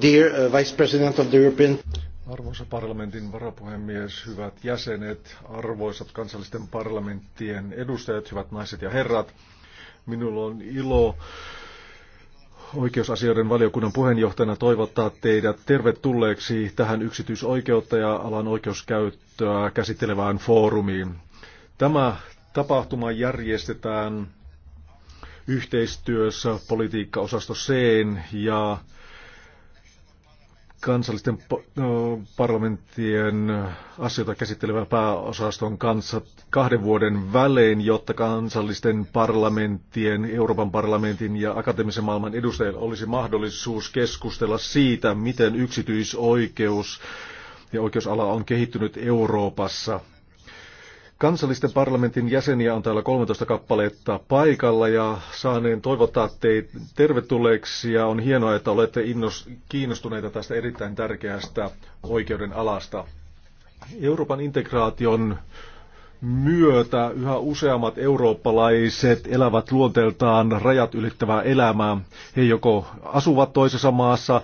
Dear uh, Vice President of the European Arvoisa parlamentin varapuhemies, hyvät jäsenet, arvoisat kansallisten parlamenttien edustajat, hyvät naiset ja herrat. Minulla on ilo oikeusasioiden valiokunnan puheenjohtajana toivottaa teidät tervetulleeksi tähän yksityisoikeutta ja alan oikeuskäyttöä käsittelevään foorumiin. Tämä Tapahtuma järjestetään yhteistyössä politiikkaosasto C ja kansallisten no, parlamenttien asioita käsittelevän pääosaston kanssa kahden vuoden välein, jotta kansallisten parlamenttien, Euroopan parlamentin ja akateemisen maailman edustajilla olisi mahdollisuus keskustella siitä, miten yksityisoikeus ja oikeusala on kehittynyt Euroopassa – Kansallisten parlamentin jäseniä on täällä 13 kappaletta paikalla ja saaneen toivottaa teitä tervetulleeksi ja on hienoa, että olette innos, kiinnostuneita tästä erittäin tärkeästä oikeuden alasta. Euroopan integraation myötä yhä useammat eurooppalaiset elävät luonteeltaan rajat ylittävää elämää. He joko asuvat toisessa maassa,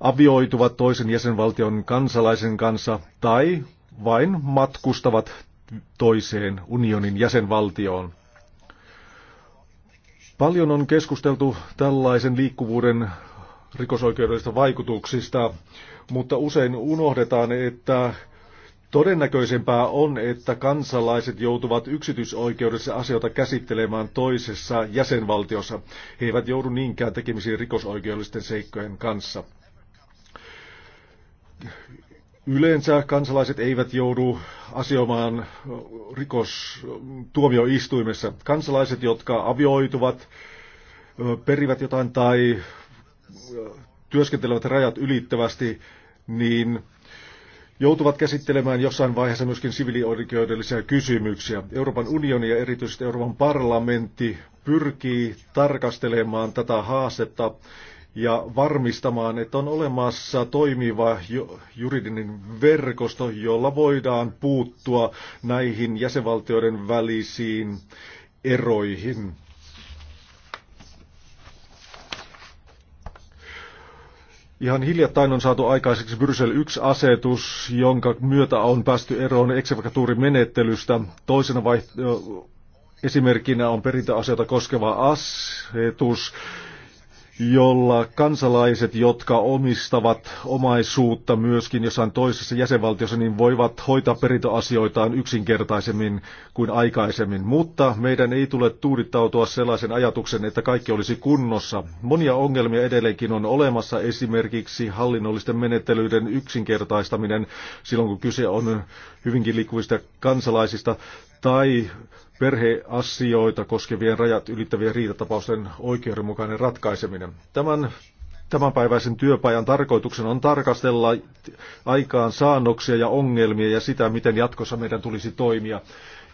avioituvat toisen jäsenvaltion kansalaisen kanssa tai vain matkustavat toiseen unionin jäsenvaltioon. Paljon on keskusteltu tällaisen liikkuvuuden rikosoikeudellisista vaikutuksista, mutta usein unohdetaan, että todennäköisempää on, että kansalaiset joutuvat yksityisoikeudessa asioita käsittelemään toisessa jäsenvaltiossa. He eivät joudu niinkään tekemisiin rikosoikeudellisten seikkojen kanssa Yleensä kansalaiset eivät joudu asioimaan rikostuomioistuimessa. Kansalaiset, jotka avioituvat, perivät jotain tai työskentelevät rajat ylittävästi, niin joutuvat käsittelemään jossain vaiheessa myöskin siviilioikeudellisia kysymyksiä. Euroopan unioni ja erityisesti Euroopan parlamentti pyrkii tarkastelemaan tätä haastetta ja varmistamaan, että on olemassa toimiva juridinen verkosto, jolla voidaan puuttua näihin jäsenvaltioiden välisiin eroihin. Ihan hiljattain on saatu aikaiseksi Bryssel 1-asetus, jonka myötä on päästy eroon eksekvatuurimenettelystä. Toisena esimerkkinä on perintäasioita koskeva asetus, jolla kansalaiset, jotka omistavat omaisuutta myöskin jossain toisessa jäsenvaltiossa, niin voivat hoitaa perintöasioitaan yksinkertaisemmin kuin aikaisemmin. Mutta meidän ei tule tuudittautua sellaisen ajatuksen, että kaikki olisi kunnossa. Monia ongelmia edelleenkin on olemassa, esimerkiksi hallinnollisten menettelyiden yksinkertaistaminen silloin, kun kyse on hyvinkin liikkuvista kansalaisista, tai perheasioita koskevien rajat ylittävien riitatapausten oikeudenmukainen ratkaiseminen. Tämän tämänpäiväisen työpajan tarkoituksen on tarkastella aikaan saannoksia ja ongelmia ja sitä, miten jatkossa meidän tulisi toimia.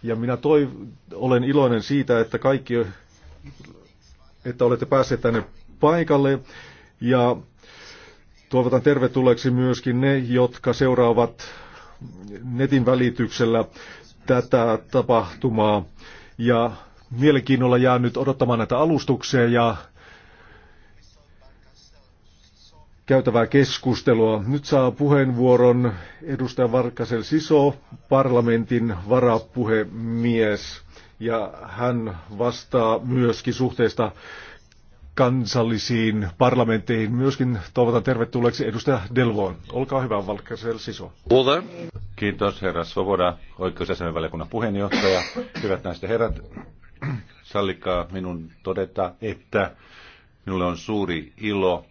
Ja minä toi, olen iloinen siitä, että kaikki, että olette päässeet tänne paikalle ja Tuovatan tervetulleeksi myöskin ne, jotka seuraavat netin välityksellä tätä tapahtumaa. Ja mielenkiinnolla jään nyt odottamaan näitä alustuksia ja käytävää keskustelua. Nyt saa puheenvuoron edustaja Varkasel Siso, parlamentin varapuhemies, ja hän vastaa myöskin suhteesta kansallisiin parlamentteihin. Myöskin toivotan tervetulleeksi edustaja Delvoon. Olkaa hyvä, Valkkaisel Siso. Kiitos, herra Svoboda, valiokunnan puheenjohtaja. Hyvät naiset herrat, sallikaa minun todeta, että minulle on suuri ilo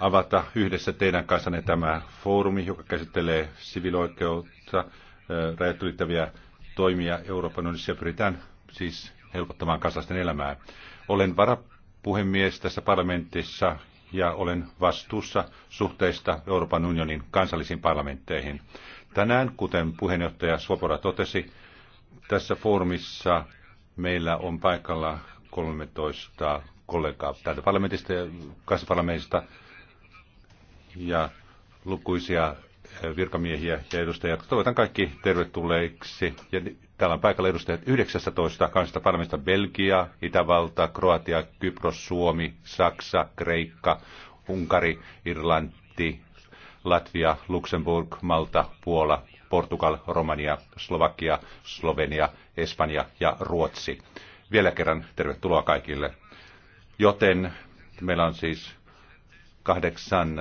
avata yhdessä teidän kanssanne tämä foorumi, joka käsittelee siviloikeutta, rajat ylittäviä toimia Euroopan unionissa ja pyritään siis helpottamaan kansalaisten elämää. Olen varapuheenjohtaja puhemies tässä parlamentissa ja olen vastuussa suhteista Euroopan unionin kansallisiin parlamentteihin. Tänään, kuten puheenjohtaja Svoboda totesi, tässä foorumissa meillä on paikalla 13 kollegaa täältä parlamentista ja kansanparlamentista ja lukuisia virkamiehiä ja edustajia, toivotan kaikki tervetulleiksi. Ja täällä on paikalla edustajat 19 kansasta parlamentista Belgia, Itävalta, Kroatia, Kypros, Suomi, Saksa, Kreikka, Unkari, Irlanti, Latvia, Luxemburg, Malta, Puola, Portugal, Romania, Slovakia, Slovenia, Espanja ja Ruotsi. Vielä kerran tervetuloa kaikille. Joten meillä on siis kahdeksan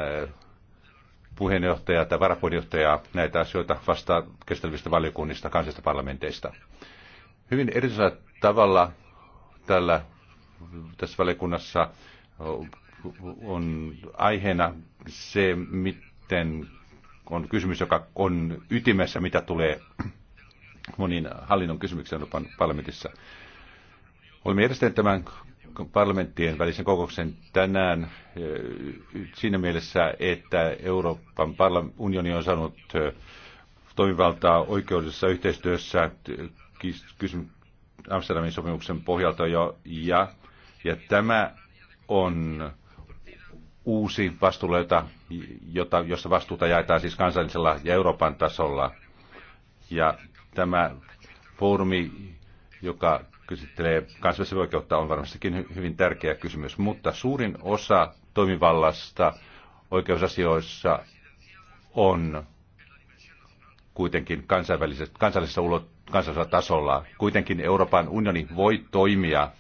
puheenjohtajaa tai varapuheenjohtajaa näitä asioita vastaa kestävistä valiokunnista, kansallisista parlamenteista. Hyvin erityisellä tavalla tällä, tässä valiokunnassa on aiheena se, miten on kysymys, joka on ytimessä, mitä tulee moniin hallinnon kysymyksiin Euroopan parlamentissa. Olemme järjestäneet tämän parlamenttien välisen kokouksen tänään eh, siinä mielessä, että Euroopan unioni on saanut eh, toimivaltaa oikeudellisessa yhteistyössä eh, Amsterdamin sopimuksen pohjalta jo, ja, ja tämä on uusi vastuulla, jota, jota, jossa vastuuta jaetaan siis kansallisella ja Euroopan tasolla. Ja tämä foorumi, joka käsittelee kansainvälistä oikeutta, on varmastikin hyvin tärkeä kysymys, mutta suurin osa toimivallasta oikeusasioissa on kuitenkin kansainvälisessä, kansallisessa, ulot, kansallisella tasolla. Kuitenkin Euroopan unioni voi toimia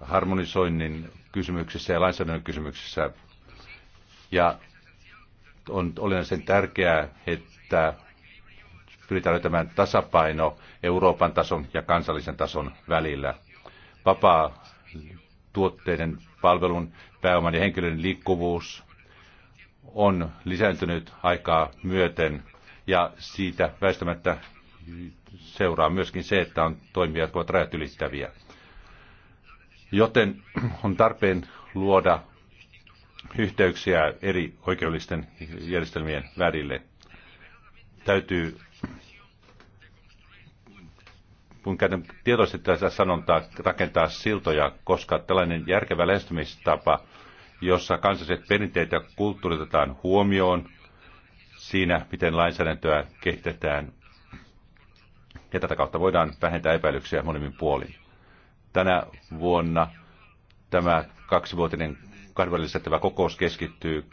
harmonisoinnin kysymyksissä ja lainsäädännön kysymyksissä. Ja on olennaisen tärkeää, että pyritään löytämään tasapaino Euroopan tason ja kansallisen tason välillä. Vapaa tuotteiden, palvelun, pääoman ja henkilöiden liikkuvuus on lisääntynyt aikaa myöten ja siitä väistämättä seuraa myöskin se, että on toimia, jotka ovat rajat ylittäviä. Joten on tarpeen luoda yhteyksiä eri oikeudellisten järjestelmien välille. Täytyy kun käytän tietoisesti tätä sanontaa, rakentaa siltoja, koska tällainen järkevä lähestymistapa, jossa kansalliset perinteet ja kulttuurit otetaan huomioon siinä, miten lainsäädäntöä kehitetään, ja tätä kautta voidaan vähentää epäilyksiä monimmin puolin. Tänä vuonna tämä kaksivuotinen kahdenvälisettävä kokous keskittyy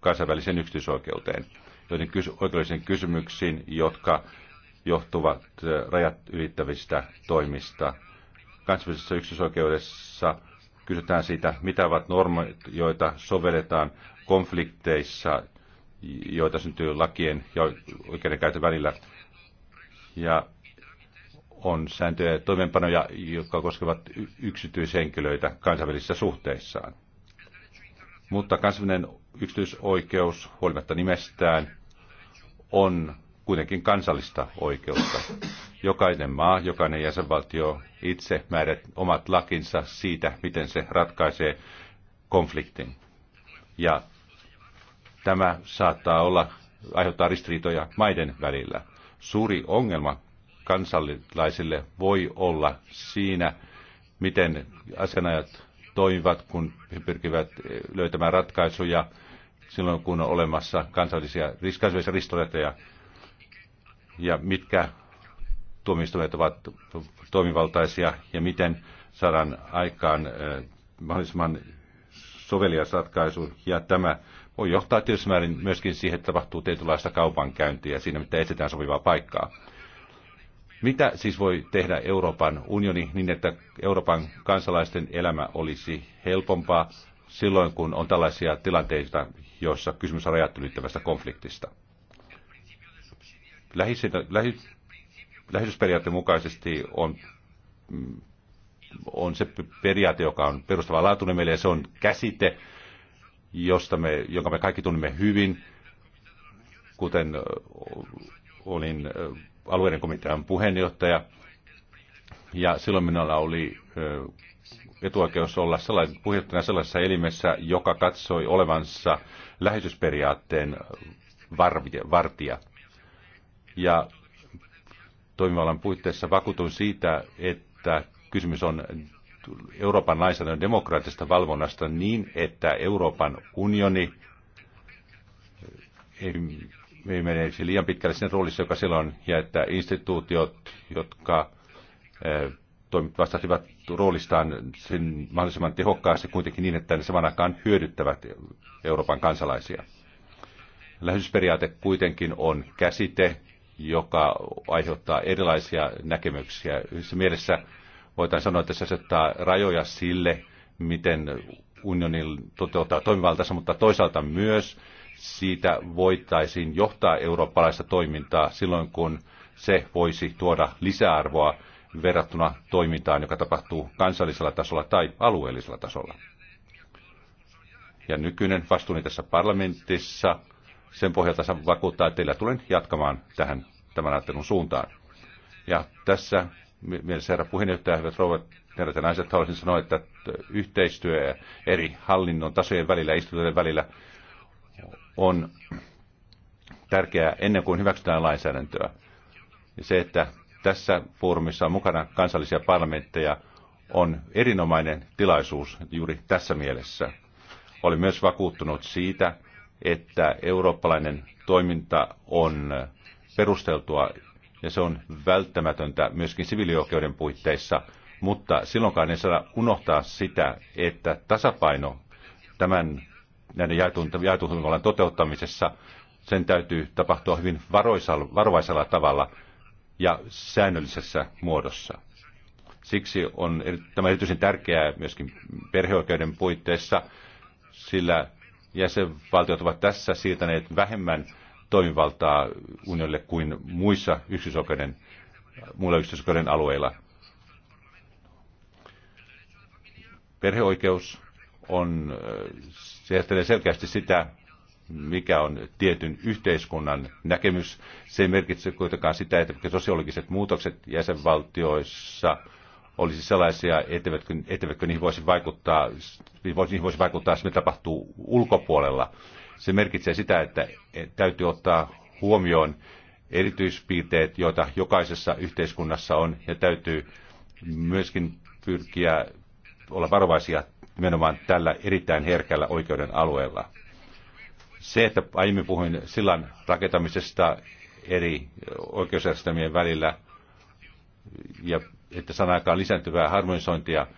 kansainväliseen yksityisoikeuteen, joiden kys- oikeudellisiin kysymyksiin, jotka johtuvat rajat ylittävistä toimista. Kansainvälisessä yksisoikeudessa kysytään siitä, mitä ovat normit, joita sovelletaan konflikteissa, joita syntyy lakien ja oikeudenkäytön välillä. Ja on sääntöjä ja toimenpanoja, jotka koskevat yksityishenkilöitä kansainvälisissä suhteissaan. Mutta kansainvälinen yksityisoikeus, huolimatta nimestään, on kuitenkin kansallista oikeutta. Jokainen maa, jokainen jäsenvaltio itse määrät omat lakinsa siitä, miten se ratkaisee konfliktin. Ja tämä saattaa olla, aiheuttaa ristiriitoja maiden välillä. Suuri ongelma kansallisille voi olla siinä, miten asianajat toimivat, kun he pyrkivät eh, löytämään ratkaisuja silloin, kun on olemassa kansallisia kansainvälisiä ristoreteja ja mitkä tuomioistuimet ovat toimivaltaisia ja miten saadaan aikaan mahdollisimman sovelias ratkaisu. Ja tämä voi johtaa tietysti määrin myöskin siihen, että tapahtuu tietynlaista kaupankäyntiä siinä, mitä etsitään sopivaa paikkaa. Mitä siis voi tehdä Euroopan unioni niin, että Euroopan kansalaisten elämä olisi helpompaa silloin, kun on tällaisia tilanteita, joissa kysymys on rajat ylittävästä konfliktista? läheisyysperiaatteen mukaisesti on, on se periaate, joka on perustavanlaatuinen meille, ja se on käsite, josta me, jonka me kaikki tunnemme hyvin, kuten olin alueiden komitean puheenjohtaja, ja silloin minulla oli etuoikeus olla sellainen, puheenjohtajana sellaisessa elimessä, joka katsoi olevansa läheisyysperiaatteen vartija ja toimivallan puitteissa vakuutun siitä, että kysymys on Euroopan lainsäädännön demokraattisesta valvonnasta niin, että Euroopan unioni ei, ei mene liian pitkälle sen roolissa, joka sillä on, ja että instituutiot, jotka eh, toimivat vastasivat roolistaan sen mahdollisimman tehokkaasti kuitenkin niin, että ne samanakaan hyödyttävät Euroopan kansalaisia. Läheisyysperiaate kuitenkin on käsite, joka aiheuttaa erilaisia näkemyksiä. Yhdessä mielessä voidaan sanoa, että se asettaa rajoja sille, miten unionin toteuttaa toimivaltaansa, mutta toisaalta myös siitä voitaisiin johtaa eurooppalaista toimintaa silloin, kun se voisi tuoda lisäarvoa verrattuna toimintaan, joka tapahtuu kansallisella tasolla tai alueellisella tasolla. Ja nykyinen vastuuni tässä parlamentissa, sen pohjalta vakuuttaa, että teillä tulen jatkamaan tähän tämän ajattelun suuntaan. Ja tässä mielessä herra puheenjohtaja, hyvät rouvat, herrat ja naiset, haluaisin sanoa, että yhteistyö eri hallinnon tasojen välillä, instituutioiden välillä on tärkeää ennen kuin hyväksytään lainsäädäntöä. Ja se, että tässä foorumissa on mukana kansallisia parlamentteja, on erinomainen tilaisuus juuri tässä mielessä. Olin myös vakuuttunut siitä, että eurooppalainen toiminta on perusteltua ja se on välttämätöntä myöskin siviilioikeuden puitteissa, mutta silloinkaan ei saa unohtaa sitä, että tasapaino tämän näiden jaetun, jaetun toteuttamisessa, sen täytyy tapahtua hyvin varoisalla, varovaisella tavalla ja säännöllisessä muodossa. Siksi on tämä erityisen tärkeää myöskin perheoikeuden puitteissa, sillä jäsenvaltiot ovat tässä siirtäneet vähemmän toimivaltaa unionille kuin muissa yksityisoikeuden, muilla yksityisoikeuden alueilla. Perheoikeus on, se selkeästi sitä, mikä on tietyn yhteiskunnan näkemys. Se ei merkitse kuitenkaan sitä, että sosiologiset muutokset jäsenvaltioissa olisi sellaisia, etteivätkö, etteivätkö niihin voisi vaikuttaa, niihin voisi vaikuttaa, jos ne tapahtuu ulkopuolella. Se merkitsee sitä, että täytyy ottaa huomioon erityispiirteet, joita jokaisessa yhteiskunnassa on, ja täytyy myöskin pyrkiä olla varovaisia nimenomaan tällä erittäin herkällä oikeuden alueella. Se, että aiemmin puhuin sillan rakentamisesta eri oikeusjärjestelmien välillä ja että sanakaan lisääntyvää harmonisointia –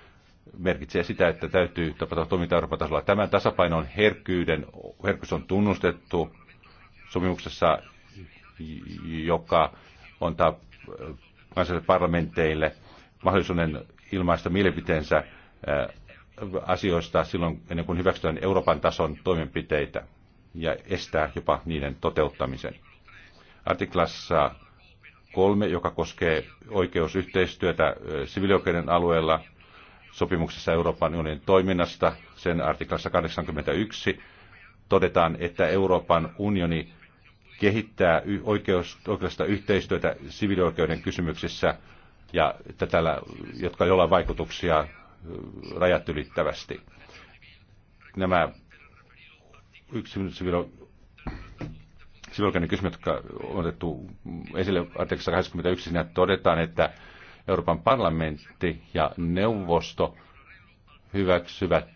merkitsee sitä, että täytyy tapahtua toimintaarvotasolla. Tämän tasapainon herkkyyden, herkkyys on tunnustettu sopimuksessa, joka antaa kansallisille parlamenteille mahdollisuuden ilmaista mielipiteensä asioista silloin, ennen kuin hyväksytään Euroopan tason toimenpiteitä ja estää jopa niiden toteuttamisen. Artiklassa kolme, joka koskee oikeusyhteistyötä sivilioikeuden alueella, sopimuksessa Euroopan unionin toiminnasta, sen artiklassa 81, todetaan, että Euroopan unioni kehittää oikeus, oikeudellista yhteistyötä sivilioikeuden kysymyksissä, ja että tällä, jotka jollain vaikutuksia rajat ylittävästi. Nämä siviilioikeuden kysymykset, jotka on otettu esille artiklassa 81, siinä todetaan, että Euroopan parlamentti ja neuvosto hyväksyvät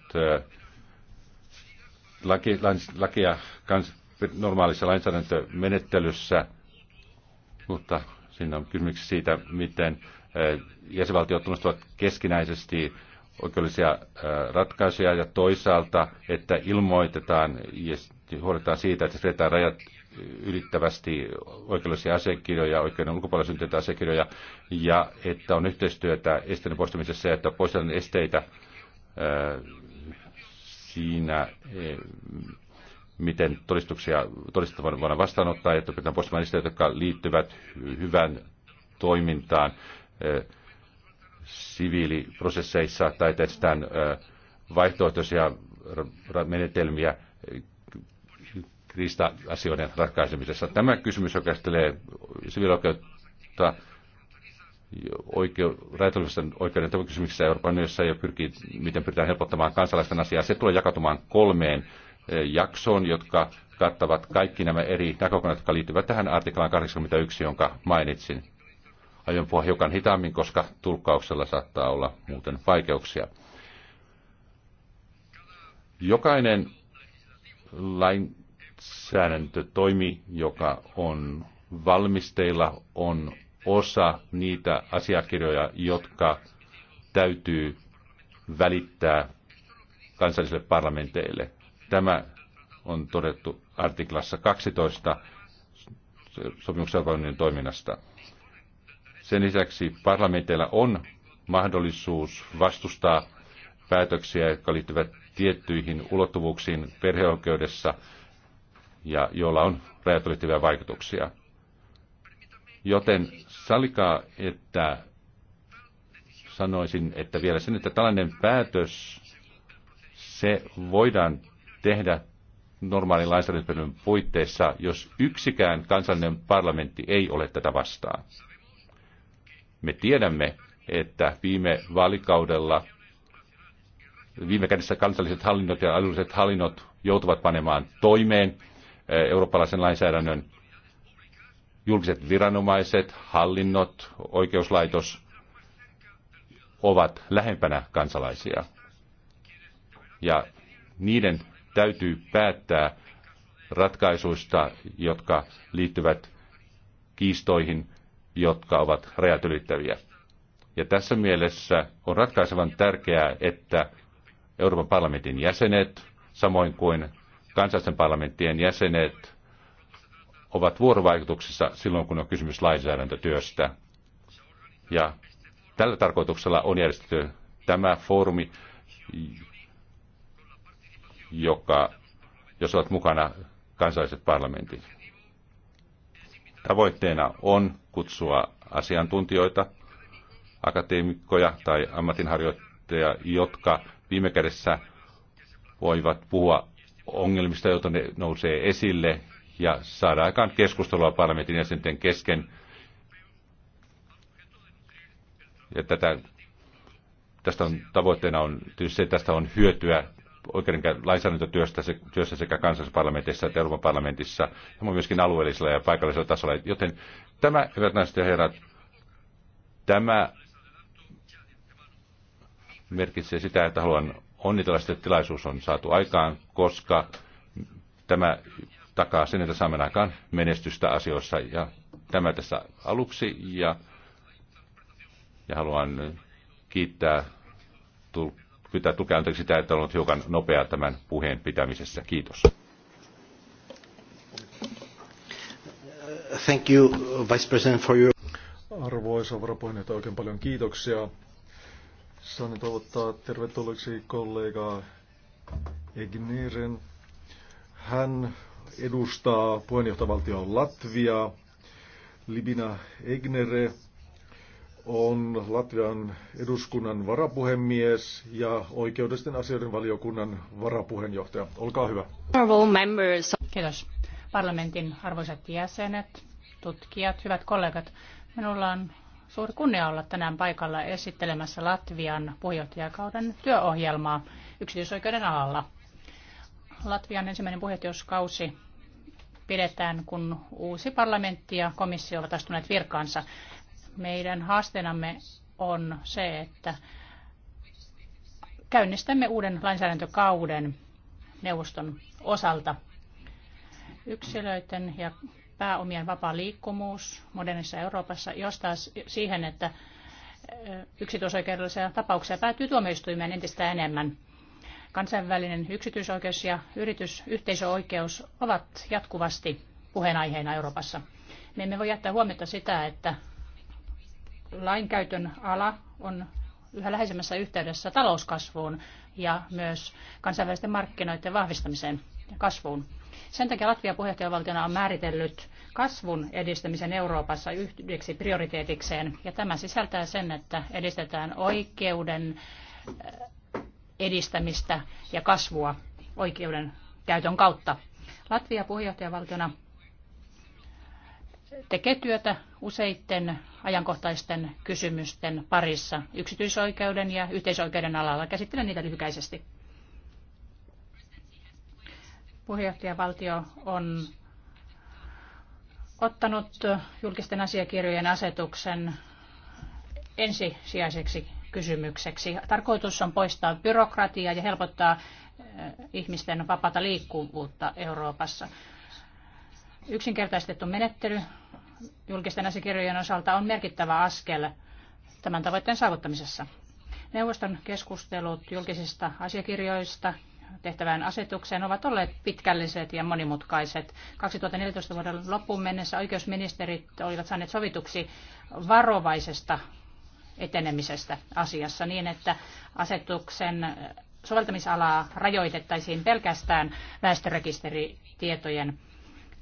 laki, lakia kans, normaalissa lainsäädäntömenettelyssä, mutta siinä on kysymys siitä, miten jäsenvaltiot tunnustavat keskinäisesti oikeudellisia ratkaisuja ja toisaalta, että ilmoitetaan ja huolehditaan siitä, että se rajat ylittävästi oikeudellisia asiakirjoja, oikeuden ulkopuolella syntyneitä asiakirjoja, ja että on yhteistyötä esteiden poistamisessa ja että poistetaan esteitä siinä, e, miten todistuksia todistetta voidaan vastaanottaa, että pitää poistamaan esteitä, jotka liittyvät hyvään toimintaan siviiliprosesseissa tai etsitään vaihtoehtoisia menetelmiä riista-asioiden ratkaisemisessa. Tämä kysymys, joka käsittelee siviilioikeutta oikeu, oikeuden kysymyksissä Euroopan unionissa ja pyrkii, miten pyritään helpottamaan kansalaisten asiaa. Se tulee jakautumaan kolmeen eh, jaksoon, jotka kattavat kaikki nämä eri näkökulmat, jotka liittyvät tähän artiklaan 81, jonka mainitsin. Aion puhua hiukan hitaammin, koska tulkkauksella saattaa olla muuten vaikeuksia. Jokainen lain lainsäädäntötoimi, joka on valmisteilla, on osa niitä asiakirjoja, jotka täytyy välittää kansallisille parlamenteille. Tämä on todettu artiklassa 12 sopimuksen toiminnasta. Sen lisäksi parlamenteilla on mahdollisuus vastustaa päätöksiä, jotka liittyvät tiettyihin ulottuvuuksiin perheoikeudessa – ja jolla on rajat ylittäviä vaikutuksia. Joten salikaa, että sanoisin, että vielä sen, että tällainen päätös, se voidaan tehdä normaalin lainsäädäntöön puitteissa, jos yksikään kansallinen parlamentti ei ole tätä vastaan. Me tiedämme, että viime vaalikaudella viime kädessä kansalliset hallinnot ja alueelliset hallinnot joutuvat panemaan toimeen Eh, eurooppalaisen lainsäädännön julkiset viranomaiset, hallinnot, oikeuslaitos ovat lähempänä kansalaisia. Ja niiden täytyy päättää ratkaisuista, jotka liittyvät kiistoihin, jotka ovat rajat ylittäviä. Ja tässä mielessä on ratkaisevan tärkeää, että Euroopan parlamentin jäsenet, samoin kuin kansallisten parlamenttien jäsenet ovat vuorovaikutuksessa silloin, kun on kysymys lainsäädäntötyöstä. Ja tällä tarkoituksella on järjestetty tämä foorumi, joka, jos ovat mukana kansalliset parlamentit. Tavoitteena on kutsua asiantuntijoita, akateemikkoja tai ammatinharjoittajia, jotka viime kädessä voivat puhua ongelmista, joita ne nousee esille, ja saada aikaan keskustelua parlamentin jäsenten kesken. Ja tätä, tästä on, tavoitteena on tietysti se, että tästä on hyötyä oikeuden lainsäädäntötyössä se, työssä sekä kansallisparlamentissa että Euroopan parlamentissa ja myöskin alueellisella ja paikallisella tasolla. Joten tämä, hyvät naiset ja herrat, tämä merkitsee sitä, että haluan onnitella, että tilaisuus on saatu aikaan, koska tämä takaa sen, että saamme aikaan menestystä asioissa. Ja tämä tässä aluksi ja, ja haluan kiittää, tul, pitää tukea anteeksi sitä, että ollut hiukan nopea tämän puheen pitämisessä. Kiitos. Thank you, Vice President, for your... Arvoisa varapuheenjohtaja, oikein paljon kiitoksia Saan toivottaa tervetulleeksi kollegaa Egniren. Hän edustaa puheenjohtavaltio Latvia. Libina Egnere on Latvian eduskunnan varapuhemies ja oikeudellisten asioiden valiokunnan varapuheenjohtaja. Olkaa hyvä. Kiitos. Parlamentin arvoisat jäsenet, tutkijat, hyvät kollegat. Minulla on suuri kunnia olla tänään paikalla esittelemässä Latvian puheenjohtajakauden työohjelmaa yksityisoikeuden alalla. Latvian ensimmäinen puheenjohtajuuskausi pidetään, kun uusi parlamentti ja komissio ovat astuneet virkaansa. Meidän haasteenamme on se, että käynnistämme uuden lainsäädäntökauden neuvoston osalta. Yksilöiden ja pääomien vapaa liikkumus modernissa Euroopassa johtaa siihen, että yksityisoikeudellisia tapauksia päätyy tuomioistuimeen entistä enemmän. Kansainvälinen yksityisoikeus ja yritysyhteisöoikeus ovat jatkuvasti puheenaiheena Euroopassa. Me emme voi jättää huomiota sitä, että lainkäytön ala on yhä läheisemmässä yhteydessä talouskasvuun ja myös kansainvälisten markkinoiden vahvistamiseen ja kasvuun. Sen takia Latvia puheenjohtajavaltiona on määritellyt kasvun edistämisen Euroopassa yhdeksi prioriteetikseen. Ja tämä sisältää sen, että edistetään oikeuden eh, edistämistä ja kasvua oikeuden käytön kautta. Latvia puheenjohtajavaltiona tekee työtä useiden ajankohtaisten kysymysten parissa yksityisoikeuden ja yhteisoikeuden alalla. Käsittelen niitä lyhykäisesti. Puheenjohtajavaltio on ottanut julkisten asiakirjojen asetuksen ensisijaiseksi kysymykseksi. Tarkoitus on poistaa byrokratiaa ja helpottaa eh, ihmisten vapaata liikkuvuutta Euroopassa. Yksinkertaistettu menettely julkisten asiakirjojen osalta on merkittävä askel tämän tavoitteen saavuttamisessa. Neuvoston keskustelut julkisista asiakirjoista tehtävään asetukseen ovat olleet pitkälliset ja monimutkaiset. 2014 vuoden loppuun mennessä oikeusministerit olivat saaneet sovituksi varovaisesta etenemisestä asiassa niin, että asetuksen soveltamisalaa rajoitettaisiin pelkästään väestörekisteritietojen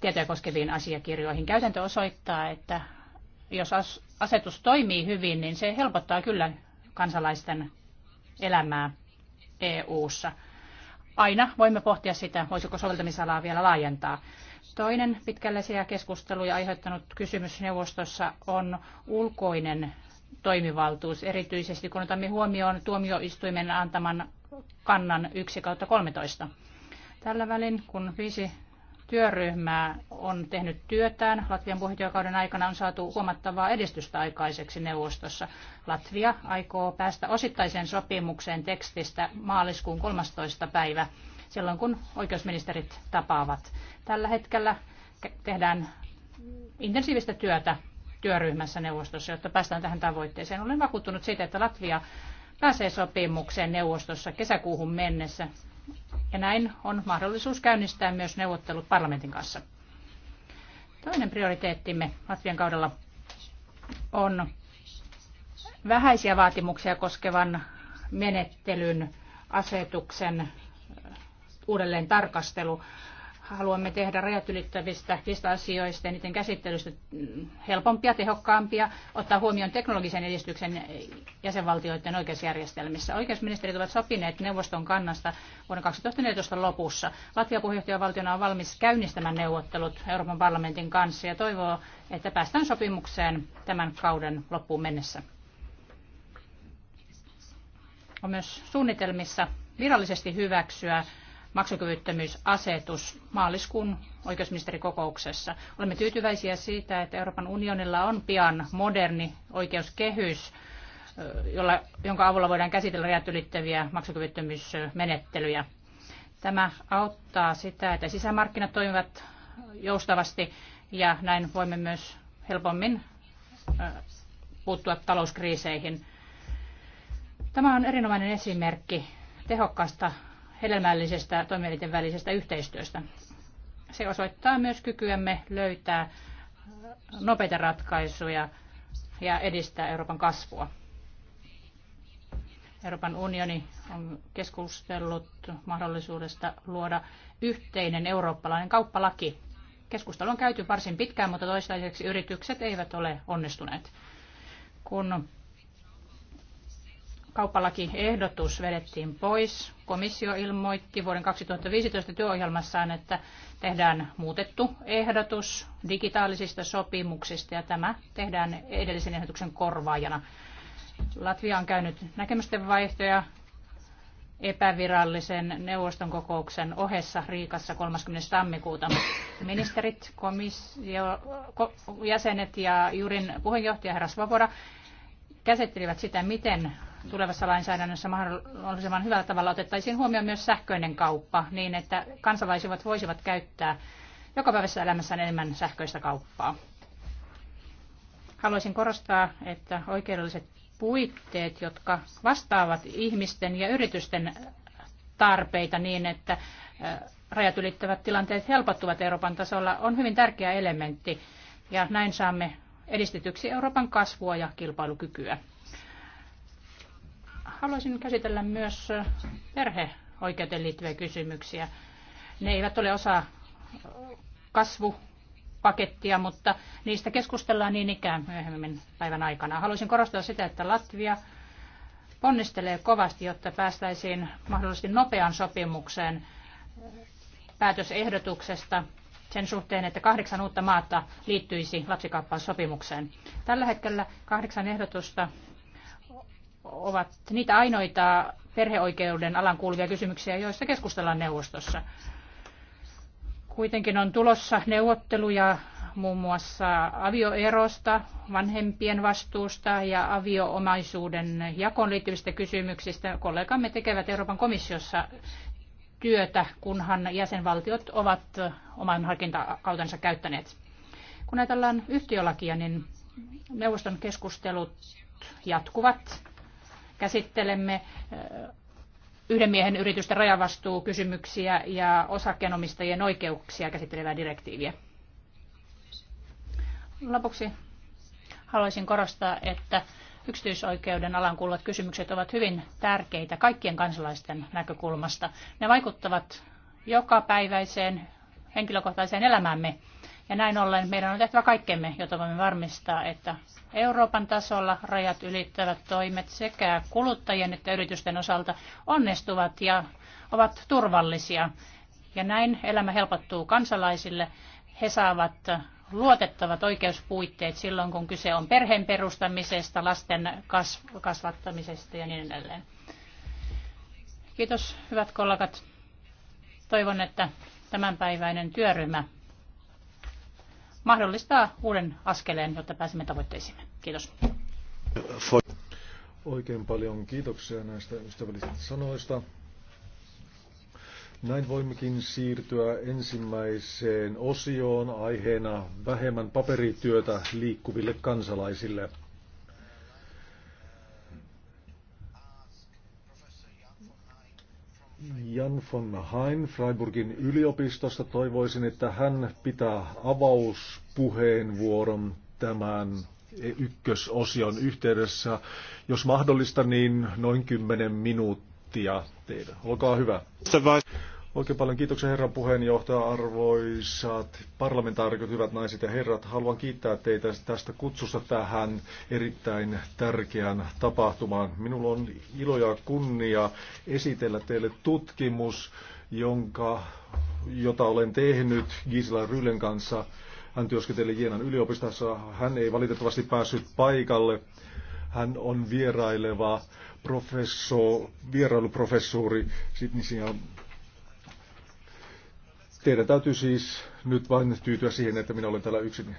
tietoja koskeviin asiakirjoihin. Käytäntö osoittaa, että jos asetus toimii hyvin, niin se helpottaa kyllä kansalaisten elämää EU-ssa aina voimme pohtia sitä, voisiko soveltamisalaa vielä laajentaa. Toinen pitkällisiä keskusteluja aiheuttanut kysymys neuvostossa on ulkoinen toimivaltuus, erityisesti kun otamme huomioon tuomioistuimen antaman kannan 1 13. Tällä välin, kun viisi työryhmä on tehnyt työtään. Latvian puheenjohtajakauden aikana on saatu huomattavaa edistystä aikaiseksi neuvostossa. Latvia aikoo päästä osittaiseen sopimukseen tekstistä maaliskuun 13. päivä, silloin kun oikeusministerit tapaavat. Tällä hetkellä tehdään intensiivistä työtä työryhmässä neuvostossa, jotta päästään tähän tavoitteeseen. Olen vakuuttunut siitä, että Latvia pääsee sopimukseen neuvostossa kesäkuuhun mennessä ja näin on mahdollisuus käynnistää myös neuvottelut parlamentin kanssa. Toinen prioriteettimme Latvian kaudella on vähäisiä vaatimuksia koskevan menettelyn asetuksen uudelleen tarkastelu haluamme tehdä rajat ylittävistä kista-asioista ja niiden käsittelystä mm, helpompia, tehokkaampia, ottaa huomioon teknologisen edistyksen jäsenvaltioiden oikeusjärjestelmissä. Oikeusministerit ovat sopineet neuvoston kannasta vuonna 2014 lopussa. Latvia puheenjohtajavaltiona on valmis käynnistämään neuvottelut Euroopan parlamentin kanssa ja toivoo, että päästään sopimukseen tämän kauden loppuun mennessä. On myös suunnitelmissa virallisesti hyväksyä maksukyvyttömyysasetus maaliskuun oikeusministerikokouksessa. Olemme tyytyväisiä siitä, että Euroopan unionilla on pian moderni oikeuskehys, jolla, jonka avulla voidaan käsitellä rajat ylittäviä maksukyvyttömyysmenettelyjä. Tämä auttaa sitä, että sisämarkkinat toimivat joustavasti ja näin voimme myös helpommin puuttua talouskriiseihin. Tämä on erinomainen esimerkki tehokkaasta hedelmällisestä toimielinten välisestä yhteistyöstä. Se osoittaa myös kykyämme löytää nopeita ratkaisuja ja edistää Euroopan kasvua. Euroopan unioni on keskustellut mahdollisuudesta luoda yhteinen eurooppalainen kauppalaki. Keskustelu on käyty varsin pitkään, mutta toistaiseksi yritykset eivät ole onnistuneet. Kun kauppalakiehdotus vedettiin pois. Komissio ilmoitti vuoden 2015 työohjelmassaan, että tehdään muutettu ehdotus digitaalisista sopimuksista ja tämä tehdään edellisen ehdotuksen korvaajana. Latvia on käynyt näkemysten vaihtoja epävirallisen neuvoston kokouksen ohessa Riikassa 30. tammikuuta. Ministerit, komissio, jäsenet ja jurin puheenjohtaja herra Svoboda käsittelivät sitä, miten tulevassa lainsäädännössä mahdollisimman hyvällä tavalla otettaisiin huomioon myös sähköinen kauppa niin, että kansalaiset voisivat käyttää joka päivässä elämässään enemmän sähköistä kauppaa. Haluaisin korostaa, että oikeudelliset puitteet, jotka vastaavat ihmisten ja yritysten tarpeita niin, että rajat ylittävät tilanteet helpottuvat Euroopan tasolla, on hyvin tärkeä elementti. Ja näin saamme edistetyksi Euroopan kasvua ja kilpailukykyä haluaisin käsitellä myös perheoikeuteen liittyviä kysymyksiä. Ne eivät ole osa kasvupakettia, mutta niistä keskustellaan niin ikään myöhemmin päivän aikana. Haluaisin korostaa sitä, että Latvia ponnistelee kovasti, jotta päästäisiin mahdollisesti nopeaan sopimukseen päätösehdotuksesta sen suhteen, että kahdeksan uutta maata liittyisi sopimukseen. Tällä hetkellä kahdeksan ehdotusta ovat niitä ainoita perheoikeuden alan kuuluvia kysymyksiä, joista keskustellaan neuvostossa. Kuitenkin on tulossa neuvotteluja muun muassa avioerosta, vanhempien vastuusta ja avioomaisuuden jakoon liittyvistä kysymyksistä. Kollegamme tekevät Euroopan komissiossa työtä, kunhan jäsenvaltiot ovat oman harkintakautensa käyttäneet. Kun ajatellaan yhtiölakia, niin neuvoston keskustelut jatkuvat käsittelemme yhden miehen yritysten rajavastuukysymyksiä ja osakkeenomistajien oikeuksia käsittelevää direktiiviä. Lopuksi haluaisin korostaa, että yksityisoikeuden alan kuuluvat kysymykset ovat hyvin tärkeitä kaikkien kansalaisten näkökulmasta. Ne vaikuttavat jokapäiväiseen henkilökohtaiseen elämäämme ja näin ollen meidän on tehtävä kaikkemme, jotta voimme varmistaa, että Euroopan tasolla rajat ylittävät toimet sekä kuluttajien että yritysten osalta onnistuvat ja ovat turvallisia. Ja näin elämä helpottuu kansalaisille. He saavat luotettavat oikeuspuitteet silloin, kun kyse on perheen perustamisesta, lasten kasvattamisesta ja niin edelleen. Kiitos hyvät kollegat. Toivon, että tämänpäiväinen työryhmä mahdollistaa uuden askeleen, jotta pääsemme tavoitteisiimme. Kiitos. Oikein paljon kiitoksia näistä ystävällisistä sanoista. Näin voimmekin siirtyä ensimmäiseen osioon aiheena vähemmän paperityötä liikkuville kansalaisille. Jan von Hain Freiburgin yliopistosta. Toivoisin, että hän pitää avauspuheenvuoron tämän e- ykkösosion yhteydessä. Jos mahdollista, niin noin 10 minuuttia teidän. Olkaa hyvä. Oikein paljon kiitoksia herran puheenjohtaja, arvoisat parlamentaarikot, hyvät naiset ja herrat. Haluan kiittää teitä tästä kutsusta tähän erittäin tärkeään tapahtumaan. Minulla on ilo ja kunnia esitellä teille tutkimus, jonka, jota olen tehnyt Gisela Rylen kanssa. Hän työskenteli Jeenan yliopistossa. Hän ei valitettavasti päässyt paikalle. Hän on vieraileva professor, vierailuprofessuuri Sydneysin Teidän täytyy siis nyt vain tyytyä siihen, että minä olen täällä yksin.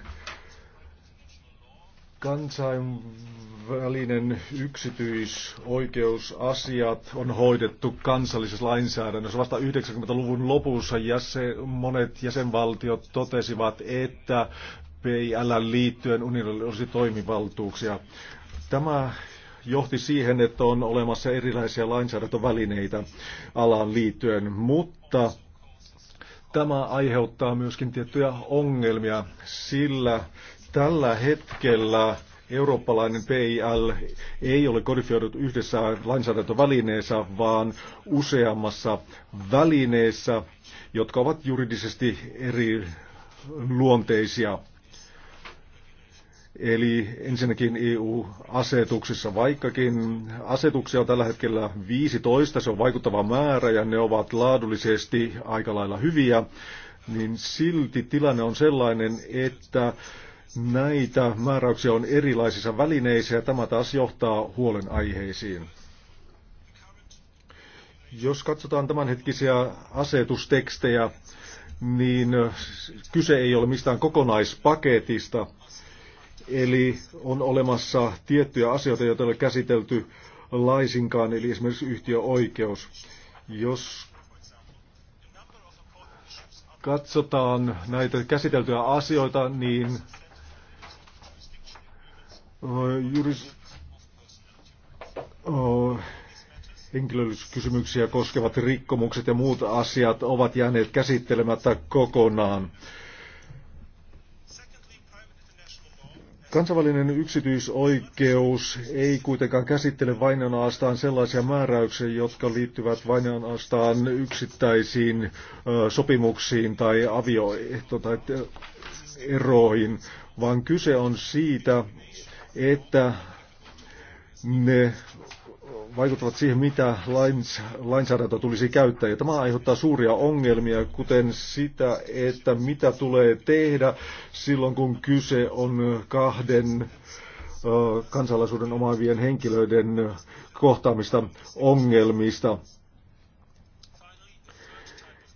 Kansainvälinen yksityisoikeusasiat on hoidettu kansallisessa lainsäädännössä. Vasta 90-luvun lopussa jäsen, monet jäsenvaltiot totesivat, että PIL liittyen unionille olisi toimivaltuuksia. Tämä johti siihen, että on olemassa erilaisia lainsäädäntövälineitä alaan liittyen, mutta Tämä aiheuttaa myöskin tiettyjä ongelmia, sillä tällä hetkellä eurooppalainen PIL ei ole kodifioidut yhdessä lainsäädäntövälineessä, vaan useammassa välineessä, jotka ovat juridisesti eri luonteisia. Eli ensinnäkin EU-asetuksissa, vaikkakin asetuksia on tällä hetkellä 15, se on vaikuttava määrä ja ne ovat laadullisesti aika lailla hyviä, niin silti tilanne on sellainen, että näitä määräyksiä on erilaisissa välineissä ja tämä taas johtaa huolenaiheisiin. Jos katsotaan tämänhetkisiä asetustekstejä, niin kyse ei ole mistään kokonaispaketista, Eli on olemassa tiettyjä asioita, joita ei ole käsitelty laisinkaan, eli esimerkiksi yhtiöoikeus. Jos katsotaan näitä käsiteltyjä asioita, niin juris, henkilöllisyyskysymyksiä koskevat rikkomukset ja muut asiat ovat jääneet käsittelemättä kokonaan. Kansainvälinen yksityisoikeus ei kuitenkaan käsittele vain ainoastaan sellaisia määräyksiä, jotka liittyvät vain ainoastaan yksittäisiin sopimuksiin tai avioehto- tai eroihin, vaan kyse on siitä, että ne vaikuttavat siihen, mitä lains, lainsäädäntö tulisi käyttää. Ja tämä aiheuttaa suuria ongelmia, kuten sitä, että mitä tulee tehdä silloin, kun kyse on kahden kansalaisuuden omaavien henkilöiden kohtaamista ongelmista.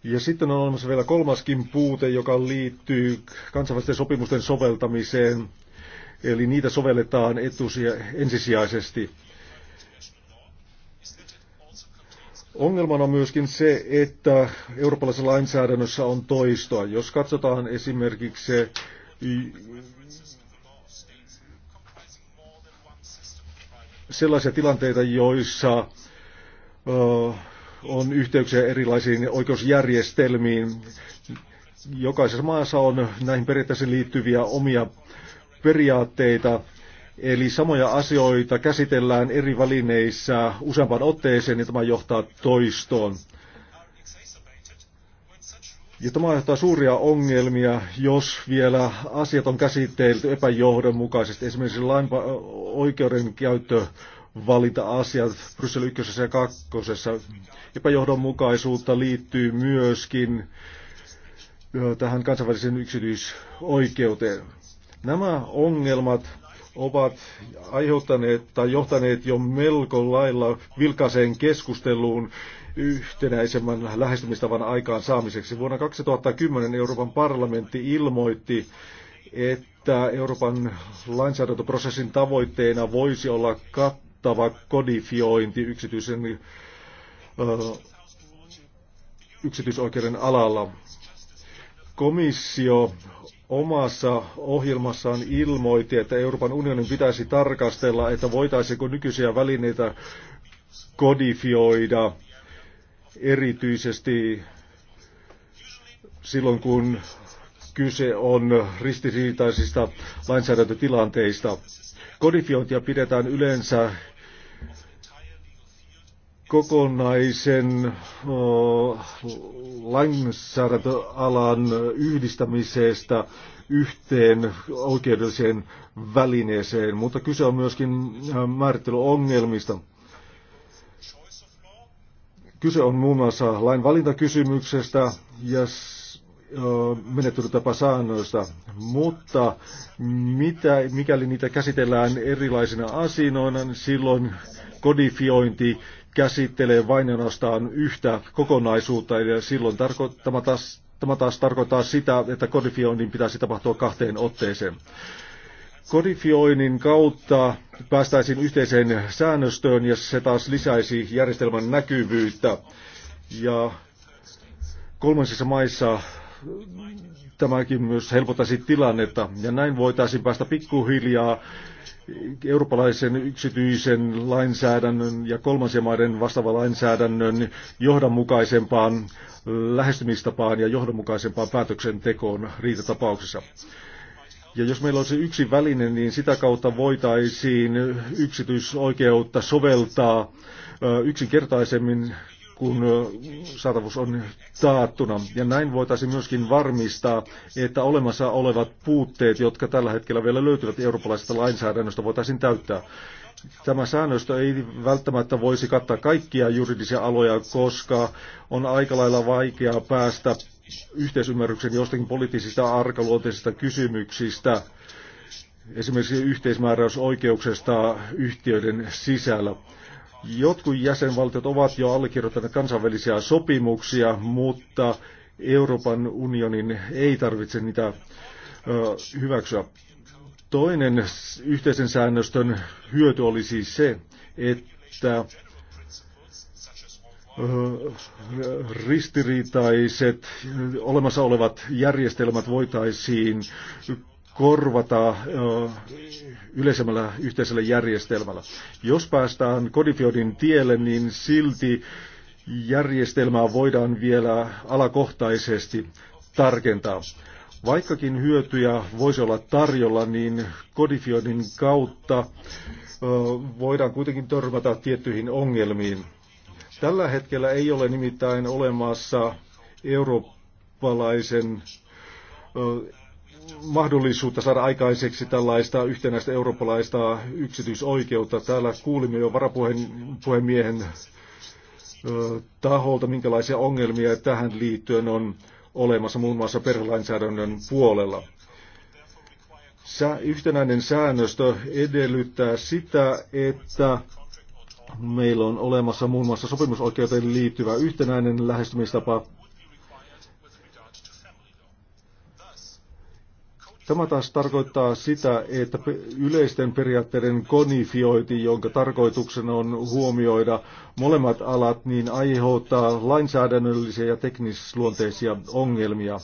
Ja sitten on olemassa vielä kolmaskin puute, joka liittyy kansainvälisten sopimusten soveltamiseen. Eli niitä sovelletaan etusia, ensisijaisesti. Ongelmana on myöskin se, että eurooppalaisessa lainsäädännössä on toistoa. Jos katsotaan esimerkiksi sellaisia tilanteita, joissa on yhteyksiä erilaisiin oikeusjärjestelmiin. Jokaisessa maassa on näihin periaatteisiin liittyviä omia periaatteita Eli samoja asioita käsitellään eri välineissä useampaan otteeseen ja tämä johtaa toistoon. Ja tämä aiheuttaa suuria ongelmia, jos vielä asiat on käsitelty epäjohdonmukaisesti. Esimerkiksi lain käyttö valita asiat Bryssel 1 ja 2. Epäjohdonmukaisuutta liittyy myöskin tähän kansainväliseen yksityisoikeuteen. Nämä ongelmat ovat aiheuttaneet tai johtaneet jo melko lailla vilkaiseen keskusteluun yhtenäisemmän lähestymistavan aikaan saamiseksi. Vuonna 2010 Euroopan parlamentti ilmoitti, että Euroopan lainsäädäntöprosessin tavoitteena voisi olla kattava kodifiointi yksityisen, yksityisoikeuden alalla. Komissio omassa ohjelmassaan ilmoitti, että Euroopan unionin pitäisi tarkastella, että voitaisiinko nykyisiä välineitä kodifioida erityisesti silloin, kun kyse on ristiriitaisista lainsäädäntötilanteista. Kodifiointia pidetään yleensä kokonaisen lainsäädäntöalan yhdistämisestä yhteen oikeudelliseen välineeseen, mutta kyse on myöskin määrittelyongelmista. Kyse on muun muassa lain valintakysymyksestä ja menettelytapasäännöistä, mutta mitä, mikäli niitä käsitellään erilaisina asinoina, niin silloin kodifiointi käsittelee vain ainoastaan yhtä kokonaisuutta, ja silloin tarko- tämä, taas, tämä taas tarkoittaa sitä, että kodifioinnin pitäisi tapahtua kahteen otteeseen. Kodifioinnin kautta päästäisiin yhteiseen säännöstöön ja se taas lisäisi järjestelmän näkyvyyttä. Ja kolmansissa maissa tämäkin myös helpottaisi tilannetta ja näin voitaisiin päästä pikkuhiljaa eurooppalaisen yksityisen lainsäädännön ja kolmansien maiden vastaavan lainsäädännön johdonmukaisempaan lähestymistapaan ja johdonmukaisempaan päätöksentekoon riitatapauksessa. Ja jos meillä olisi yksi väline, niin sitä kautta voitaisiin yksityisoikeutta soveltaa yksinkertaisemmin kun saatavuus on taattuna. Ja näin voitaisiin myöskin varmistaa, että olemassa olevat puutteet, jotka tällä hetkellä vielä löytyvät eurooppalaisesta lainsäädännöstä, voitaisiin täyttää. Tämä säännöstö ei välttämättä voisi kattaa kaikkia juridisia aloja, koska on aika lailla vaikeaa päästä yhteisymmärryksen jostakin poliittisista arkaluonteisista kysymyksistä, esimerkiksi yhteismääräysoikeuksesta yhtiöiden sisällä. Jotkut jäsenvaltiot ovat jo allekirjoittaneet kansainvälisiä sopimuksia, mutta Euroopan unionin ei tarvitse niitä hyväksyä. Toinen yhteisen säännöstön hyöty oli siis se, että ristiriitaiset olemassa olevat järjestelmät voitaisiin korvata yleisemmällä yhteisellä järjestelmällä. Jos päästään kodifioidin tielle, niin silti järjestelmää voidaan vielä alakohtaisesti tarkentaa. Vaikkakin hyötyjä voisi olla tarjolla, niin kodifioinnin kautta voidaan kuitenkin törmätä tiettyihin ongelmiin. Tällä hetkellä ei ole nimittäin olemassa eurooppalaisen mahdollisuutta saada aikaiseksi tällaista yhtenäistä eurooppalaista yksityisoikeutta. Täällä kuulimme jo varapuhemiehen taholta, minkälaisia ongelmia tähän liittyen on olemassa muun muassa perhelainsäädännön puolella. Sä, yhtenäinen säännöstö edellyttää sitä, että meillä on olemassa muun muassa sopimusoikeuteen liittyvä yhtenäinen lähestymistapa Tämä taas tarkoittaa sitä, että yleisten periaatteiden konifiointi, jonka tarkoituksena on huomioida molemmat alat, niin aiheuttaa lainsäädännöllisiä ja teknisluonteisia ongelmia.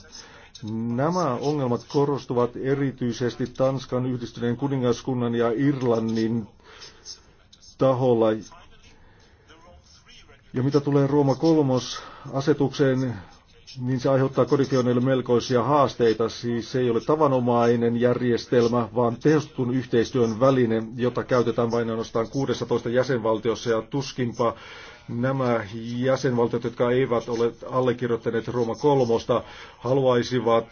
Nämä ongelmat korostuvat erityisesti Tanskan, Yhdistyneen kuningaskunnan ja Irlannin taholla. Ja mitä tulee Rooma kolmos asetukseen, niin se aiheuttaa kodikioneille melkoisia haasteita. Siis se ei ole tavanomainen järjestelmä, vaan tehostetun yhteistyön väline, jota käytetään vain ainoastaan 16 jäsenvaltiossa ja tuskinpa nämä jäsenvaltiot, jotka eivät ole allekirjoittaneet Rooma kolmosta, haluaisivat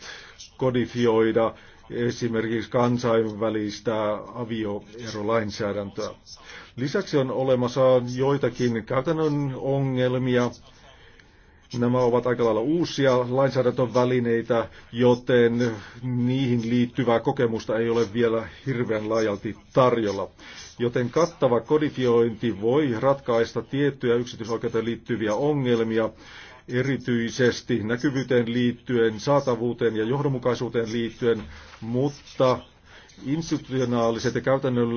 kodifioida esimerkiksi kansainvälistä avioerolainsäädäntöä. Lisäksi on olemassa joitakin käytännön ongelmia, Nämä ovat aika lailla uusia lainsäädäntövälineitä, joten niihin liittyvää kokemusta ei ole vielä hirveän laajalti tarjolla. Joten kattava kodifiointi voi ratkaista tiettyjä yksityisoikeuteen liittyviä ongelmia, erityisesti näkyvyyteen liittyen, saatavuuteen ja johdonmukaisuuteen liittyen, mutta Institutionaaliset ja käytännön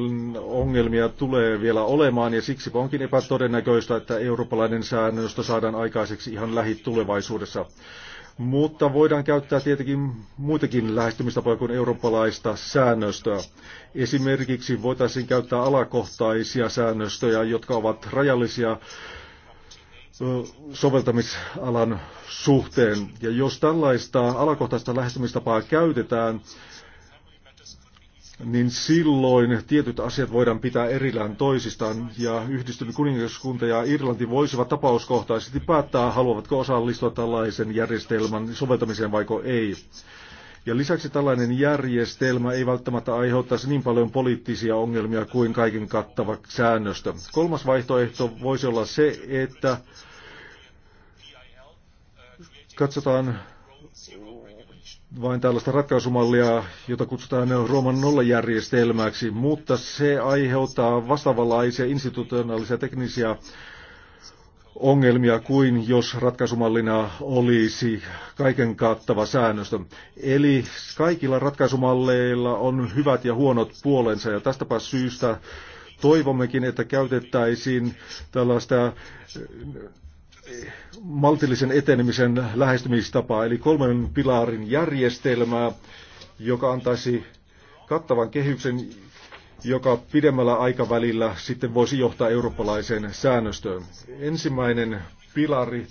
ongelmia tulee vielä olemaan ja siksi onkin epätodennäköistä, että eurooppalainen säännöstö saadaan aikaiseksi ihan lähitulevaisuudessa. Mutta voidaan käyttää tietenkin muitakin lähestymistapoja kuin eurooppalaista säännöstöä. Esimerkiksi voitaisiin käyttää alakohtaisia säännöstöjä, jotka ovat rajallisia soveltamisalan suhteen. Ja jos tällaista alakohtaista lähestymistapaa käytetään, niin silloin tietyt asiat voidaan pitää erillään toisistaan ja yhdistynyt kuningaskunta ja Irlanti voisivat tapauskohtaisesti päättää, haluavatko osallistua tällaisen järjestelmän soveltamiseen vaiko ei. Ja lisäksi tällainen järjestelmä ei välttämättä aiheuttaisi niin paljon poliittisia ongelmia kuin kaiken kattava säännöstö. Kolmas vaihtoehto voisi olla se, että katsotaan vain tällaista ratkaisumallia, jota kutsutaan Rooman nollajärjestelmäksi, mutta se aiheuttaa vastaavanlaisia institutionaalisia teknisiä ongelmia kuin jos ratkaisumallina olisi kaiken kattava säännöstö. Eli kaikilla ratkaisumalleilla on hyvät ja huonot puolensa ja tästäpä syystä toivommekin, että käytettäisiin tällaista maltillisen etenemisen lähestymistapaa, eli kolmen pilarin järjestelmää, joka antaisi kattavan kehyksen, joka pidemmällä aikavälillä sitten voisi johtaa eurooppalaiseen säännöstöön. Ensimmäinen pilari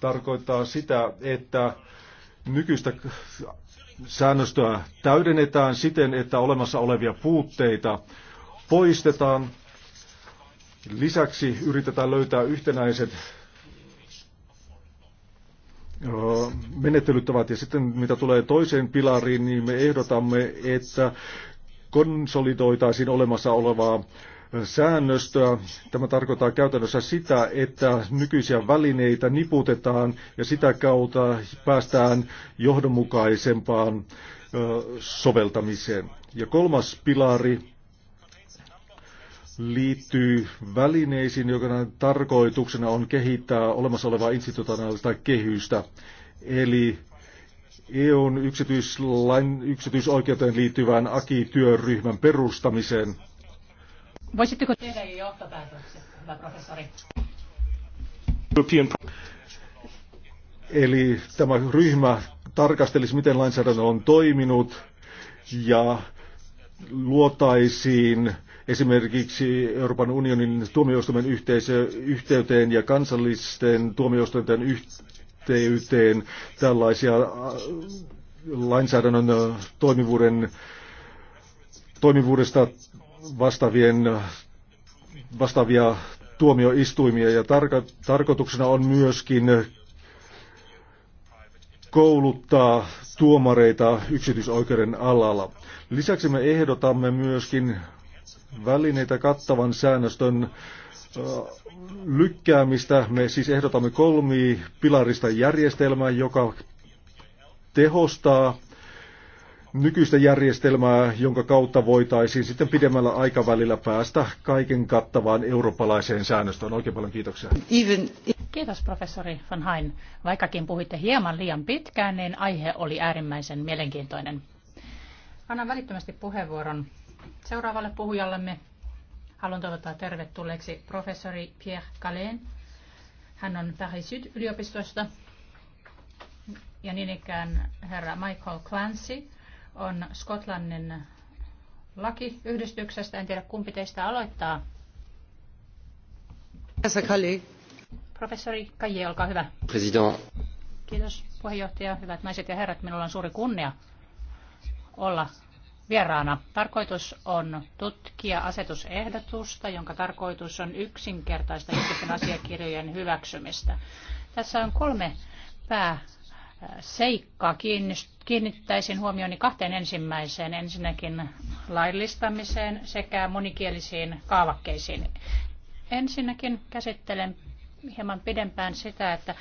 tarkoittaa sitä, että nykyistä säännöstöä täydennetään siten, että olemassa olevia puutteita poistetaan. Lisäksi yritetään löytää yhtenäiset menettelytavat. Ja sitten mitä tulee toiseen pilariin, niin me ehdotamme, että konsolidoitaisiin olemassa olevaa säännöstöä. Tämä tarkoittaa käytännössä sitä, että nykyisiä välineitä niputetaan ja sitä kautta päästään johdonmukaisempaan soveltamiseen. Ja kolmas pilari liittyy välineisiin, joka tarkoituksena on kehittää olemassa olevaa institutionaalista kehystä. Eli EUn yksityislain, yksityisoikeuteen liittyvän AKI-työryhmän perustamiseen. Voisitteko tehdä jo johtopäätöksen, hyvä professori? Eli tämä ryhmä tarkastelisi, miten lainsäädäntö on toiminut ja luotaisiin esimerkiksi Euroopan unionin tuomioistuimen yhteyteen ja kansallisten tuomioistuinten yhteyteen tällaisia äh, lainsäädännön äh, toimivuuden, toimivuudesta vastaavien, vastaavia tuomioistuimia ja tarko, tarkoituksena on myöskin kouluttaa tuomareita yksityisoikeuden alalla. Lisäksi me ehdotamme myöskin välineitä kattavan säännöstön lykkäämistä. Me siis ehdotamme kolmi pilarista järjestelmää, joka tehostaa nykyistä järjestelmää, jonka kautta voitaisiin sitten pidemmällä aikavälillä päästä kaiken kattavaan eurooppalaiseen säännöstöön. Oikein paljon kiitoksia. Even... Kiitos professori Van Hain. Vaikkakin puhuitte hieman liian pitkään, niin aihe oli äärimmäisen mielenkiintoinen. Annan välittömästi puheenvuoron Seuraavalle puhujallemme haluan toivottaa tervetulleeksi professori Pierre Calen. Hän on Paris Syd yliopistosta ja niin ikään herra Michael Clancy on Skotlannin lakiyhdistyksestä. En tiedä, kumpi teistä aloittaa. Professori Kaji, olkaa hyvä. President. Kiitos puheenjohtaja, hyvät naiset ja herrat. Minulla on suuri kunnia olla vieraana. Tarkoitus on tutkia asetusehdotusta, jonka tarkoitus on yksinkertaista julkisten asiakirjojen hyväksymistä. Tässä on kolme pääseikkaa. Kiinnittäisin huomioni kahteen ensimmäiseen. Ensinnäkin laillistamiseen sekä monikielisiin kaavakkeisiin. Ensinnäkin käsittelen hieman pidempään sitä, että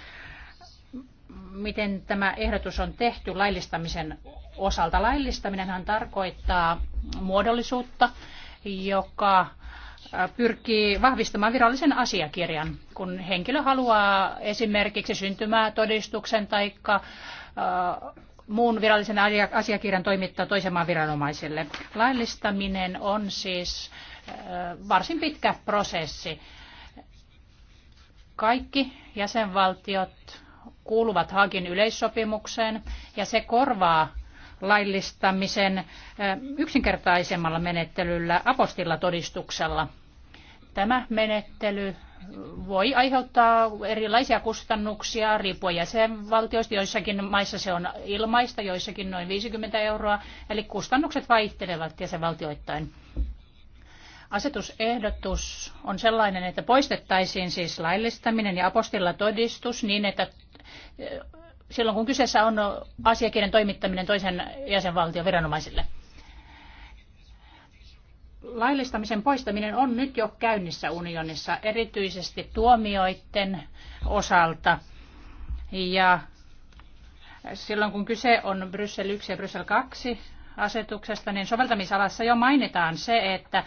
miten tämä ehdotus on tehty laillistamisen osalta laillistaminenhan tarkoittaa muodollisuutta, joka pyrkii vahvistamaan virallisen asiakirjan. Kun henkilö haluaa esimerkiksi syntymätodistuksen tai muun virallisen asiakirjan toimittaa toisen maan Laillistaminen on siis varsin pitkä prosessi. Kaikki jäsenvaltiot kuuluvat hakin yleissopimukseen ja se korvaa laillistamisen yksinkertaisemmalla menettelyllä apostillatodistuksella Tämä menettely voi aiheuttaa erilaisia kustannuksia riippuen jäsenvaltioista. Joissakin maissa se on ilmaista, joissakin noin 50 euroa, eli kustannukset vaihtelevat jäsenvaltioittain. Asetusehdotus on sellainen, että poistettaisiin siis laillistaminen ja apostillatodistus niin, että silloin, kun kyseessä on asiakirjan toimittaminen toisen jäsenvaltion viranomaisille. Laillistamisen poistaminen on nyt jo käynnissä unionissa, erityisesti tuomioiden osalta. Ja silloin, kun kyse on Bryssel 1 ja Bryssel 2 asetuksesta, niin soveltamisalassa jo mainitaan se, että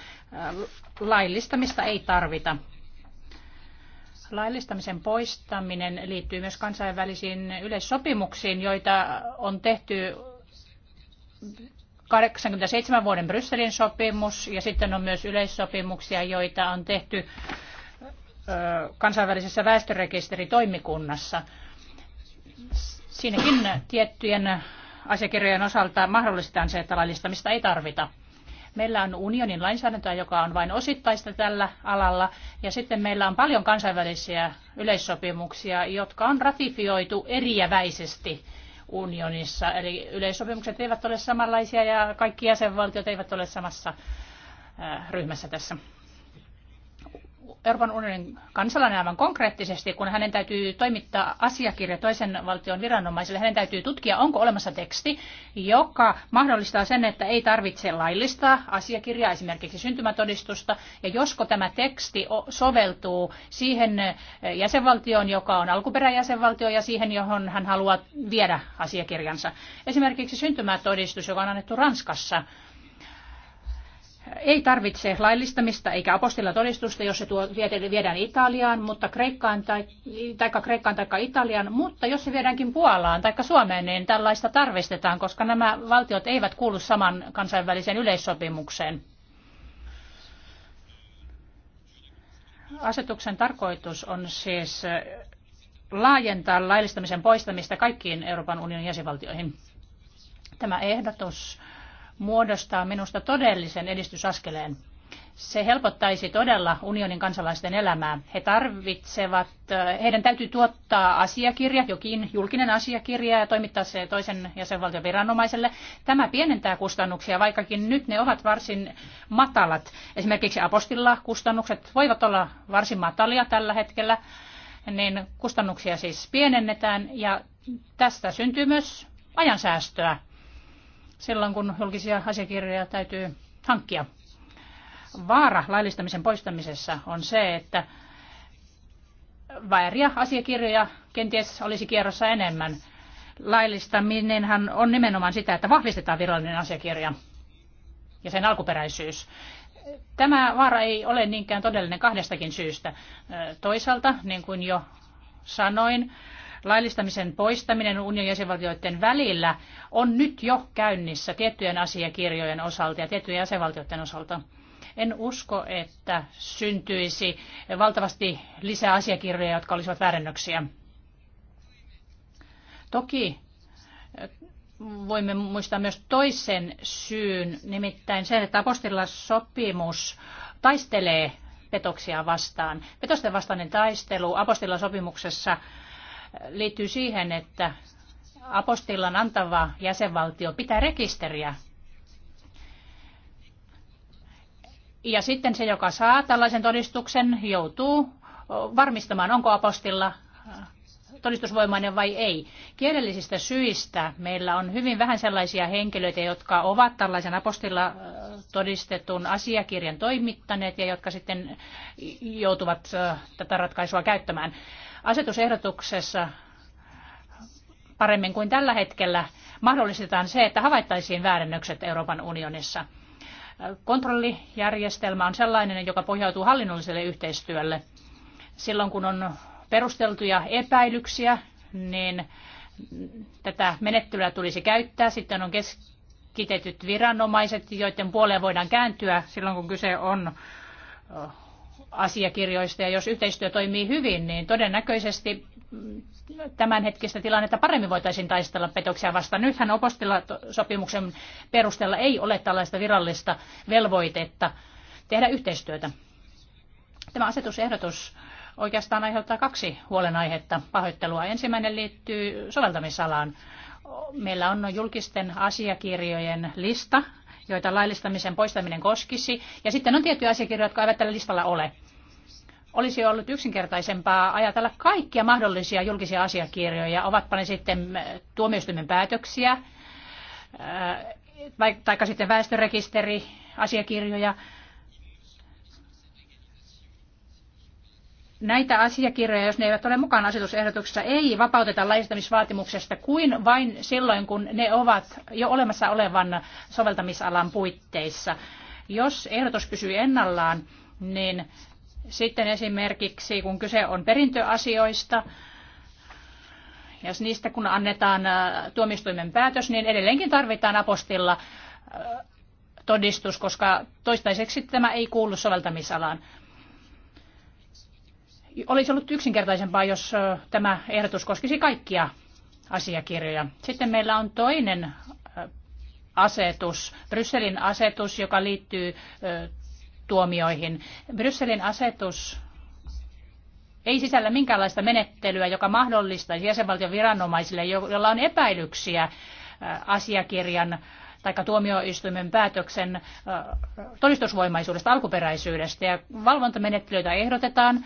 laillistamista ei tarvita laillistamisen poistaminen liittyy myös kansainvälisiin yleissopimuksiin, joita on tehty 87 vuoden Brysselin sopimus ja sitten on myös yleissopimuksia, joita on tehty kansainvälisessä väestörekisteritoimikunnassa. Siinäkin tiettyjen asiakirjojen osalta mahdollistetaan se, että laillistamista ei tarvita. Meillä on unionin lainsäädäntöä, joka on vain osittaista tällä alalla, ja sitten meillä on paljon kansainvälisiä yleissopimuksia, jotka on ratifioitu eriäväisesti unionissa. Eli yleissopimukset eivät ole samanlaisia ja kaikki jäsenvaltiot eivät ole samassa äh, ryhmässä tässä. Euroopan unionin kansalainen aivan konkreettisesti, kun hänen täytyy toimittaa asiakirja toisen valtion viranomaisille, hänen täytyy tutkia, onko olemassa teksti, joka mahdollistaa sen, että ei tarvitse laillistaa asiakirjaa, esimerkiksi syntymätodistusta, ja josko tämä teksti soveltuu siihen eh, jäsenvaltioon, joka on alkuperäjäsenvaltio, ja siihen, johon hän haluaa viedä asiakirjansa. Esimerkiksi syntymätodistus, joka on annettu Ranskassa, ei tarvitse laillistamista eikä apostilatodistusta, jos se tuo, viedään Italiaan, mutta Kreikkaan tai, tai Kreikkaan tai Italiaan, mutta jos se viedäänkin Puolaan tai Suomeen, niin tällaista tarvistetaan, koska nämä valtiot eivät kuulu saman kansainväliseen yleissopimukseen. Asetuksen tarkoitus on siis laajentaa laillistamisen poistamista kaikkiin Euroopan unionin jäsenvaltioihin. Tämä ehdotus muodostaa minusta todellisen edistysaskeleen. Se helpottaisi todella unionin kansalaisten elämää. He tarvitsevat, eh, heidän täytyy tuottaa asiakirja, jokin julkinen asiakirja ja toimittaa se toisen jäsenvaltion viranomaiselle. Tämä pienentää kustannuksia, vaikkakin nyt ne ovat varsin matalat. Esimerkiksi apostilla kustannukset voivat olla varsin matalia tällä hetkellä, niin kustannuksia siis pienennetään ja tästä syntyy myös ajansäästöä silloin, kun julkisia asiakirjoja täytyy hankkia. Vaara laillistamisen poistamisessa on se, että vääriä asiakirjoja kenties olisi kierrossa enemmän. Laillistaminenhan on nimenomaan sitä, että vahvistetaan virallinen asiakirja ja sen alkuperäisyys. Tämä vaara ei ole niinkään todellinen kahdestakin syystä. Toisaalta, niin kuin jo sanoin, laillistamisen poistaminen unionin jäsenvaltioiden välillä on nyt jo käynnissä tiettyjen asiakirjojen osalta ja tiettyjen jäsenvaltioiden osalta. En usko, että syntyisi valtavasti lisää asiakirjoja, jotka olisivat väärennöksiä. Toki eh, voimme muistaa myös toisen syyn, nimittäin sen, että apostilasopimus taistelee petoksia vastaan. Petosten vastainen taistelu apostilla sopimuksessa liittyy siihen, että apostillan antava jäsenvaltio pitää rekisteriä. Ja sitten se, joka saa tällaisen todistuksen, joutuu varmistamaan, onko apostilla todistusvoimainen vai ei. Kielellisistä syistä meillä on hyvin vähän sellaisia henkilöitä, jotka ovat tällaisen apostilla äh, todistetun asiakirjan toimittaneet ja jotka sitten joutuvat äh, tätä ratkaisua käyttämään asetusehdotuksessa paremmin kuin tällä hetkellä mahdollistetaan se, että havaittaisiin väärennökset Euroopan unionissa. Kontrollijärjestelmä on sellainen, joka pohjautuu hallinnolliselle yhteistyölle. Silloin kun on perusteltuja epäilyksiä, niin tätä menettelyä tulisi käyttää. Sitten on keskitetyt viranomaiset, joiden puoleen voidaan kääntyä silloin, kun kyse on asiakirjoista ja jos yhteistyö toimii hyvin, niin todennäköisesti mm, tämänhetkistä tilannetta paremmin voitaisiin taistella petoksia vastaan. Nythän opostilla-sopimuksen perusteella ei ole tällaista virallista velvoitetta tehdä yhteistyötä. Tämä asetusehdotus oikeastaan aiheuttaa kaksi huolenaihetta pahoittelua. Ensimmäinen liittyy soveltamisalaan. Meillä on julkisten asiakirjojen lista, joita laillistamisen poistaminen koskisi. Ja sitten on tiettyjä asiakirjoja, jotka eivät tällä listalla ole olisi ollut yksinkertaisempaa ajatella kaikkia mahdollisia julkisia asiakirjoja, ovatpa ne sitten äh, tuomioistuimen päätöksiä, äh, tai sitten väestörekisteri, asiakirjoja. Näitä asiakirjoja, jos ne eivät ole mukana asetusehdotuksessa, ei vapauteta laajentamisvaatimuksesta kuin vain silloin, kun ne ovat jo olemassa olevan soveltamisalan puitteissa. Jos ehdotus pysyy ennallaan, niin sitten esimerkiksi, kun kyse on perintöasioista, ja niistä kun annetaan äh, tuomistuimen päätös, niin edelleenkin tarvitaan apostilla äh, todistus, koska toistaiseksi tämä ei kuulu soveltamisalaan. Olisi ollut yksinkertaisempaa, jos äh, tämä ehdotus koskisi kaikkia asiakirjoja. Sitten meillä on toinen asetus, Brysselin asetus, joka liittyy tuomioihin. Brysselin asetus ei sisällä minkäänlaista menettelyä, joka mahdollistaisi jäsenvaltion viranomaisille, jolla on epäilyksiä äh, asiakirjan tai tuomioistuimen päätöksen äh, todistusvoimaisuudesta, alkuperäisyydestä. Ja valvontamenettelyitä ehdotetaan.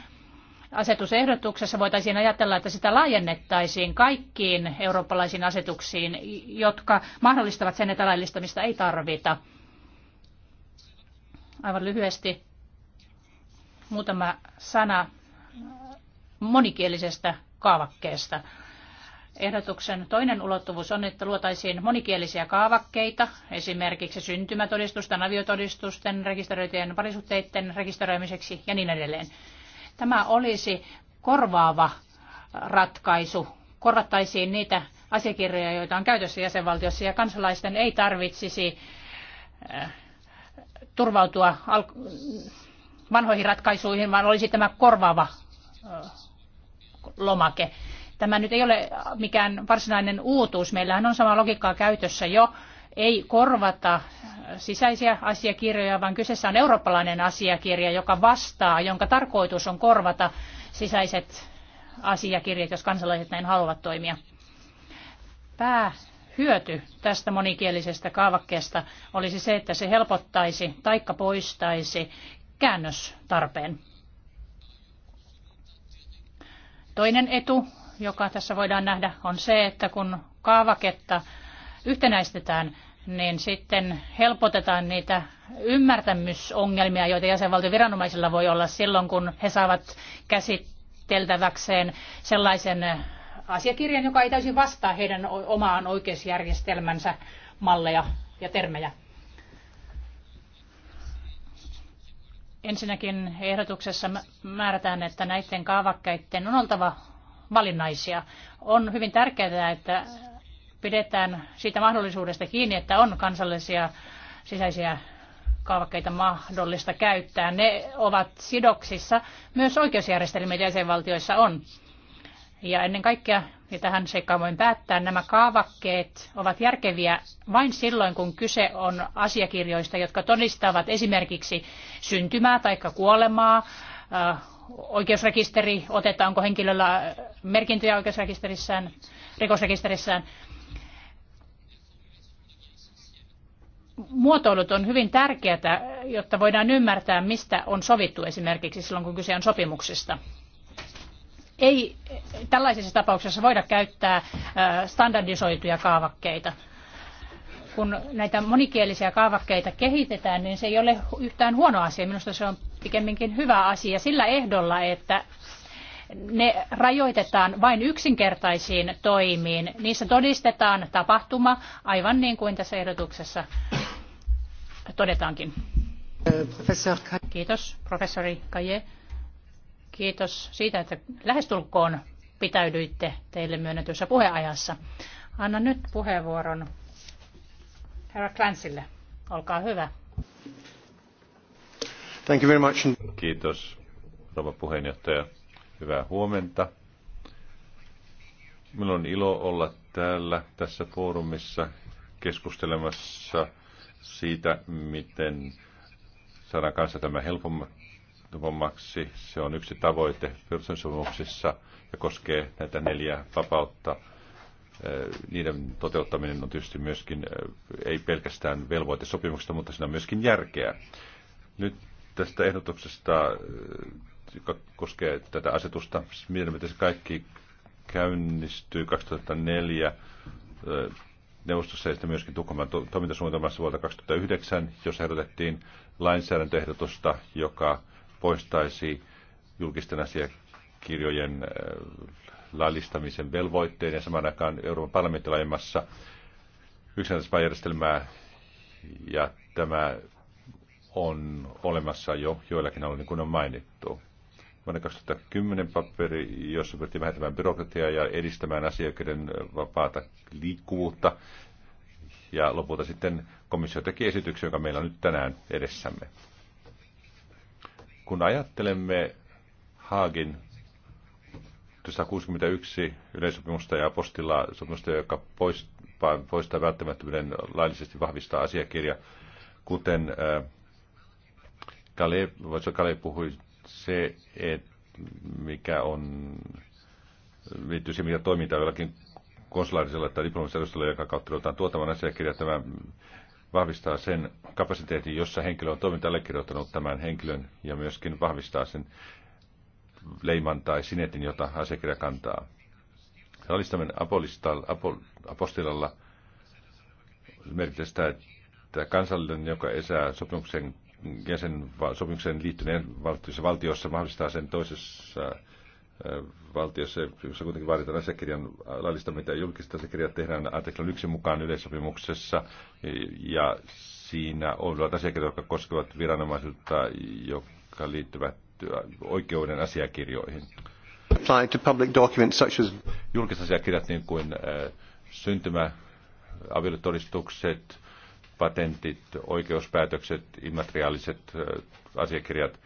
Asetusehdotuksessa voitaisiin ajatella, että sitä laajennettaisiin kaikkiin eurooppalaisiin asetuksiin, jotka mahdollistavat sen, että laillistamista ei tarvita. Aivan lyhyesti muutama sana monikielisestä kaavakkeesta. Ehdotuksen toinen ulottuvuus on, että luotaisiin monikielisiä kaavakkeita, esimerkiksi syntymätodistusten, aviotodistusten, rekisteröityjen parisuhteiden rekisteröimiseksi ja niin edelleen. Tämä olisi korvaava ratkaisu. Korvattaisiin niitä asiakirjoja, joita on käytössä jäsenvaltiossa, ja kansalaisten ei tarvitsisi turvautua vanhoihin ratkaisuihin, vaan olisi tämä korvaava lomake. Tämä nyt ei ole mikään varsinainen uutuus. Meillähän on sama logiikkaa käytössä jo. Ei korvata sisäisiä asiakirjoja, vaan kyseessä on eurooppalainen asiakirja, joka vastaa, jonka tarkoitus on korvata sisäiset asiakirjat, jos kansalaiset näin haluavat toimia. Pää hyöty tästä monikielisestä kaavakkeesta olisi se, että se helpottaisi tai poistaisi käännöstarpeen. Toinen etu, joka tässä voidaan nähdä, on se, että kun kaavaketta yhtenäistetään, niin sitten helpotetaan niitä ymmärtämysongelmia, joita jäsenvaltioviranomaisilla voi olla silloin, kun he saavat käsitteltäväkseen sellaisen asiakirjan, joka ei täysin vastaa heidän omaan oikeusjärjestelmänsä malleja ja termejä. Ensinnäkin ehdotuksessa määrätään, että näiden kaavakkeiden on oltava valinnaisia. On hyvin tärkeää, että pidetään siitä mahdollisuudesta kiinni, että on kansallisia sisäisiä kaavakkeita mahdollista käyttää. Ne ovat sidoksissa myös oikeusjärjestelmien jäsenvaltioissa on. Ja ennen kaikkea, ja tähän seikkaan voin päättää, nämä kaavakkeet ovat järkeviä vain silloin, kun kyse on asiakirjoista, jotka todistavat esimerkiksi syntymää tai kuolemaa, äh, oikeusrekisteri, otetaan, onko henkilöllä merkintöjä oikeusrekisterissään, rikosrekisterissään. Muotoilut on hyvin tärkeää, jotta voidaan ymmärtää, mistä on sovittu esimerkiksi silloin, kun kyse on sopimuksista ei tällaisessa tapauksessa voida käyttää äh, standardisoituja kaavakkeita. Kun näitä monikielisiä kaavakkeita kehitetään, niin se ei ole yhtään huono asia. Minusta se on pikemminkin hyvä asia sillä ehdolla, että ne rajoitetaan vain yksinkertaisiin toimiin. Niissä todistetaan tapahtuma, aivan niin kuin tässä ehdotuksessa todetaankin. Kiitos, professori Kaje. Kiitos siitä, että lähestulkoon pitäydyitte teille myönnetyssä puheajassa. Anna nyt puheenvuoron herra Clansille. Olkaa hyvä. Thank you very much. Kiitos, rouva puheenjohtaja. Hyvää huomenta. Minulla on ilo olla täällä tässä foorumissa keskustelemassa siitä, miten saadaan kanssa tämä helpommat hommaksi. Se on yksi tavoite perussopimuksissa ja koskee näitä neljää vapautta. Niiden toteuttaminen on tietysti myöskin, ei pelkästään velvoite sopimuksesta, mutta siinä on myöskin järkeä. Nyt tästä ehdotuksesta, joka koskee tätä asetusta, siis miten se kaikki käynnistyy 2004 neuvostossa ja sitten myöskin Tukholman toimintasuunnitelmassa vuodelta 2009, jossa ehdotettiin lainsäädäntöehdotusta, joka poistaisi julkisten asiakirjojen äh, laillistamisen velvoitteen ja saman aikaan Euroopan parlamentin laajemmassa yksinäisvaajärjestelmää ja tämä on olemassa jo joillakin alueilla, niin kuin on mainittu. Vuonna 2010 paperi, jossa pyrittiin vähentämään byrokratiaa ja edistämään asiakirjojen vapaata liikkuvuutta. Ja lopulta sitten komissio teki esityksen, joka meillä on nyt tänään edessämme. Kun ajattelemme Haagin 161 yleisopimusta ja apostilla sopimusta, joka poistaa, poistaa välttämättömyyden laillisesti vahvistaa asiakirja, kuten äh, Kale, Kale puhui, se, että mikä on, liittyy siihen, mitä toimintaa jollakin konsulaarisella tai diplomatisella edustalla, joka kautta joudutaan tuottamaan asiakirja, tämä vahvistaa sen kapasiteetin, jossa henkilö on toiminta allekirjoittanut tämän henkilön ja myöskin vahvistaa sen leiman tai sinetin, jota asiakirja kantaa. Alistaminen apostilalla merkitsee sitä, että kansallinen, joka esää sopimuksen jäsen, sopimuksen liittyneen valtiossa, valtiossa mahdollistaa sen toisessa valtiossa, jossa kuitenkin vaaditaan asiakirjan laillista, mitä julkista asiakirjaa tehdään artiklan yksin mukaan yleissopimuksessa, ja siinä on asiakirjoja, jotka koskevat viranomaisuutta, jotka liittyvät oikeuden asiakirjoihin. Julkiset asiakirjat, niin kuin syntymä, avioliittodistukset, patentit, oikeuspäätökset, immateriaaliset asiakirjat.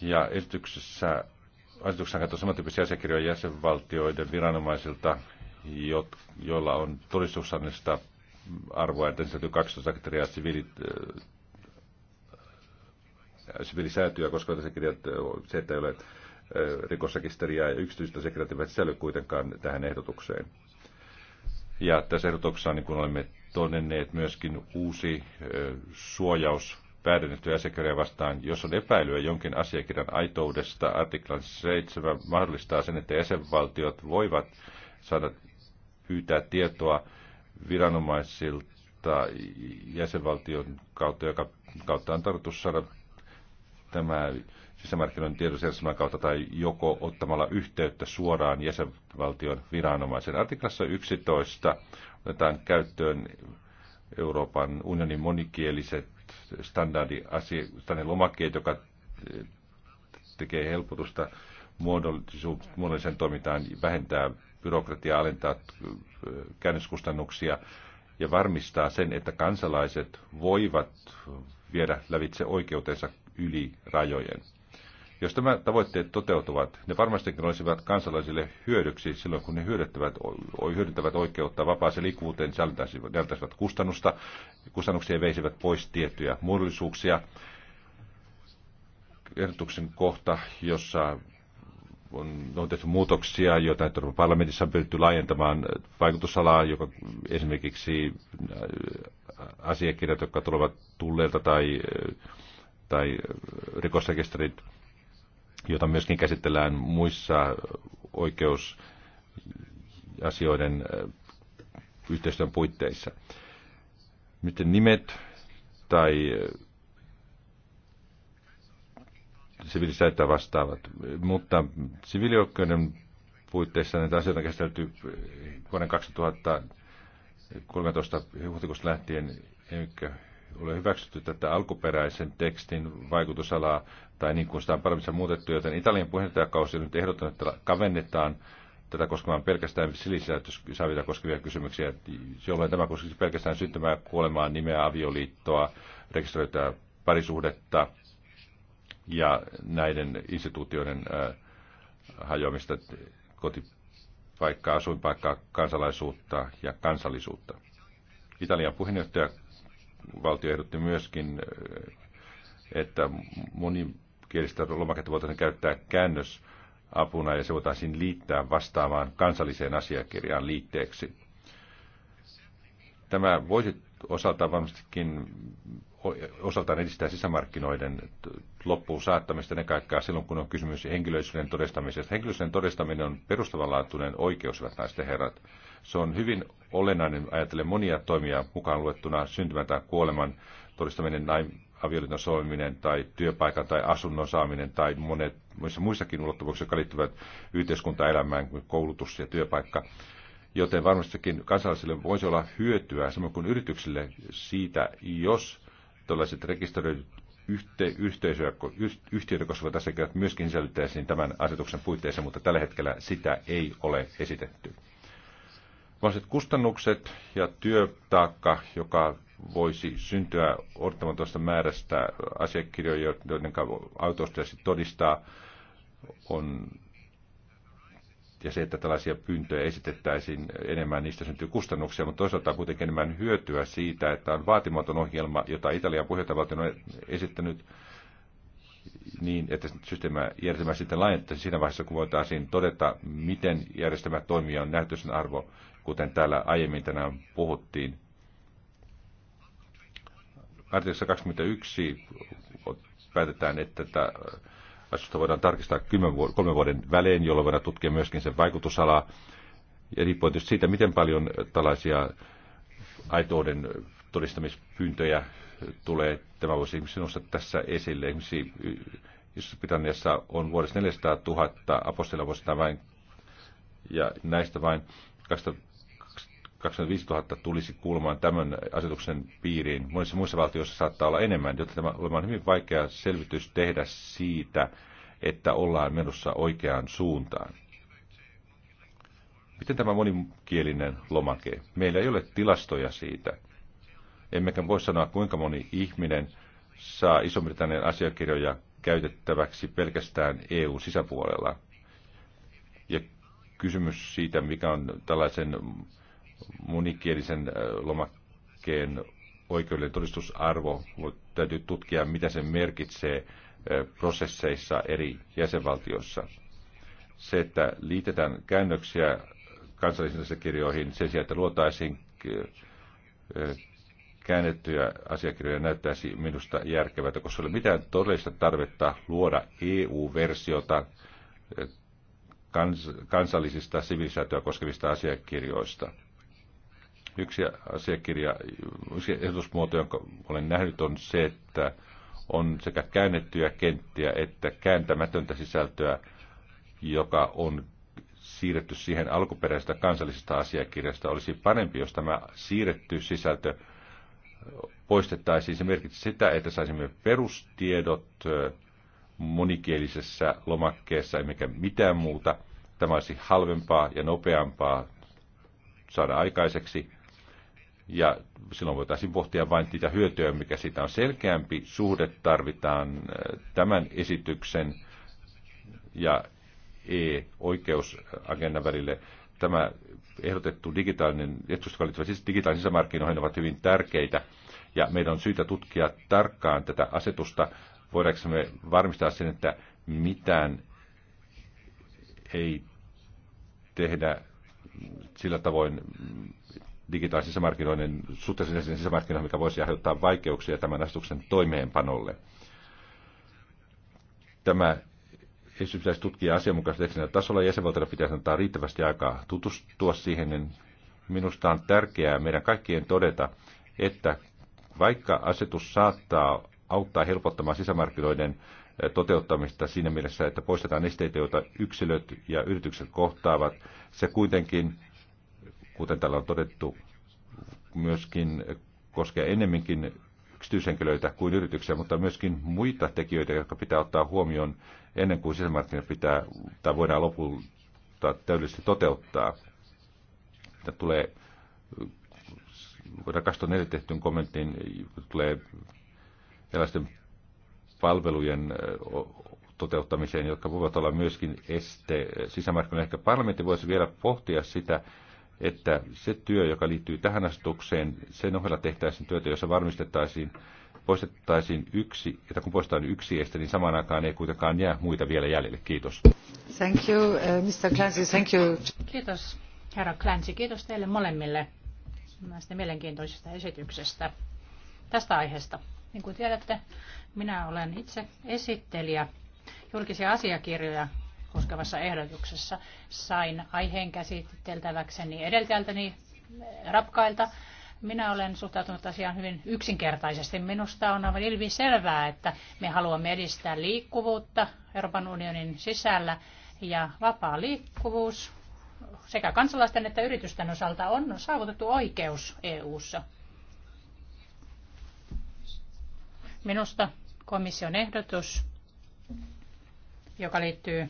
Ja esityksessä asetuksen kautta samantyyppisiä asiakirjoja jäsenvaltioiden viranomaisilta, joilla on todistuksannista arvoa, että täytyy 12 sekretariaa siviilit, äh, siviilisäätyä koskevat asiakirjat, se, että ei ole äh, rikosrekisteriä ja yksityistä sekretariaa, eivät sisälly kuitenkaan tähän ehdotukseen. Ja tässä ehdotuksessa, niin kuin olemme todenneet, myöskin uusi äh, suojaus väärennettyjä asiakirjaa vastaan, jos on epäilyä jonkin asiakirjan aitoudesta. Artiklan 7 mahdollistaa sen, että jäsenvaltiot voivat saada pyytää tietoa viranomaisilta jäsenvaltion kautta, joka kautta on tarkoitus saada tämä sisämarkkinoiden tiedotusjärjestelmän kautta tai joko ottamalla yhteyttä suoraan jäsenvaltion viranomaisen. Artiklassa 11 otetaan käyttöön Euroopan unionin monikieliset standardi, standardi lomakkeet, joka eh, tekee helpotusta muodolliseen toimintaan, vähentää byrokratiaa, alentaa eh, käännöskustannuksia ja varmistaa sen, että kansalaiset voivat viedä lävitse oikeutensa yli rajojen. Jos tämä tavoitteet toteutuvat, ne varmastikin olisivat kansalaisille hyödyksi silloin, kun ne hyödyttävät, hyödyttävät oikeutta vapaaseen liikkuvuuteen, niin sältäisivät kustannusta, kustannuksia veisivät pois tiettyjä muodollisuuksia. Ehdotuksen kohta, jossa on, on tehty muutoksia, joita Euroopan parlamentissa on pyritty laajentamaan vaikutusalaa, joka esimerkiksi äh, asiakirjat, jotka tulevat tulleelta tai, äh, tai rikosrekisterit jota myöskin käsitellään muissa oikeusasioiden yhteistyön puitteissa. Nyt nimet tai siviilisäyttöä vastaavat. Mutta siviilioikeuden puitteissa näitä asioita on käsitelty vuoden 2013 huhtikuusta lähtien, Eikö? ole hyväksytty tätä alkuperäisen tekstin vaikutusalaa, tai niin kuin sitä on paremmin muutettu, joten Italian puheenjohtajakausi nyt ehdottanut, että kavennetaan tätä koskemaan pelkästään silisäätösavita koskevia kysymyksiä, jolloin tämä koskisi pelkästään syntymää, kuolemaa, nimeä, avioliittoa, rekisteröityä parisuhdetta ja näiden instituutioiden äh, hajoamista, kotipaikkaa, asuinpaikkaa, kansalaisuutta ja kansallisuutta. Italian puheenjohtaja valtio ehdotti myöskin, eh, että monikielistä lomaketta voitaisiin käyttää käännös apuna ja se voitaisiin liittää vastaamaan kansalliseen asiakirjaan liitteeksi. Tämä voisi osaltaan varmastikin osaltaan edistää sisämarkkinoiden loppuun saattamista ne kaikkea silloin, kun on kysymys henkilöllisyyden todistamisesta. Henkilöllisyyden todistaminen on perustavanlaatuinen oikeus, hyvät naiset herrat. Se on hyvin olennainen, ajatellen monia toimia mukaan luettuna syntymän tai kuoleman todistaminen, avioliiton solmiminen tai työpaikan tai asunnon saaminen tai monet muissa muissakin ulottuvuuksissa, jotka liittyvät yhteiskuntaelämään, kuin koulutus ja työpaikka. Joten varmastikin kansalaisille voisi olla hyötyä, samoin kuin yrityksille siitä, jos tällaiset rekisteröidyt yhte, yhteisöjä, yhtiöitä koskevat asiakirjat myöskin sisällyttäisiin tämän asetuksen puitteissa, mutta tällä hetkellä sitä ei ole esitetty. Mahdolliset kustannukset ja työtaakka, joka voisi syntyä odottamatonta määrästä asiakirjoja, joiden autosta sitten todistaa, on, ja se, että tällaisia pyyntöjä esitettäisiin enemmän, niistä syntyy kustannuksia, mutta toisaalta on kuitenkin enemmän hyötyä siitä, että on vaatimaton ohjelma, jota Italian puheenjohtajavaltio on esittänyt niin, että systeemä, järjestelmä sitten laajennettaisiin siinä vaiheessa, kun voitaisiin todeta, miten järjestelmä toimii on sen arvo kuten täällä aiemmin tänään puhuttiin. Artiossa 21 päätetään, että tätä asusta voidaan tarkistaa kolmen vuoden välein, jolloin voidaan tutkia myöskin sen vaikutusalaa. Ja riippuen tietysti siitä, miten paljon tällaisia aitouden todistamispyyntöjä tulee. Tämä voisi esimerkiksi nostaa tässä esille. Esimerkiksi Iso-Britanniassa on vuodessa 400 000 apostelavuosina vain, ja näistä vain 2000 25 000 tulisi kuulumaan tämän asetuksen piiriin. Monissa muissa valtioissa saattaa olla enemmän, joten tämä on hyvin vaikea selvitys tehdä siitä, että ollaan menossa oikeaan suuntaan. Miten tämä monikielinen lomake? Meillä ei ole tilastoja siitä. Emmekä voi sanoa, kuinka moni ihminen saa Iso-Britannian asiakirjoja käytettäväksi pelkästään EU-sisäpuolella. Ja kysymys siitä, mikä on tällaisen monikielisen äh, lomakkeen oikeudellinen todistusarvo, täytyy tutkia, mitä se merkitsee äh, prosesseissa eri jäsenvaltioissa. Se, että liitetään käännöksiä kansallisiin asiakirjoihin sen sijaan, että luotaisiin äh, käännettyjä asiakirjoja näyttäisi minusta järkevältä, koska ei ole mitään todellista tarvetta luoda EU-versiota kansallisista sivilisaatioa koskevista asiakirjoista. Yksi asiakirja, yksi ehdotusmuoto, jonka olen nähnyt, on se, että on sekä käännettyjä kenttiä että kääntämätöntä sisältöä, joka on siirretty siihen alkuperäisestä kansallisesta asiakirjasta. Olisi parempi, jos tämä siirretty sisältö poistettaisiin. Se merkitsi sitä, että saisimme perustiedot monikielisessä lomakkeessa, emmekä mitään muuta. Tämä olisi halvempaa ja nopeampaa saada aikaiseksi ja silloin voitaisiin pohtia vain niitä hyötyä, mikä siitä on selkeämpi. Suhde tarvitaan äh, tämän esityksen ja e-oikeusagendan välille. Tämä ehdotettu digitaalinen, siis digitaalisen sisämarkkinoihin ovat hyvin tärkeitä, ja meidän on syytä tutkia tarkkaan tätä asetusta, voidaanko me varmistaa sen, että mitään ei tehdä sillä tavoin, digitaalisen sisämarkkinoinnin, suhteellisen sisämarkkinoihin, mikä voisi aiheuttaa vaikeuksia tämän asetuksen toimeenpanolle. Tämä esitys pitäisi tutkia asianmukaisesti teknisellä tasolla. Jäsenvaltioilla pitäisi antaa riittävästi aikaa tutustua siihen. Niin minusta on tärkeää meidän kaikkien todeta, että vaikka asetus saattaa auttaa helpottamaan sisämarkkinoiden eh, toteuttamista siinä mielessä, että poistetaan esteitä, joita yksilöt ja yritykset kohtaavat, se kuitenkin kuten täällä on todettu, myöskin koskee enemminkin yksityishenkilöitä kuin yrityksiä, mutta myöskin muita tekijöitä, jotka pitää ottaa huomioon ennen kuin sisämarkkinat pitää tai voidaan lopulta täydellisesti toteuttaa. Tämä tulee vuonna 2004 tehtyyn kommenttiin, tulee erilaisten palvelujen toteuttamiseen, jotka voivat olla myöskin este sisämarkkinoille. Ehkä parlamentti voisi vielä pohtia sitä, että se työ, joka liittyy tähän astukseen, sen ohella tehtäisiin työtä, jossa varmistettaisiin, poistettaisiin yksi, että kun poistetaan yksi este, niin samaan aikaan ei kuitenkaan jää muita vielä jäljelle. Kiitos. Thank you, uh, Mr. Clancy, thank you. Kiitos, herra Clancy. Kiitos teille molemmille näistä mielenkiintoisista esityksestä tästä aiheesta. Niin kuin tiedätte, minä olen itse esittelijä julkisia asiakirjoja koskevassa ehdotuksessa. Sain aiheen käsiteltäväkseni edeltäjältäni eh, rapkailta. Minä olen suhtautunut asiaan hyvin yksinkertaisesti. Minusta on aivan ilmi selvää, että me haluamme edistää liikkuvuutta Euroopan unionin sisällä ja vapaa liikkuvuus sekä kansalaisten että yritysten osalta on saavutettu oikeus EU:ssa. Minusta komission ehdotus joka liittyy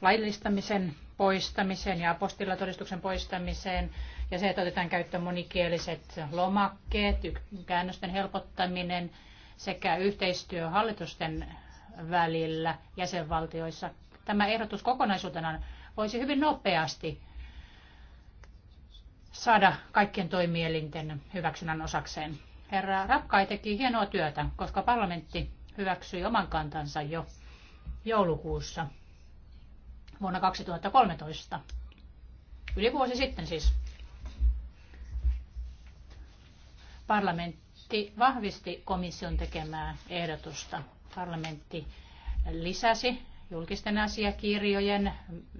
laillistamisen poistamiseen ja apostillatodistuksen poistamiseen ja se, että otetaan käyttöön monikieliset lomakkeet, käännösten helpottaminen sekä yhteistyö hallitusten välillä jäsenvaltioissa. Tämä ehdotus kokonaisuutena voisi hyvin nopeasti saada kaikkien toimielinten hyväksynnän osakseen. Herra Rapkai teki hienoa työtä, koska parlamentti hyväksyi oman kantansa jo joulukuussa vuonna 2013. Yli vuosi sitten siis. Parlamentti vahvisti komission tekemää ehdotusta. Parlamentti lisäsi julkisten asiakirjojen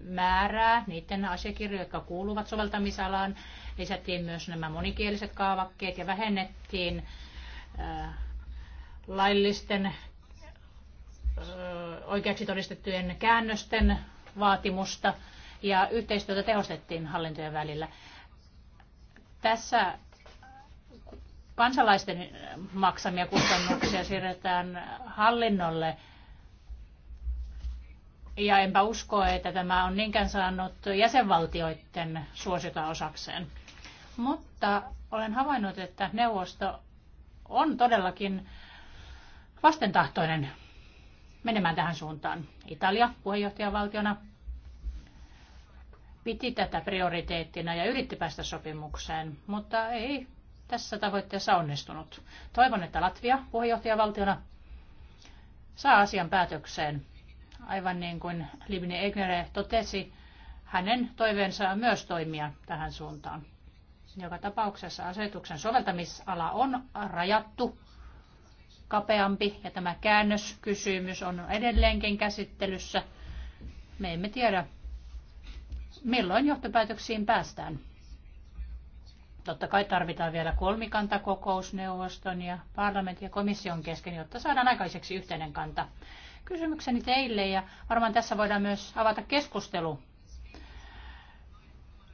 määrää, niiden asiakirjoja, jotka kuuluvat soveltamisalaan. Lisättiin myös nämä monikieliset kaavakkeet ja vähennettiin laillisten oikeaksi todistettujen käännösten vaatimusta ja yhteistyötä tehostettiin hallintojen välillä. Tässä kansalaisten maksamia kustannuksia siirretään hallinnolle. Ja enpä usko, että tämä on niinkään saanut jäsenvaltioiden suosiota osakseen. Mutta olen havainnut, että neuvosto on todellakin vastentahtoinen menemään tähän suuntaan. Italia puheenjohtajavaltiona piti tätä prioriteettina ja yritti päästä sopimukseen, mutta ei tässä tavoitteessa onnistunut. Toivon, että Latvia puheenjohtajavaltiona saa asian päätökseen. Aivan niin kuin Libni Egnere totesi, hänen toiveensa on myös toimia tähän suuntaan. Joka tapauksessa asetuksen soveltamisala on rajattu kapeampi ja tämä käännöskysymys on edelleenkin käsittelyssä. Me emme tiedä, milloin johtopäätöksiin päästään. Totta kai tarvitaan vielä kolmikantakokousneuvoston ja parlamentin ja komission kesken, jotta saadaan aikaiseksi yhteinen kanta. Kysymykseni teille ja varmaan tässä voidaan myös avata keskustelu.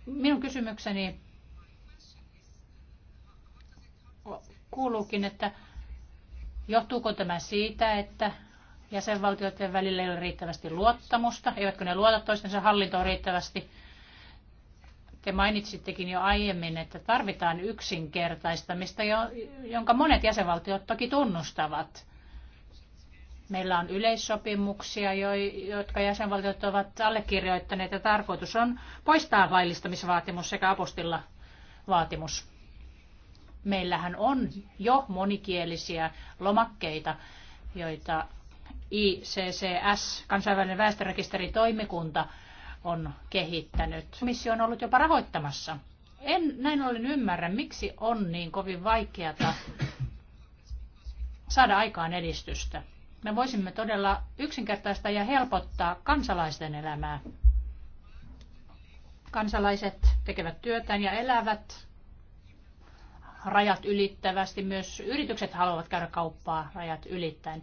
Minun kysymykseni kuuluukin, että Johtuuko tämä siitä, että jäsenvaltioiden välillä ei ole riittävästi luottamusta? Eivätkö ne luota toistensa hallintoon riittävästi? Te mainitsittekin jo aiemmin, että tarvitaan yksinkertaistamista, jonka monet jäsenvaltiot toki tunnustavat. Meillä on yleissopimuksia, jotka jäsenvaltiot ovat allekirjoittaneet ja tarkoitus on poistaa vaillistamisvaatimus sekä apostilla vaatimus meillähän on jo monikielisiä lomakkeita, joita ICCS, kansainvälinen väestörekisteritoimikunta, on kehittänyt. Komissio on ollut jopa rahoittamassa. En näin ollen ymmärrä, miksi on niin kovin vaikeata saada aikaan edistystä. Me voisimme todella yksinkertaistaa ja helpottaa kansalaisten elämää. Kansalaiset tekevät työtään ja elävät rajat ylittävästi. Myös yritykset haluavat käydä kauppaa rajat ylittäen.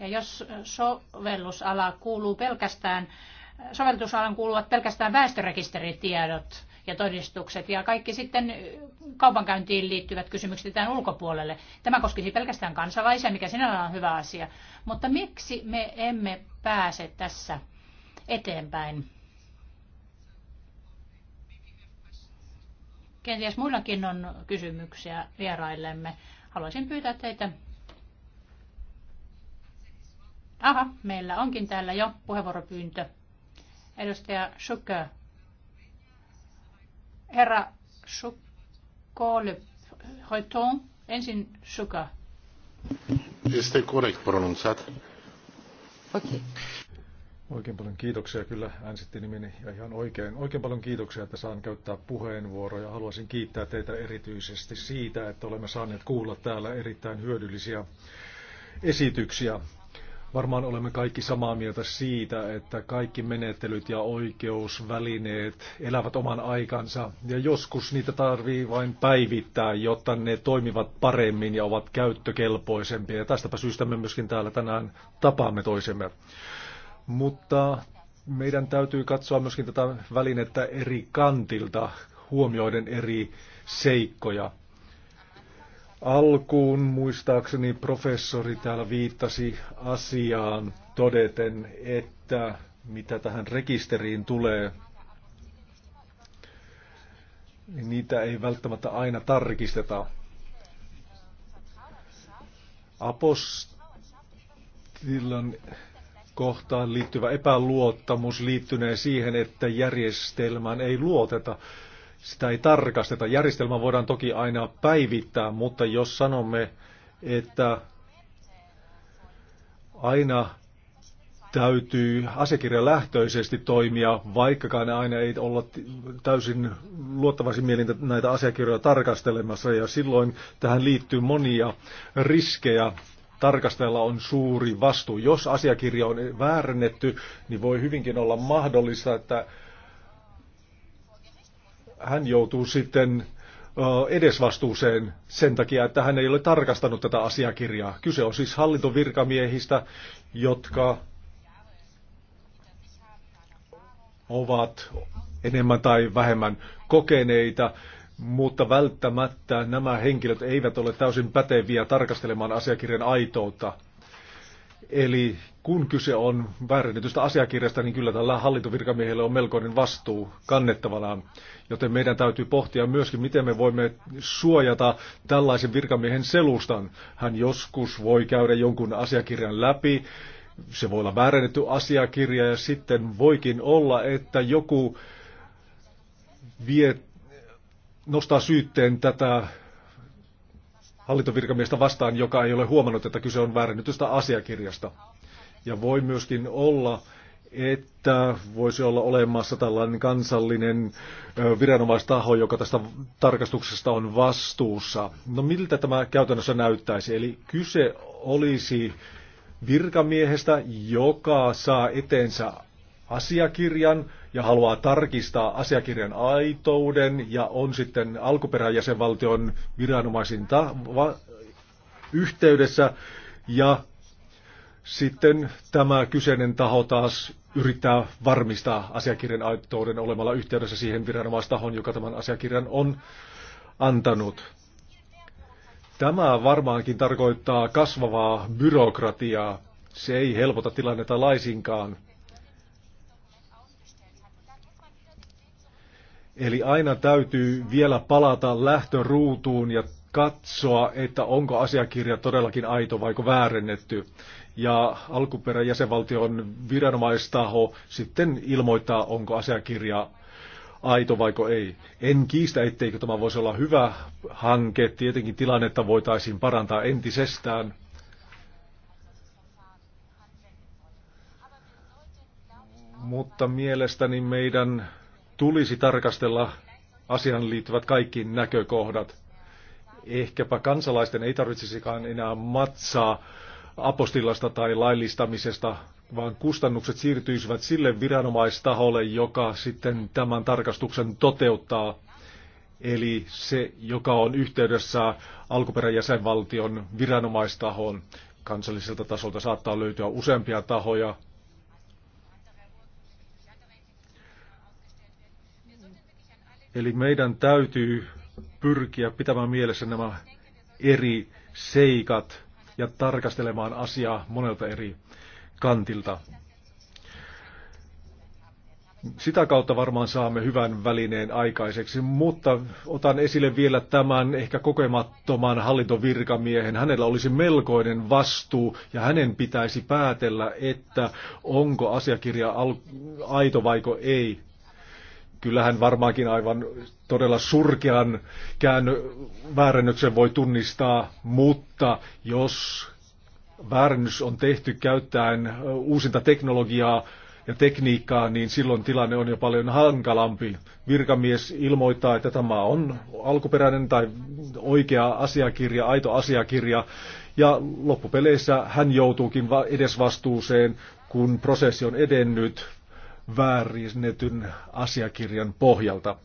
Ja jos sovellusala kuuluu pelkästään, sovellusalan kuuluvat pelkästään väestörekisteritiedot ja todistukset ja kaikki sitten kaupankäyntiin liittyvät kysymykset tämän ulkopuolelle. Tämä koskisi pelkästään kansalaisia, mikä sinällään on hyvä asia. Mutta miksi me emme pääse tässä eteenpäin? Kenties muillakin on kysymyksiä vieraillemme. Haluaisin pyytää teitä. Aha, meillä onkin täällä jo puheenvuoropyyntö. Edustaja Schucker. Herra Schucker, hoitoon. Ensin Schucker. Este corect pronunțat. Okay. Oikein paljon kiitoksia. Kyllä äänsitti nimeni ja ihan oikein. Oikein paljon kiitoksia, että saan käyttää puheenvuoroja. Haluaisin kiittää teitä erityisesti siitä, että olemme saaneet kuulla täällä erittäin hyödyllisiä esityksiä. Varmaan olemme kaikki samaa mieltä siitä, että kaikki menettelyt ja oikeusvälineet elävät oman aikansa ja joskus niitä tarvii vain päivittää, jotta ne toimivat paremmin ja ovat käyttökelpoisempia. Ja tästäpä syystä me myöskin täällä tänään tapaamme toisemme mutta meidän täytyy katsoa myöskin tätä välinettä eri kantilta, huomioiden eri seikkoja. Alkuun muistaakseni professori täällä viittasi asiaan todeten, että mitä tähän rekisteriin tulee, niin niitä ei välttämättä aina tarkisteta. Apostilan kohtaan liittyvä epäluottamus liittynee siihen, että järjestelmään ei luoteta. Sitä ei tarkasteta. Järjestelmä voidaan toki aina päivittää, mutta jos sanomme, että aina täytyy asiakirjalähtöisesti toimia, vaikkakaan aina ei olla täysin luottavaisin mielin näitä asiakirjoja tarkastelemassa, ja silloin tähän liittyy monia riskejä tarkastajalla on suuri vastuu. Jos asiakirja on väärennetty, niin voi hyvinkin olla mahdollista, että hän joutuu sitten edesvastuuseen sen takia, että hän ei ole tarkastanut tätä asiakirjaa. Kyse on siis hallintovirkamiehistä, jotka ovat enemmän tai vähemmän kokeneita mutta välttämättä nämä henkilöt eivät ole täysin päteviä tarkastelemaan asiakirjan aitoutta. Eli kun kyse on väärennetystä asiakirjasta, niin kyllä tällä hallintovirkamiehellä on melkoinen vastuu kannettavanaan. Joten meidän täytyy pohtia myöskin, miten me voimme suojata tällaisen virkamiehen selustan. Hän joskus voi käydä jonkun asiakirjan läpi, se voi olla väärennetty asiakirja ja sitten voikin olla, että joku vie nostaa syytteen tätä hallintovirkamiestä vastaan, joka ei ole huomannut, että kyse on väärännytystä asiakirjasta. Ja voi myöskin olla, että voisi olla olemassa tällainen kansallinen viranomaistaho, joka tästä tarkastuksesta on vastuussa. No miltä tämä käytännössä näyttäisi? Eli kyse olisi virkamiehestä, joka saa eteensä asiakirjan ja haluaa tarkistaa asiakirjan aitouden ja on sitten alkuperäjäsenvaltion va- yhteydessä ja sitten tämä kyseinen taho taas yrittää varmistaa asiakirjan aitouden olemalla yhteydessä siihen viranomaistahon, joka tämän asiakirjan on antanut. Tämä varmaankin tarkoittaa kasvavaa byrokratiaa. Se ei helpota tilannetta laisinkaan. Eli aina täytyy vielä palata lähtöruutuun ja katsoa, että onko asiakirja todellakin aito vaiko väärennetty. Ja alkuperän jäsenvaltion viranomaistaho sitten ilmoittaa, onko asiakirja aito vaiko ei. En kiistä, etteikö tämä voisi olla hyvä hanke. Tietenkin tilannetta voitaisiin parantaa entisestään. Mutta mielestäni meidän tulisi tarkastella asian liittyvät kaikki näkökohdat. Ehkäpä kansalaisten ei tarvitsisikaan enää matsaa apostillasta tai laillistamisesta, vaan kustannukset siirtyisivät sille viranomaistaholle, joka sitten tämän tarkastuksen toteuttaa, eli se, joka on yhteydessä alkuperäjäsenvaltion viranomaistahoon. Kansalliselta tasolta saattaa löytyä useampia tahoja, Eli meidän täytyy pyrkiä pitämään mielessä nämä eri seikat ja tarkastelemaan asiaa monelta eri kantilta. Sitä kautta varmaan saamme hyvän välineen aikaiseksi, mutta otan esille vielä tämän ehkä kokemattoman hallintovirkamiehen. Hänellä olisi melkoinen vastuu ja hänen pitäisi päätellä, että onko asiakirja aito vaiko ei kyllähän varmaankin aivan todella surkean kään väärännyksen voi tunnistaa, mutta jos väärännys on tehty käyttäen uusinta teknologiaa ja tekniikkaa, niin silloin tilanne on jo paljon hankalampi. Virkamies ilmoittaa, että tämä on alkuperäinen tai oikea asiakirja, aito asiakirja, ja loppupeleissä hän joutuukin edesvastuuseen, kun prosessi on edennyt väärinnetyn asiakirjan pohjalta.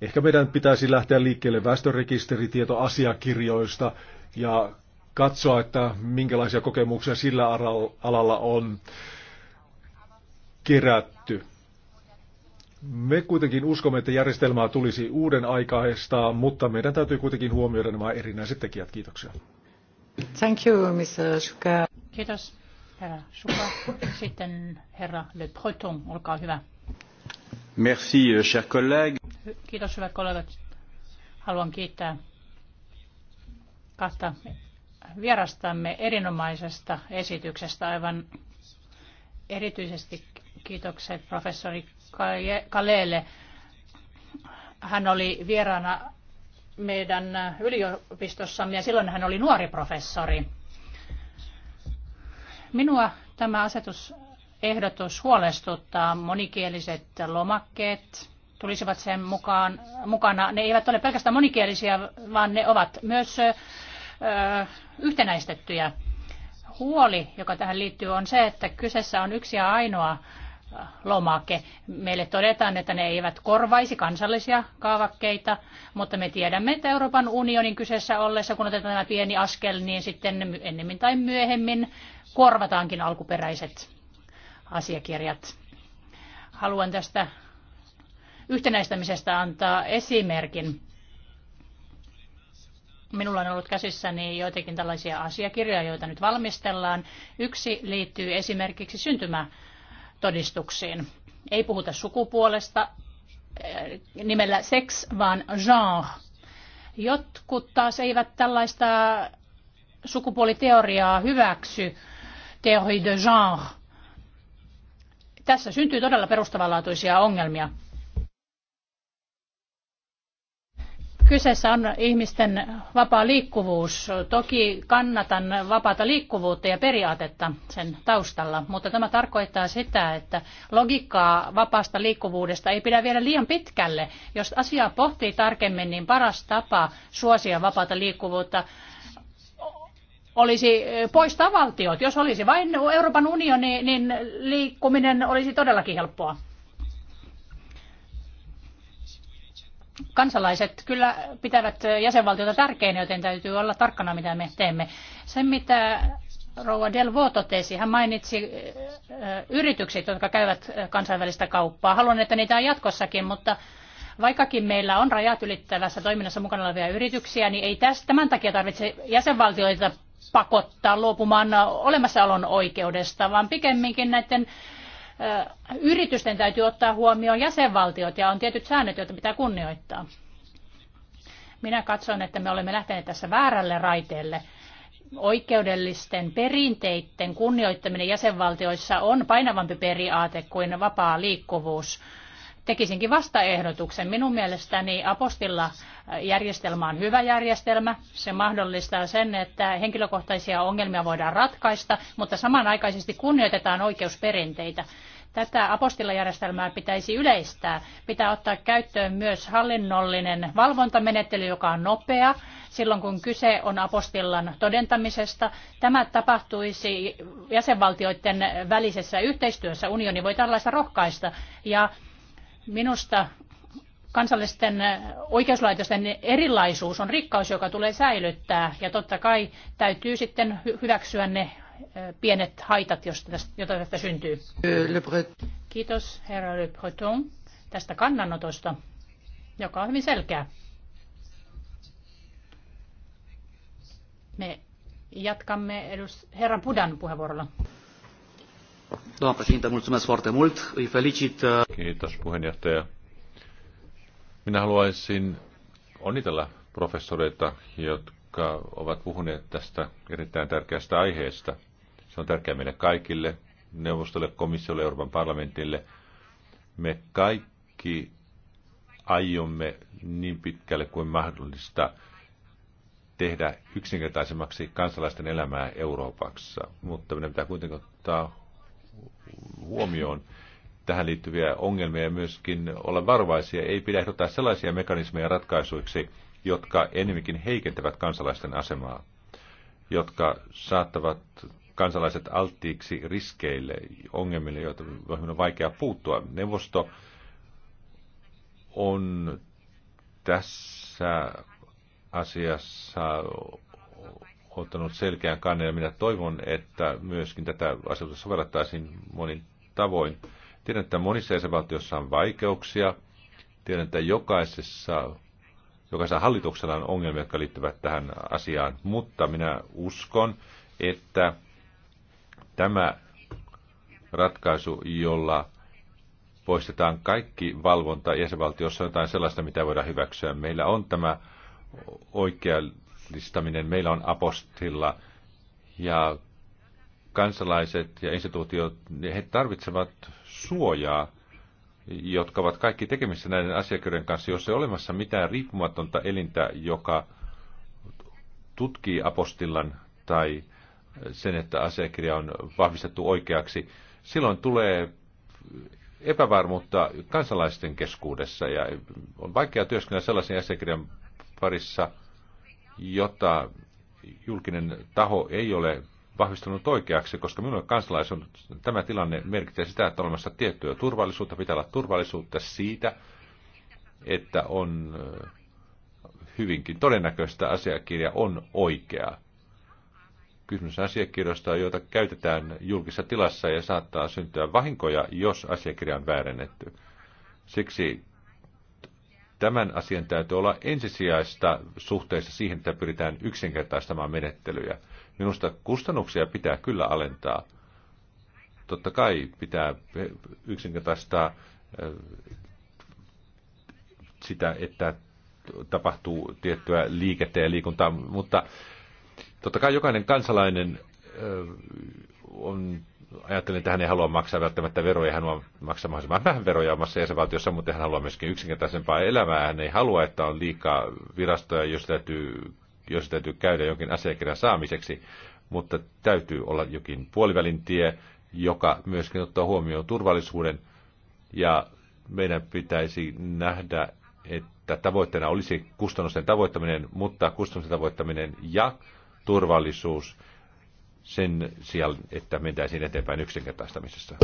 Ehkä meidän pitäisi lähteä liikkeelle väestörekisteritietoasiakirjoista ja katsoa, että minkälaisia kokemuksia sillä alalla on kerätty. Me kuitenkin uskomme, että järjestelmää tulisi uuden aikaistaa, mutta meidän täytyy kuitenkin huomioida nämä erinäiset tekijät. Kiitoksia. Thank you, Mr. Kiitos herra Suka. Sitten herra Le Breton, olkaa hyvä. Merci, euh, cher collègue. Kiitos, hyvät kollegat. Haluan kiittää kahta vierastamme erinomaisesta esityksestä. Aivan erityisesti kiitokset professori Kaleelle. Hän oli vieraana meidän yliopistossamme ja silloin hän oli nuori professori. Minua tämä asetusehdotus huolestuttaa. Monikieliset lomakkeet tulisivat sen mukaan, mukana. Ne eivät ole pelkästään monikielisiä, vaan ne ovat myös ö, yhtenäistettyjä. Huoli, joka tähän liittyy, on se, että kyseessä on yksi ja ainoa lomake. Meille todetaan, että ne eivät korvaisi kansallisia kaavakkeita, mutta me tiedämme, että Euroopan unionin kyseessä ollessa, kun otetaan tämä pieni askel, niin sitten ennemmin tai myöhemmin korvataankin alkuperäiset asiakirjat. Haluan tästä yhtenäistämisestä antaa esimerkin. Minulla on ollut käsissäni joitakin tällaisia asiakirjoja, joita nyt valmistellaan. Yksi liittyy esimerkiksi syntymä todistuksiin. Ei puhuta sukupuolesta eh, nimellä seks vaan genre. Jotkut taas eivät tällaista sukupuoliteoriaa hyväksy, théorie de genre. Tässä syntyy todella perustavanlaatuisia ongelmia. Kyseessä on ihmisten vapaa liikkuvuus. Toki kannatan vapaata liikkuvuutta ja periaatetta sen taustalla, mutta tämä tarkoittaa sitä, että logiikkaa vapaasta liikkuvuudesta ei pidä viedä liian pitkälle. Jos asiaa pohtii tarkemmin, niin paras tapa suosia vapaata liikkuvuutta olisi poistaa valtiot. Jos olisi vain Euroopan unioni, niin liikkuminen olisi todellakin helppoa. kansalaiset kyllä pitävät jäsenvaltiota tärkeinä, joten täytyy olla tarkkana, mitä me teemme. Se, mitä rouva Delvo totesi, hän mainitsi äh, yritykset, jotka käyvät äh, kansainvälistä kauppaa. Haluan, että niitä on jatkossakin, mutta vaikkakin meillä on rajat ylittävässä toiminnassa mukana olevia yrityksiä, niin ei tästä, tämän takia tarvitse jäsenvaltioita pakottaa luopumaan äh, olemassaolon oikeudesta, vaan pikemminkin näiden yritysten täytyy ottaa huomioon jäsenvaltiot ja on tietyt säännöt, joita pitää kunnioittaa. Minä katson, että me olemme lähteneet tässä väärälle raiteelle. Oikeudellisten perinteiden kunnioittaminen jäsenvaltioissa on painavampi periaate kuin vapaa liikkuvuus tekisinkin vastaehdotuksen. Minun mielestäni apostilla järjestelmä on hyvä järjestelmä. Se mahdollistaa sen, että henkilökohtaisia ongelmia voidaan ratkaista, mutta samanaikaisesti kunnioitetaan oikeusperinteitä. Tätä apostilajärjestelmää pitäisi yleistää. Pitää ottaa käyttöön myös hallinnollinen valvontamenettely, joka on nopea silloin, kun kyse on apostillan todentamisesta. Tämä tapahtuisi jäsenvaltioiden välisessä yhteistyössä. Unioni voi tällaista rohkaista. Ja Minusta kansallisten oikeuslaitosten erilaisuus on rikkaus, joka tulee säilyttää ja totta kai täytyy sitten hyväksyä ne pienet haitat, joita tästä syntyy. Kiitos herra Le Breton tästä kannanotosta, joka on hyvin selkeä. Me jatkamme herra Pudan puheenvuorolla. Doamna președinte, mulțumesc foarte mult. Îi felicit. Uh, Kiitos puheenjohtaja. Minä haluaisin onnitella professoreita, jotka ovat puhuneet tästä erittäin tärkeästä aiheesta. Se on tärkeää meille kaikille, neuvostolle, komissiolle, Euroopan parlamentille. Me kaikki aiomme niin pitkälle kuin mahdollista tehdä yksinkertaisemmaksi kansalaisten elämää Euroopassa. Mutta meidän pitää kuitenkin ottaa huomioon tähän liittyviä ongelmia ja myöskin olla varovaisia. Ei pidä ehdottaa sellaisia mekanismeja ratkaisuiksi, jotka enemmänkin heikentävät kansalaisten asemaa, jotka saattavat kansalaiset alttiiksi riskeille, ongelmille, joita on vaikea puuttua. Neuvosto on tässä asiassa ottanut selkeän kannan ja minä toivon, että myöskin tätä asioita sovellettaisiin monin tavoin. Tiedän, että monissa jäsenvaltioissa on vaikeuksia. Tiedän, että jokaisessa, jokaisessa hallituksella on ongelmia, jotka liittyvät tähän asiaan. Mutta minä uskon, että tämä ratkaisu, jolla poistetaan kaikki valvonta jäsenvaltiossa jotain sellaista, mitä voidaan hyväksyä. Meillä on tämä oikea listaminen, meillä on apostilla ja kansalaiset ja instituutiot, niin he tarvitsevat suojaa, jotka ovat kaikki tekemissä näiden asiakirjojen kanssa, jos ei olemassa mitään riippumatonta elintä, joka tutkii apostillan tai sen, että asiakirja on vahvistettu oikeaksi, silloin tulee epävarmuutta kansalaisten keskuudessa ja on vaikea työskennellä sellaisen asiakirjan parissa, jota julkinen taho ei ole vahvistunut oikeaksi, koska minulle kansalaisen tämä tilanne merkitsee sitä, että on olemassa tiettyä turvallisuutta, pitää olla turvallisuutta siitä, että on hyvinkin todennäköistä asiakirja on oikea. Kysymys asiakirjoista, joita käytetään julkisessa tilassa ja saattaa syntyä vahinkoja, jos asiakirja on väärennetty. Siksi Tämän asian täytyy olla ensisijaista suhteessa siihen, että pyritään yksinkertaistamaan menettelyjä. Minusta kustannuksia pitää kyllä alentaa. Totta kai pitää yksinkertaistaa äh, sitä, että tapahtuu tiettyä liikettä ja liikuntaa, mutta totta kai jokainen kansalainen äh, on ajattelin, että hän ei halua maksaa välttämättä veroja, hän haluaa maksaa mahdollisimman vähän veroja omassa jäsenvaltiossa, mutta hän haluaa myöskin yksinkertaisempaa elämää. Hän ei halua, että on liikaa virastoja, jos täytyy, jos täytyy käydä jonkin asiakirjan saamiseksi, mutta täytyy olla jokin puolivälin tie, joka myöskin ottaa huomioon turvallisuuden ja meidän pitäisi nähdä, että tavoitteena olisi kustannusten tavoittaminen, mutta kustannusten tavoittaminen ja turvallisuus – sen sijaan, että mentäisiin eteenpäin yksinkertaistamisessa.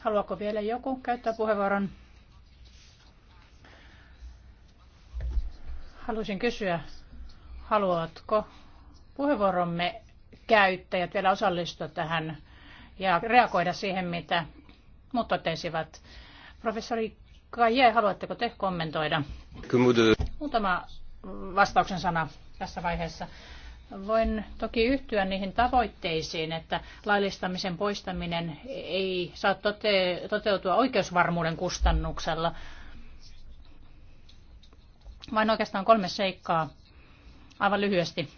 Haluaako vielä joku käyttää puheenvuoron? Haluaisin kysyä, haluatko puheenvuoromme käyttäjät vielä osallistua tähän ja reagoida siihen, mitä muut totesivat. Professori Kai Jee, haluatteko te kommentoida? Muutama vastauksen sana tässä vaiheessa. Voin toki yhtyä niihin tavoitteisiin, että laillistamisen poistaminen ei saa tote- toteutua oikeusvarmuuden kustannuksella. Vain oikeastaan kolme seikkaa aivan lyhyesti.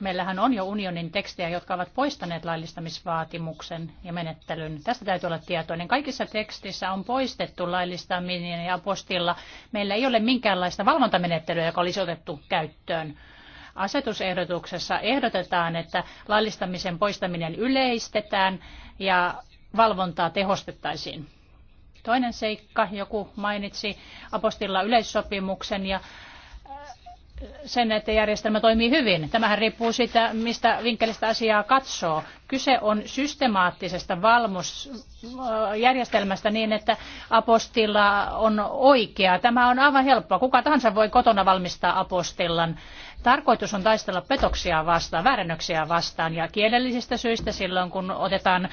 Meillähän on jo unionin tekstejä, jotka ovat poistaneet laillistamisvaatimuksen ja menettelyn. Tästä täytyy olla tietoinen. Kaikissa tekstissä on poistettu laillistaminen ja apostilla. Meillä ei ole minkäänlaista valvontamenettelyä, joka olisi otettu käyttöön. Asetusehdotuksessa ehdotetaan, että laillistamisen poistaminen yleistetään ja valvontaa tehostettaisiin. Toinen seikka, joku mainitsi apostilla yleissopimuksen ja sen, että järjestelmä toimii hyvin. Tämähän riippuu siitä, mistä vinkkelistä asiaa katsoo. Kyse on systemaattisesta valmusjärjestelmästä niin, että apostilla on oikea. Tämä on aivan helppoa. Kuka tahansa voi kotona valmistaa apostillan. Tarkoitus on taistella petoksia vastaan, väärennöksiä vastaan ja kielellisistä syistä silloin, kun otetaan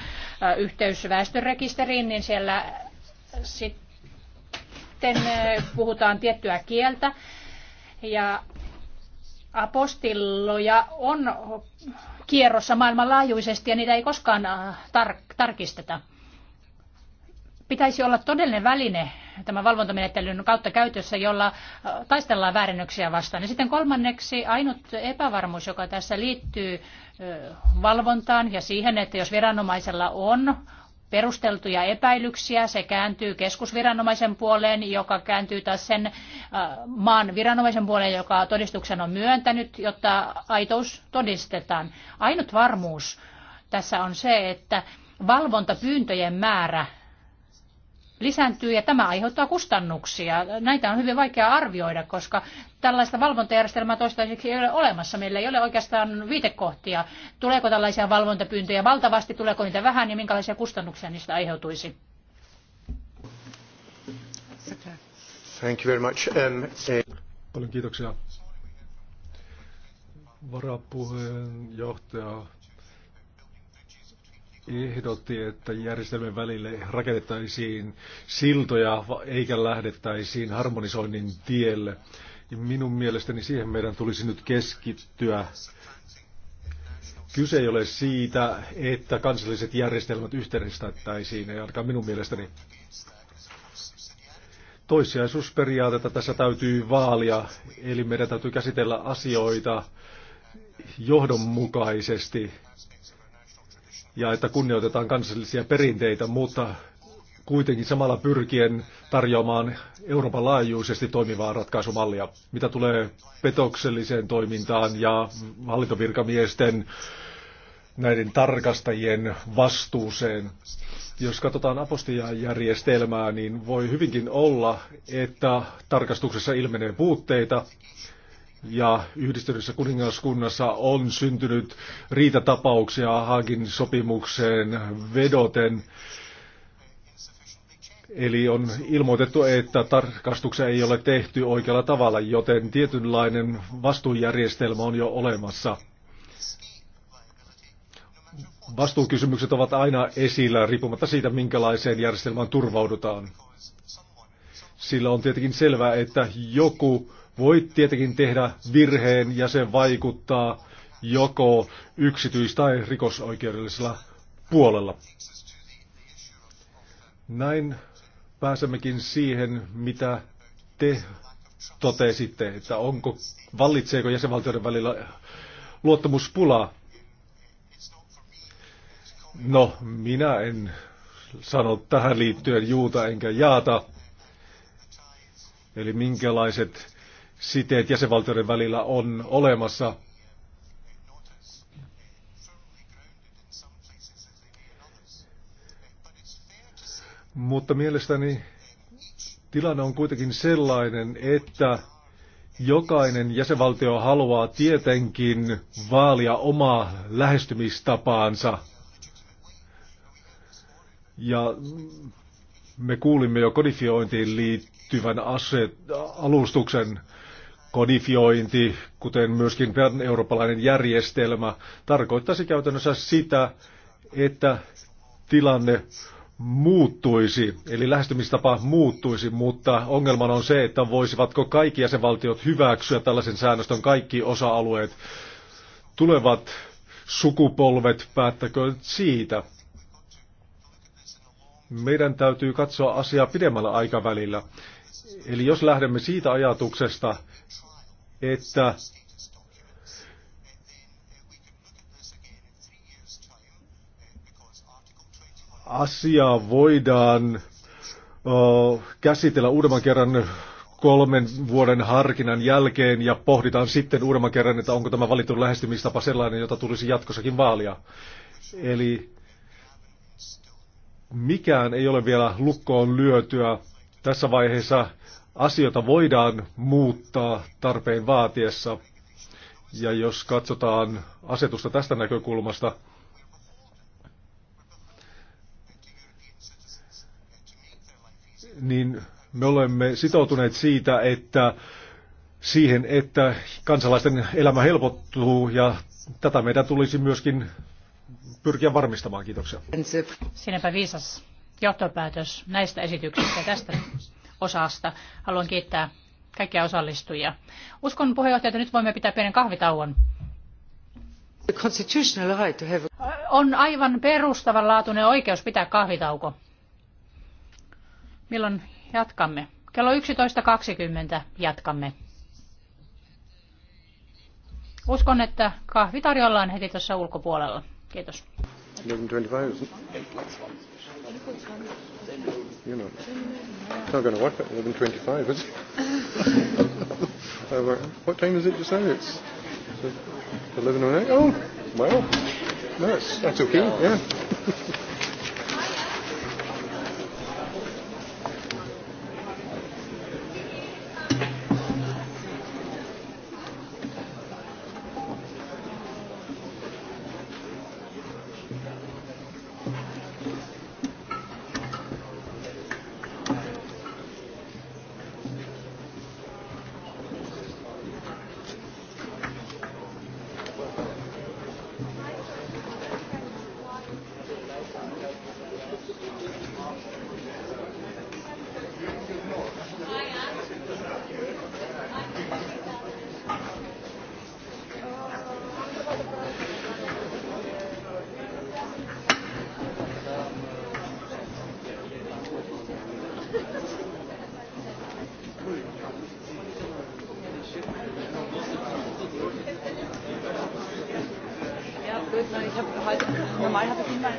yhteys väestörekisteriin, niin siellä sitten puhutaan tiettyä kieltä ja apostilloja on kierrossa maailmanlaajuisesti ja niitä ei koskaan äh, tar- tarkisteta. Pitäisi olla todellinen väline tämän valvontamenettelyn kautta käytössä, jolla äh, taistellaan väärennöksiä vastaan. Ja sitten kolmanneksi ainut epävarmuus, joka tässä liittyy äh, valvontaan ja siihen, että jos viranomaisella on perusteltuja epäilyksiä. Se kääntyy keskusviranomaisen puoleen, joka kääntyy taas sen äh, maan viranomaisen puoleen, joka todistuksen on myöntänyt, jotta aitous todistetaan. Ainut varmuus tässä on se, että valvontapyyntöjen määrä lisääntyy ja tämä aiheuttaa kustannuksia. Näitä on hyvin vaikea arvioida, koska tällaista valvontajärjestelmää toistaiseksi ei ole olemassa. Meillä ei ole oikeastaan viitekohtia. Tuleeko tällaisia valvontapyyntöjä valtavasti, tuleeko niitä vähän ja minkälaisia kustannuksia niistä aiheutuisi? Thank you very much. Um, eh, Paljon kiitoksia. Varapuheenjohtaja ehdotti, että järjestelmien välille rakennettaisiin siltoja eikä lähdettäisiin harmonisoinnin tielle. Ja minun mielestäni siihen meidän tulisi nyt keskittyä. Kyse ei ole siitä, että kansalliset järjestelmät yhtenäistettäisiin, ei ainakaan minun mielestäni. Toissijaisuusperiaatetta tässä täytyy vaalia, eli meidän täytyy käsitellä asioita johdonmukaisesti ja että kunnioitetaan kansallisia perinteitä, mutta kuitenkin samalla pyrkien tarjoamaan Euroopan laajuisesti toimivaa ratkaisumallia, mitä tulee petokselliseen toimintaan ja hallintovirkamiesten näiden tarkastajien vastuuseen. Jos katsotaan apostajajärjestelmää, niin voi hyvinkin olla, että tarkastuksessa ilmenee puutteita ja yhdistyneessä kuningaskunnassa on syntynyt riitatapauksia Hagin sopimukseen vedoten. Eli on ilmoitettu, että tarkastuksia ei ole tehty oikealla tavalla, joten tietynlainen vastuujärjestelmä on jo olemassa. Vastuukysymykset ovat aina esillä riippumatta siitä, minkälaiseen järjestelmään turvaudutaan. Sillä on tietenkin selvää, että joku voi tietenkin tehdä virheen ja se vaikuttaa joko yksityis- tai rikosoikeudellisella puolella. Näin pääsemmekin siihen, mitä te totesitte, että onko, vallitseeko jäsenvaltioiden välillä luottamuspulaa. No, minä en sano tähän liittyen juuta enkä jaata. Eli minkälaiset siteet jäsenvaltioiden välillä on olemassa. Mutta mielestäni tilanne on kuitenkin sellainen, että jokainen jäsenvaltio haluaa tietenkin vaalia omaa lähestymistapaansa. Ja me kuulimme jo kodifiointiin liittyvän aset, alustuksen kodifiointi, kuten myöskin eurooppalainen järjestelmä, tarkoittaisi käytännössä sitä, että tilanne muuttuisi, eli lähestymistapa muuttuisi, mutta ongelmana on se, että voisivatko kaikki jäsenvaltiot hyväksyä tällaisen säännöstön kaikki osa-alueet. Tulevat sukupolvet päättäköön siitä. Meidän täytyy katsoa asiaa pidemmällä aikavälillä. Eli jos lähdemme siitä ajatuksesta, että asiaa voidaan o, käsitellä uudemman kerran kolmen vuoden harkinnan jälkeen ja pohditaan sitten uudemman kerran, että onko tämä valittu lähestymistapa sellainen, jota tulisi jatkossakin vaalia. Eli mikään ei ole vielä lukkoon lyötyä. Tässä vaiheessa asioita voidaan muuttaa tarpeen vaatiessa. Ja jos katsotaan asetusta tästä näkökulmasta, niin me olemme sitoutuneet siitä, että siihen, että kansalaisten elämä helpottuu ja tätä meidän tulisi myöskin pyrkiä varmistamaan. Kiitoksia. Sinäpä viisas johtopäätös näistä esityksistä tästä osasta. Haluan kiittää kaikkia osallistujia. Uskon puheenjohtaja, että nyt voimme pitää pienen kahvitauon. On aivan perustavanlaatuinen oikeus pitää kahvitauko. Milloin jatkamme? Kello 11.20 jatkamme. Uskon, että kahvi tarjollaan heti tuossa ulkopuolella. Kiitos. 11.25. You know, it's not going to work at 11.25, is it? Uh, what time is it just now? It's 11.08? Oh, well, that's, that's okay, yeah. Ich hab heute, normal habe ich immer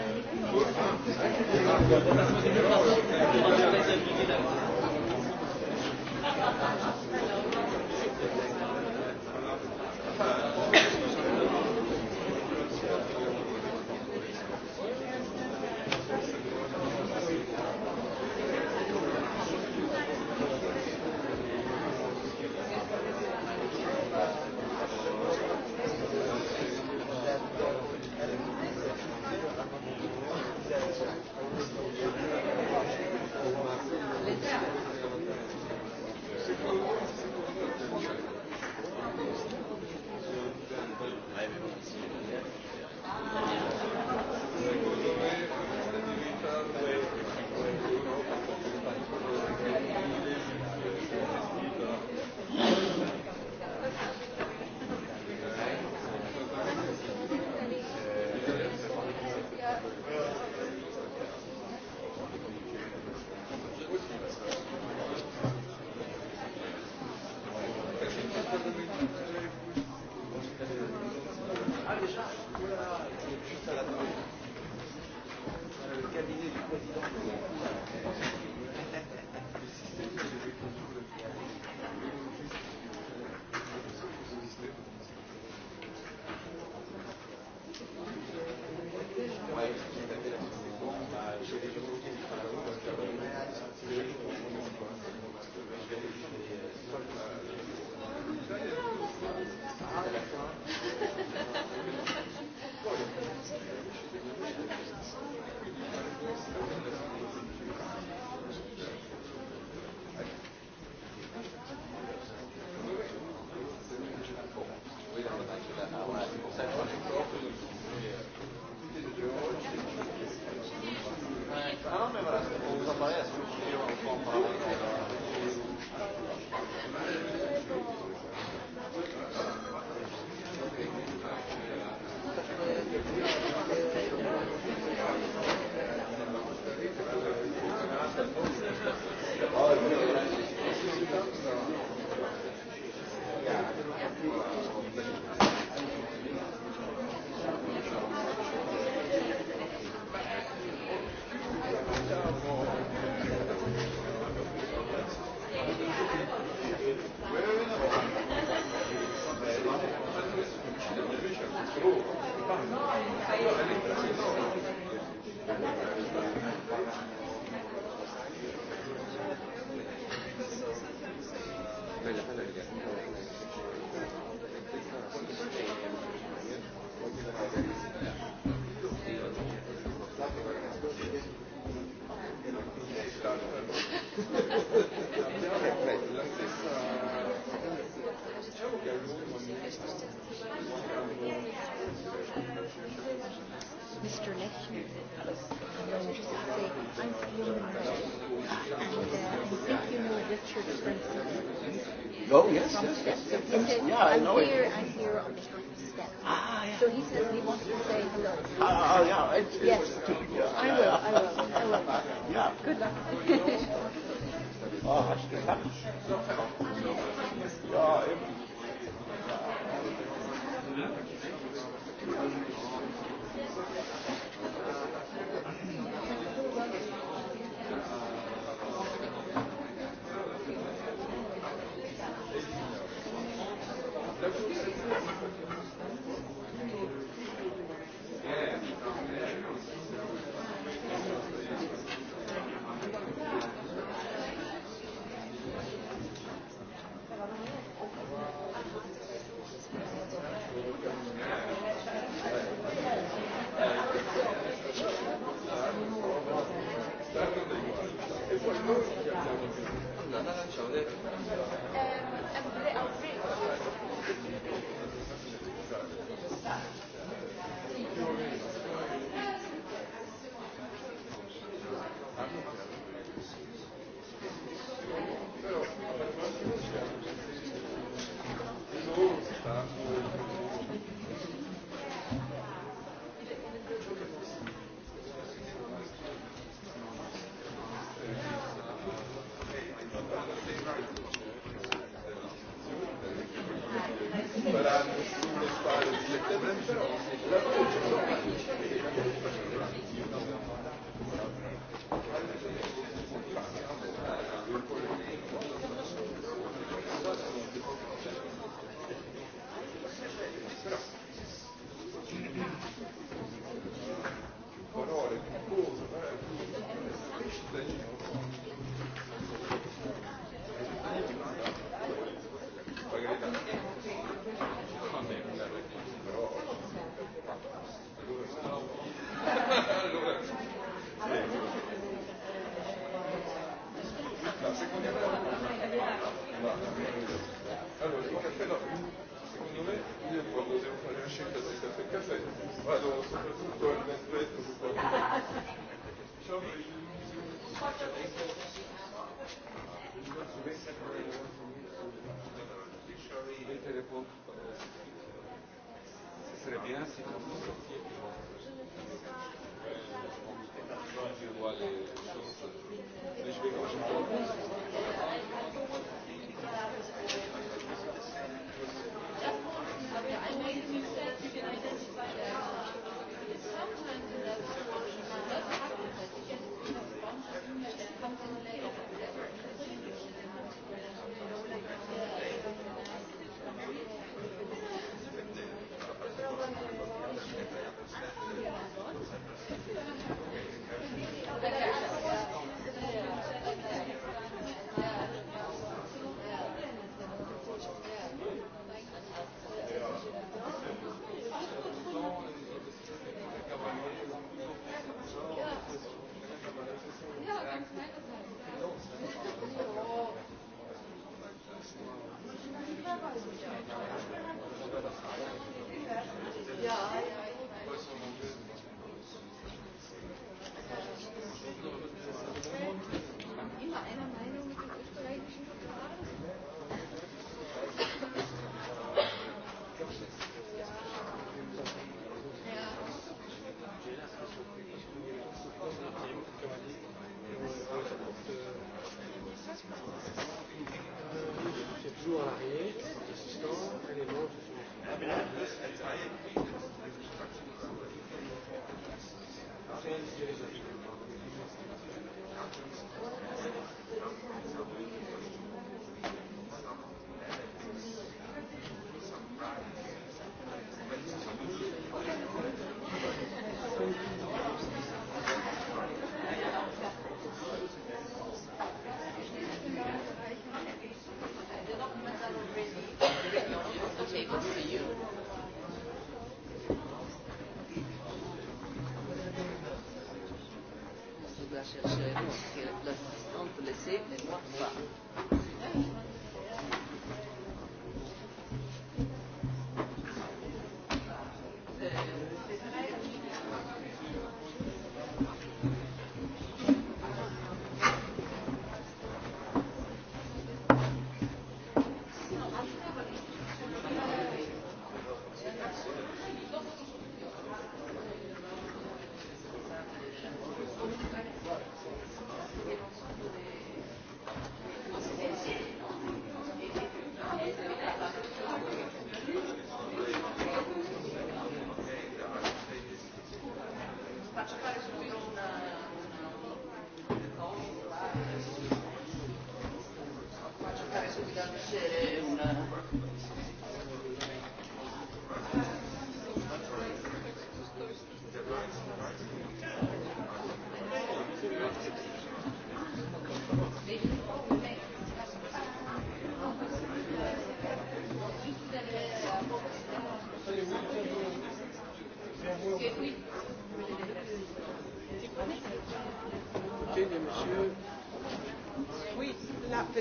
Yeah, I know it.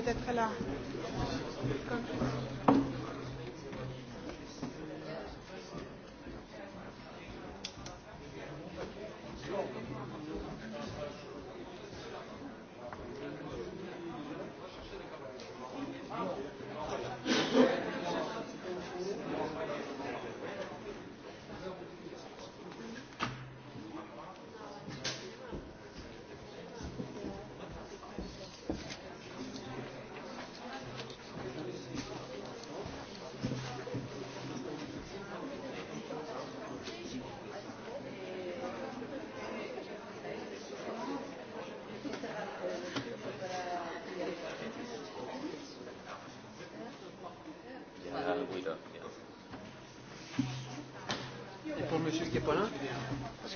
peut-être là.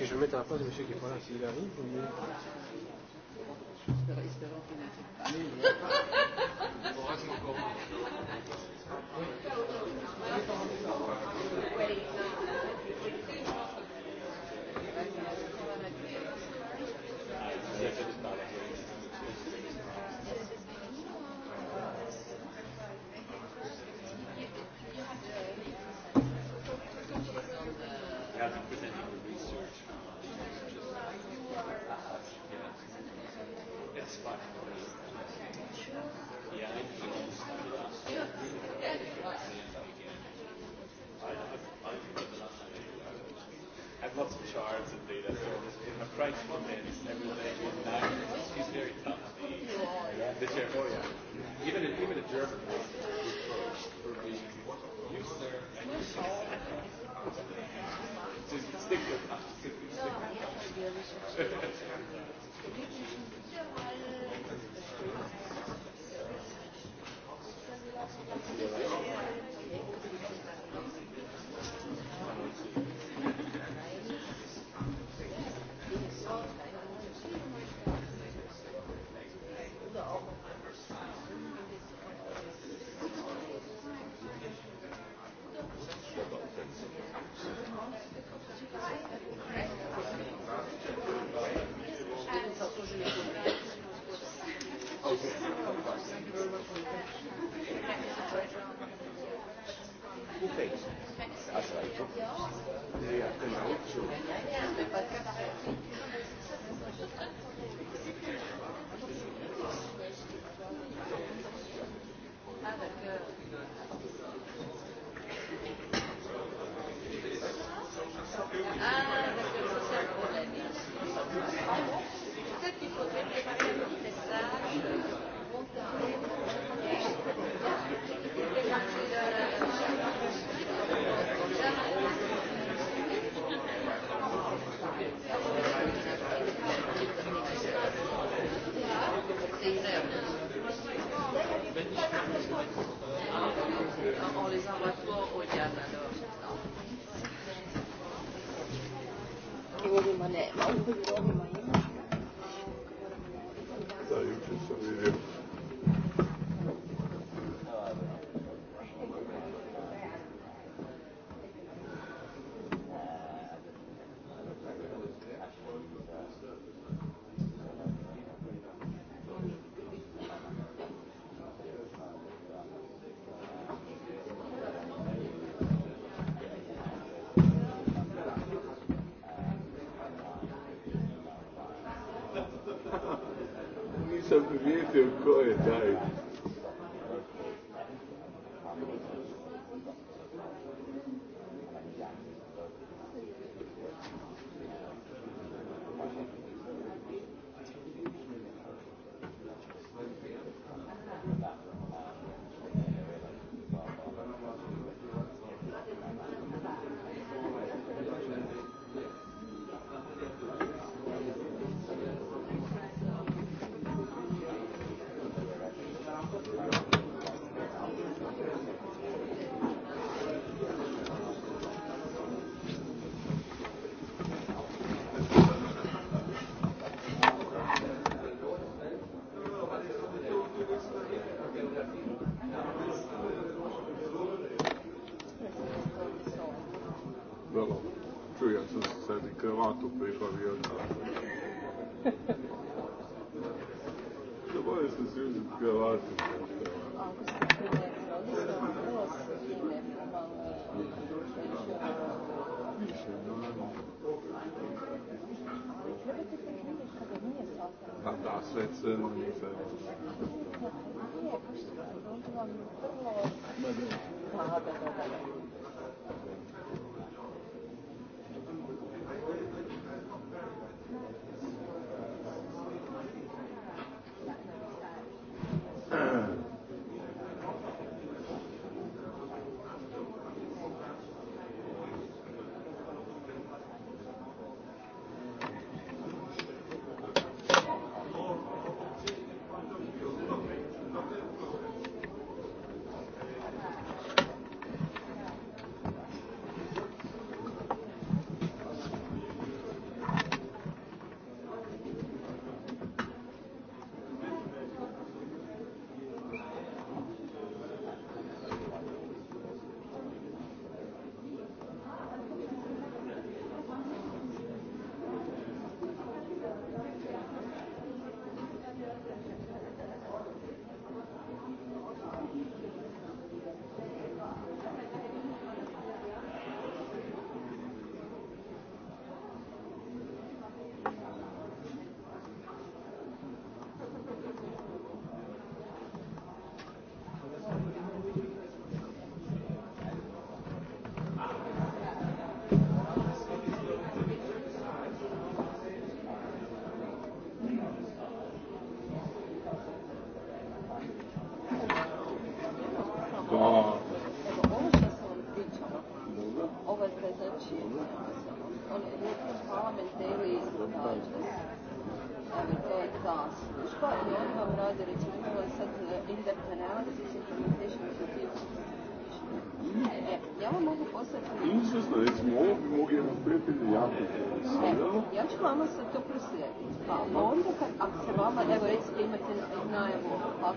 je vais mettre à la place de M. là, s'il arrive. Mais... vrlo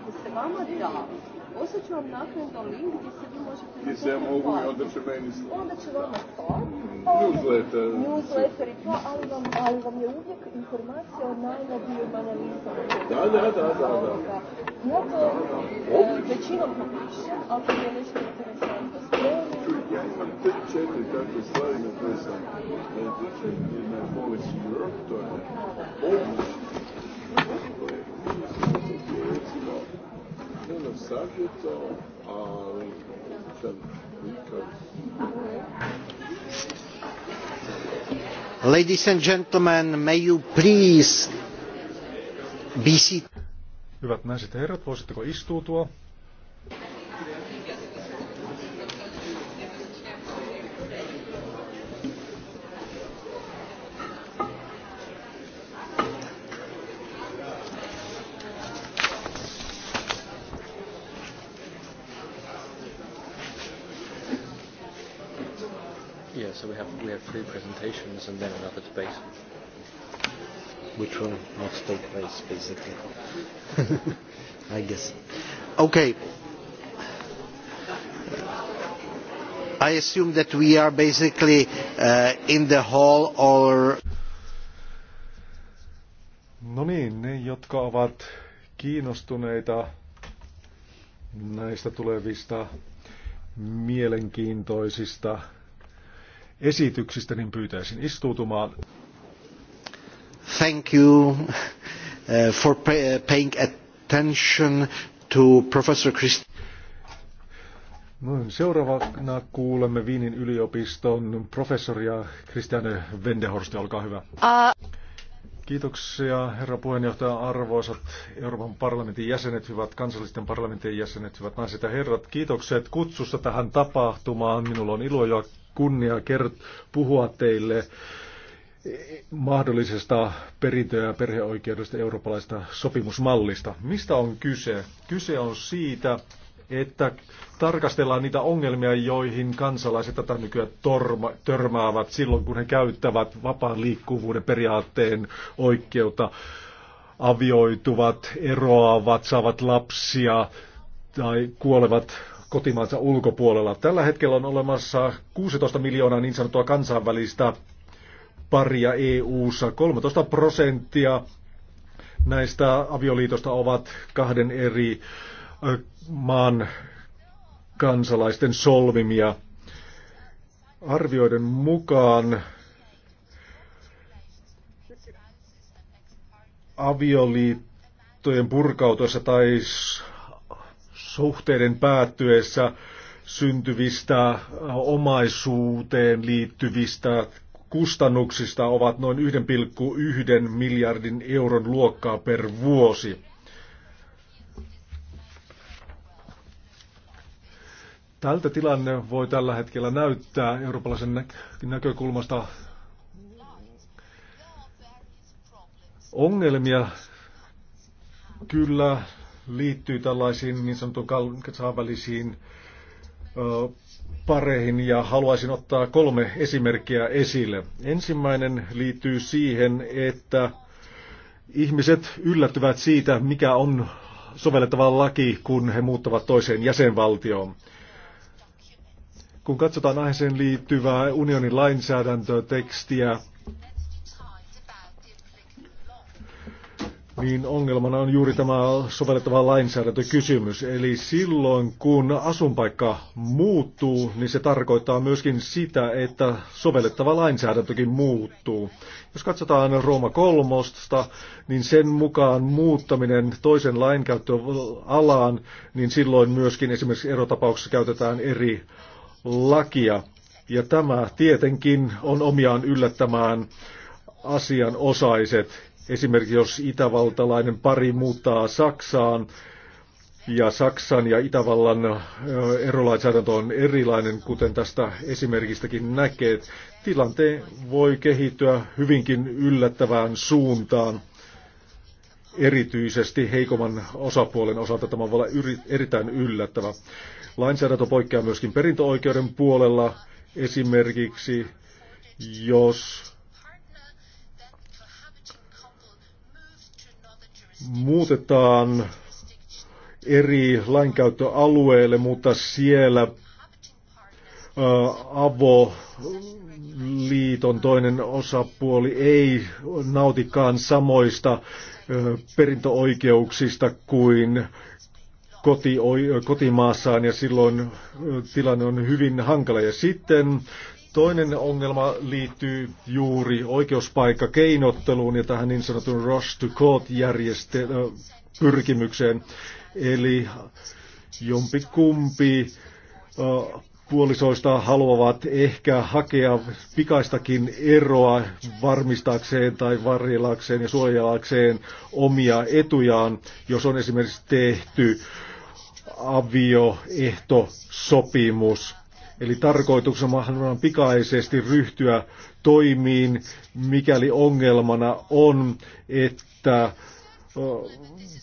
ako se vama da vam naknadno link gdje se vi možete gdje se ja mogu i onda će meni slati. Onda će vama to. Pa newsletter. Newsletter i to, ali vam, ali vam je uvijek informacija o najnovijim analizama. Da, da, da, da, da. Ja to e, većinom napišem, to je nešto interesantno spremno. Čuj, ja imam te četiri takve stvari na koje sam. E, jedna je Policy Europe, to je Policy Ladies and gentlemen, may you please be seated. Hyvät naiset ja herrat, voisitteko istuutua? three presentations and then another debate, which will not take place, basically. I guess. Okay. I assume that we are basically uh, in the hall or... No niin, ne jotka ovat kiinnostuneita näistä tulevista mielenkiintoisista esityksistä, niin pyytäisin istuutumaan. Thank you uh, for uh, paying attention to Professor Christ- Noin, seuraavana kuulemme Viinin yliopiston professoria Christiane Vendehorsti olkaa hyvä. Uh. Kiitoksia herra puheenjohtaja, arvoisat Euroopan parlamentin jäsenet, hyvät kansallisten parlamentin jäsenet, hyvät naiset ja herrat. Kiitokset kutsusta tähän tapahtumaan. Minulla on ilo ja kunnia kert- puhua teille mahdollisesta perintö- ja perheoikeudesta eurooppalaista sopimusmallista. Mistä on kyse? Kyse on siitä, että tarkastellaan niitä ongelmia, joihin kansalaiset tätä nykyään torma, törmäävät silloin, kun he käyttävät vapaan liikkuvuuden periaatteen oikeutta, avioituvat, eroavat, saavat lapsia tai kuolevat kotimaansa ulkopuolella. Tällä hetkellä on olemassa 16 miljoonaa niin sanottua kansainvälistä paria EU-ssa. 13 prosenttia näistä avioliitosta ovat kahden eri maan kansalaisten solvimia. Arvioiden mukaan avioliittojen purkautuessa tai suhteiden päättyessä syntyvistä omaisuuteen liittyvistä kustannuksista ovat noin 1,1 miljardin euron luokkaa per vuosi. Tältä tilanne voi tällä hetkellä näyttää eurooppalaisen näkökulmasta ongelmia. Kyllä liittyy tällaisiin niin sanotun kansainvälisiin pareihin ja haluaisin ottaa kolme esimerkkiä esille. Ensimmäinen liittyy siihen, että ihmiset yllättyvät siitä, mikä on sovellettava laki, kun he muuttavat toiseen jäsenvaltioon. Kun katsotaan aiheeseen liittyvää unionin lainsäädäntötekstiä, niin ongelmana on juuri tämä sovellettava lainsäädäntökysymys. Eli silloin kun asunpaikka muuttuu, niin se tarkoittaa myöskin sitä, että sovellettava lainsäädäntökin muuttuu. Jos katsotaan Rooma kolmosta, niin sen mukaan muuttaminen toisen lainkäyttöalaan, niin silloin myöskin esimerkiksi erotapauksessa käytetään eri lakia. Ja tämä tietenkin on omiaan yllättämään asianosaiset Esimerkiksi jos itävaltalainen pari muuttaa Saksaan, ja Saksan ja Itävallan erolainsäädäntö on erilainen, kuten tästä esimerkistäkin näkee. Tilanteen voi kehittyä hyvinkin yllättävään suuntaan. Erityisesti heikomman osapuolen osalta tämä voi olla erittäin yllättävä. Lainsäädäntö poikkeaa myöskin perintöoikeuden puolella. Esimerkiksi jos muutetaan eri lainkäyttöalueille, mutta siellä äh, avoliiton toinen osapuoli ei nautikaan samoista äh, perintöoikeuksista kuin koti, kotimaassaan ja silloin äh, tilanne on hyvin hankala. Ja sitten Toinen ongelma liittyy juuri oikeuspaikka keinotteluun ja tähän niin sanotun rush to court pyrkimykseen. Eli jompikumpi puolisoista haluavat ehkä hakea pikaistakin eroa varmistaakseen tai varjelakseen ja suojelakseen omia etujaan, jos on esimerkiksi tehty avioehtosopimus Eli tarkoituksena mahdollisimman pikaisesti ryhtyä toimiin, mikäli ongelmana on, että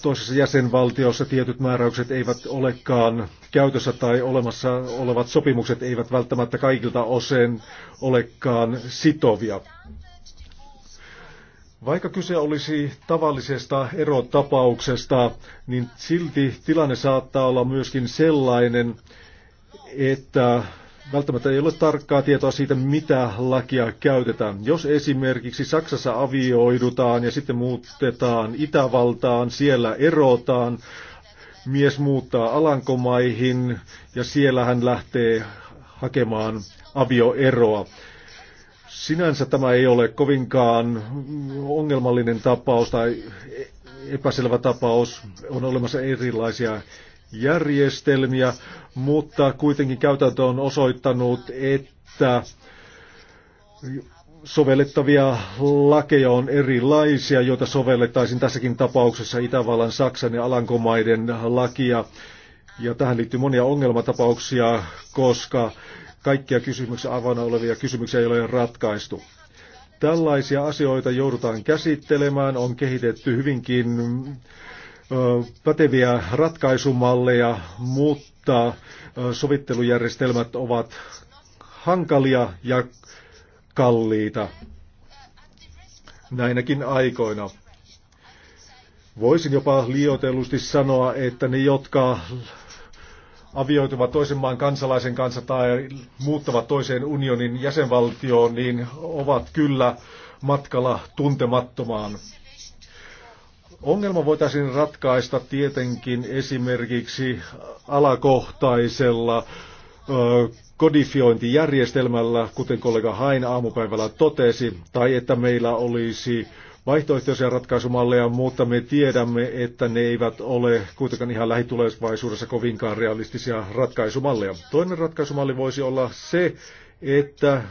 toisessa jäsenvaltiossa tietyt määräykset eivät olekaan käytössä tai olemassa olevat sopimukset eivät välttämättä kaikilta osin olekaan sitovia. Vaikka kyse olisi tavallisesta erotapauksesta, niin silti tilanne saattaa olla myöskin sellainen, että välttämättä ei ole tarkkaa tietoa siitä, mitä lakia käytetään. Jos esimerkiksi Saksassa avioidutaan ja sitten muutetaan Itävaltaan, siellä erotaan, mies muuttaa Alankomaihin ja siellä hän lähtee hakemaan avioeroa. Sinänsä tämä ei ole kovinkaan ongelmallinen tapaus tai epäselvä tapaus. On olemassa erilaisia järjestelmiä, mutta kuitenkin käytäntö on osoittanut, että sovellettavia lakeja on erilaisia, joita sovellettaisiin tässäkin tapauksessa Itävallan, Saksan ja Alankomaiden lakia. Ja tähän liittyy monia ongelmatapauksia, koska kaikkia kysymyksiä avana olevia kysymyksiä ei ole ratkaistu. Tällaisia asioita joudutaan käsittelemään, on kehitetty hyvinkin päteviä ratkaisumalleja, mutta sovittelujärjestelmät ovat hankalia ja kalliita näinäkin aikoina. Voisin jopa liioitellusti sanoa, että ne, jotka avioituvat toisen maan kansalaisen kanssa tai muuttavat toiseen unionin jäsenvaltioon, niin ovat kyllä matkalla tuntemattomaan. Ongelma voitaisiin ratkaista tietenkin esimerkiksi alakohtaisella kodifiointijärjestelmällä, kuten kollega Hain aamupäivällä totesi, tai että meillä olisi vaihtoehtoisia ratkaisumalleja, mutta me tiedämme, että ne eivät ole kuitenkaan ihan lähitulevaisuudessa kovinkaan realistisia ratkaisumalleja. Toinen ratkaisumalli voisi olla se, että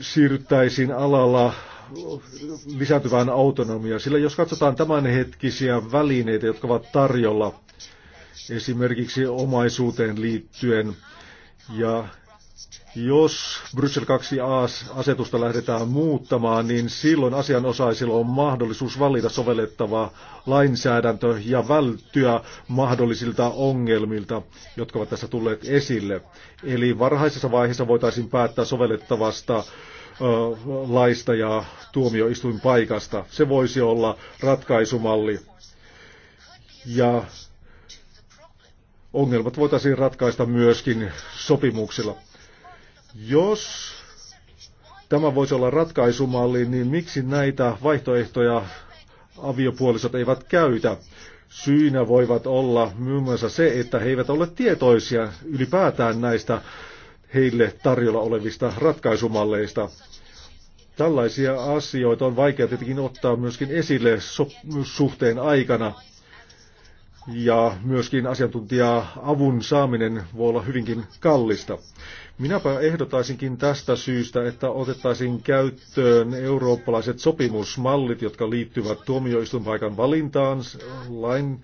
siirryttäisiin alalla lisääntyvään autonomiaan. Sillä jos katsotaan tämänhetkisiä välineitä, jotka ovat tarjolla esimerkiksi omaisuuteen liittyen, ja jos Bryssel 2a-asetusta lähdetään muuttamaan, niin silloin asianosaisilla on mahdollisuus valita sovellettava lainsäädäntö ja välttyä mahdollisilta ongelmilta, jotka ovat tässä tulleet esille. Eli varhaisessa vaiheessa voitaisiin päättää sovellettavasta laista ja paikasta Se voisi olla ratkaisumalli. Ja ongelmat voitaisiin ratkaista myöskin sopimuksilla. Jos tämä voisi olla ratkaisumalli, niin miksi näitä vaihtoehtoja aviopuolisot eivät käytä? Syynä voivat olla muun muassa se, että he eivät ole tietoisia ylipäätään näistä heille tarjolla olevista ratkaisumalleista. Tällaisia asioita on vaikea tietenkin ottaa myöskin esille suhteen aikana. Ja myöskin asiantuntija-avun saaminen voi olla hyvinkin kallista. Minäpä ehdotaisinkin tästä syystä, että otettaisiin käyttöön eurooppalaiset sopimusmallit, jotka liittyvät tuomioistuinpaikan valintaan, lain,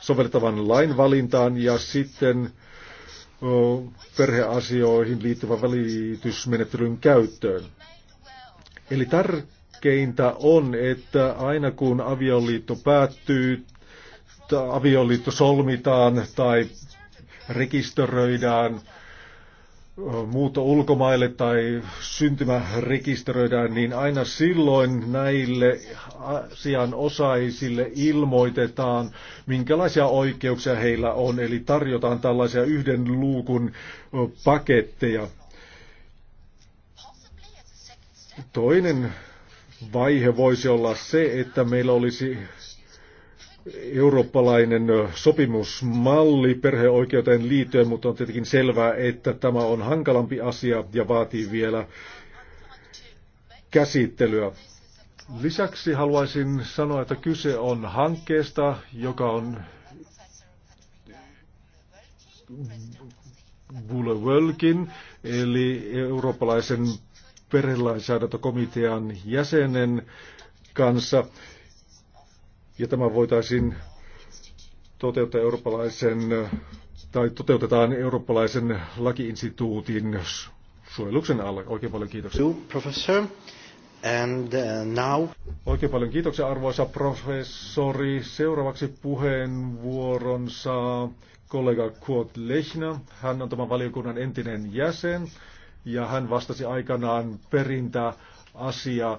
sovellettavan lain valintaan ja sitten perheasioihin liittyvän välitysmenettelyn käyttöön. Eli tärkeintä on, että aina kun avioliitto päättyy, avioliitto solmitaan tai rekisteröidään, muutto ulkomaille tai syntymä rekisteröidään, niin aina silloin näille asianosaisille ilmoitetaan, minkälaisia oikeuksia heillä on, eli tarjotaan tällaisia yhden luukun paketteja. Toinen vaihe voisi olla se, että meillä olisi eurooppalainen sopimusmalli perheoikeuteen liittyen, mutta on tietenkin selvää, että tämä on hankalampi asia ja vaatii vielä käsittelyä. Lisäksi haluaisin sanoa, että kyse on hankkeesta, joka on Bulewölkin, eli eurooppalaisen perhelainsäädäntökomitean jäsenen kanssa. Ja tämä voitaisiin toteuttaa eurooppalaisen, tai toteutetaan eurooppalaisen lakiinstituutin suojeluksen alle. Oikein paljon kiitoksia. Professor. And uh, now... Oikein paljon kiitoksia arvoisa professori. Seuraavaksi puheenvuoron saa kollega Kurt Lechner. Hän on tämän valiokunnan entinen jäsen ja hän vastasi aikanaan perintäasia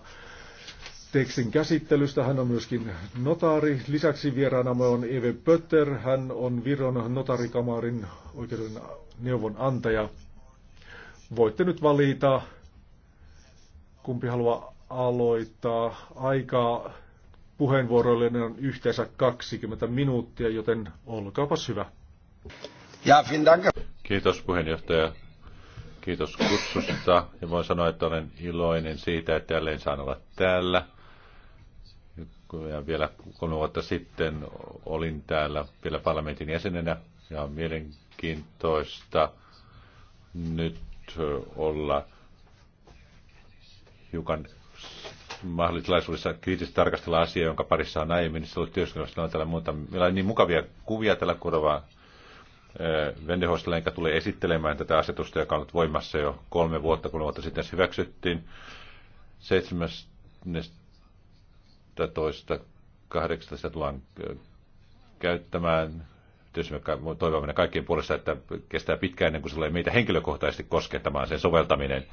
tekstin käsittelystä. Hän on myöskin notaari. Lisäksi vieraana on Eve Pötter. Hän on Viron notarikamarin oikeuden neuvonantaja. Voitte nyt valita, kumpi haluaa aloittaa. Aikaa puheenvuoroille on yhteensä 20 minuuttia, joten olkaapas hyvä. Ja, Kiitos puheenjohtaja. Kiitos kutsusta ja voin sanoa, että olen iloinen siitä, että jälleen saan olla täällä ja vielä kolme vuotta sitten olin täällä vielä parlamentin jäsenenä ja on mielenkiintoista nyt olla hiukan mahdollisuudessa kriittisesti tarkastella asiaa, jonka parissa on aiemmin se ollut työskennellyt. on täällä muuta. Meillä on niin mukavia kuvia tällä kurvaa. Äh, Vendehostella, enkä tule esittelemään tätä asetusta, joka on ollut voimassa jo kolme vuotta, kun vuotta sitten se hyväksyttiin. 7. 11 sitä tullaan käyttämään. Tietysti me toivomme kaikkien puolesta, että kestää pitkään ennen kuin se tulee meitä henkilökohtaisesti koskettamaan sen soveltaminen.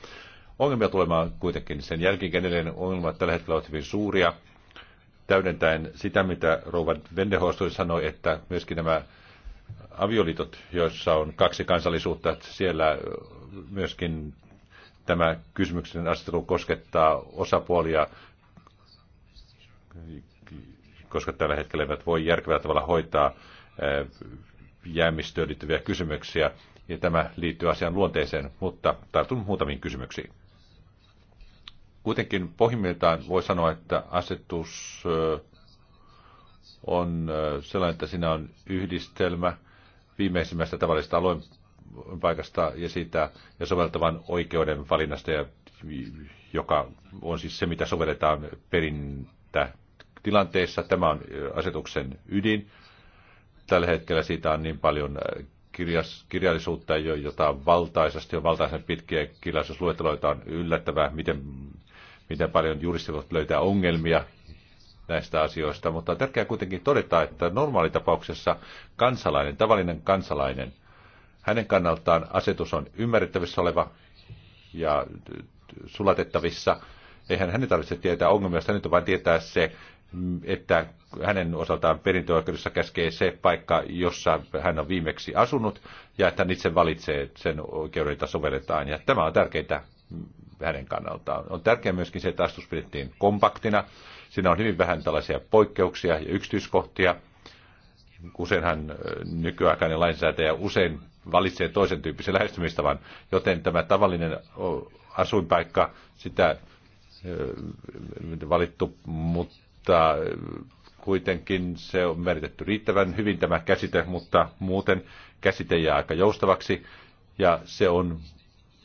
Ongelmia tulemaan kuitenkin sen jälkeen edelleen ongelmat tällä hetkellä ovat hyvin suuria. Täydentäen sitä, mitä Rouva Vendehorst sanoi, että myöskin nämä avioliitot, joissa on kaksi kansallisuutta, että siellä myöskin tämä kysymyksen asettelu koskettaa osapuolia, koska tällä hetkellä eivät voi järkevällä tavalla hoitaa eh, jäämistöön liittyviä kysymyksiä, ja tämä liittyy asian luonteeseen, mutta tartun muutamiin kysymyksiin. Kuitenkin pohjimmiltaan voi sanoa, että asetus eh, on eh, sellainen, että siinä on yhdistelmä viimeisimmästä tavallisesta aloin paikasta ja siitä ja soveltavan oikeuden valinnasta, ja, joka on siis se, mitä sovelletaan perintä tilanteessa Tämä on asetuksen ydin. Tällä hetkellä siitä on niin paljon kirjas, kirjallisuutta, jota on valtaisasti on valtaisen pitkiä kirjallisuusluetteloita. On yllättävää, miten, miten paljon juristit voivat löytää ongelmia näistä asioista, mutta on tärkeää kuitenkin todeta, että normaalitapauksessa kansalainen, tavallinen kansalainen, hänen kannaltaan asetus on ymmärrettävissä oleva ja sulatettavissa. Eihän hänen tarvitse tietää ongelmia, jos on vain tietää se, että hänen osaltaan perintöoikeudessa käskee se paikka, jossa hän on viimeksi asunut, ja että hän itse valitsee sen oikeuden, jota sovelletaan. Ja tämä on tärkeää hänen kannaltaan. On tärkeää myöskin se, että astus pidettiin kompaktina. Siinä on hyvin vähän tällaisia poikkeuksia ja yksityiskohtia. Useinhan nykyaikainen lainsäätäjä usein valitsee toisen tyyppisen lähestymistavan, joten tämä tavallinen asuinpaikka, sitä valittu, mutta mutta eh, kuitenkin se on määritetty riittävän hyvin tämä käsite, mutta muuten käsite jää aika joustavaksi ja se on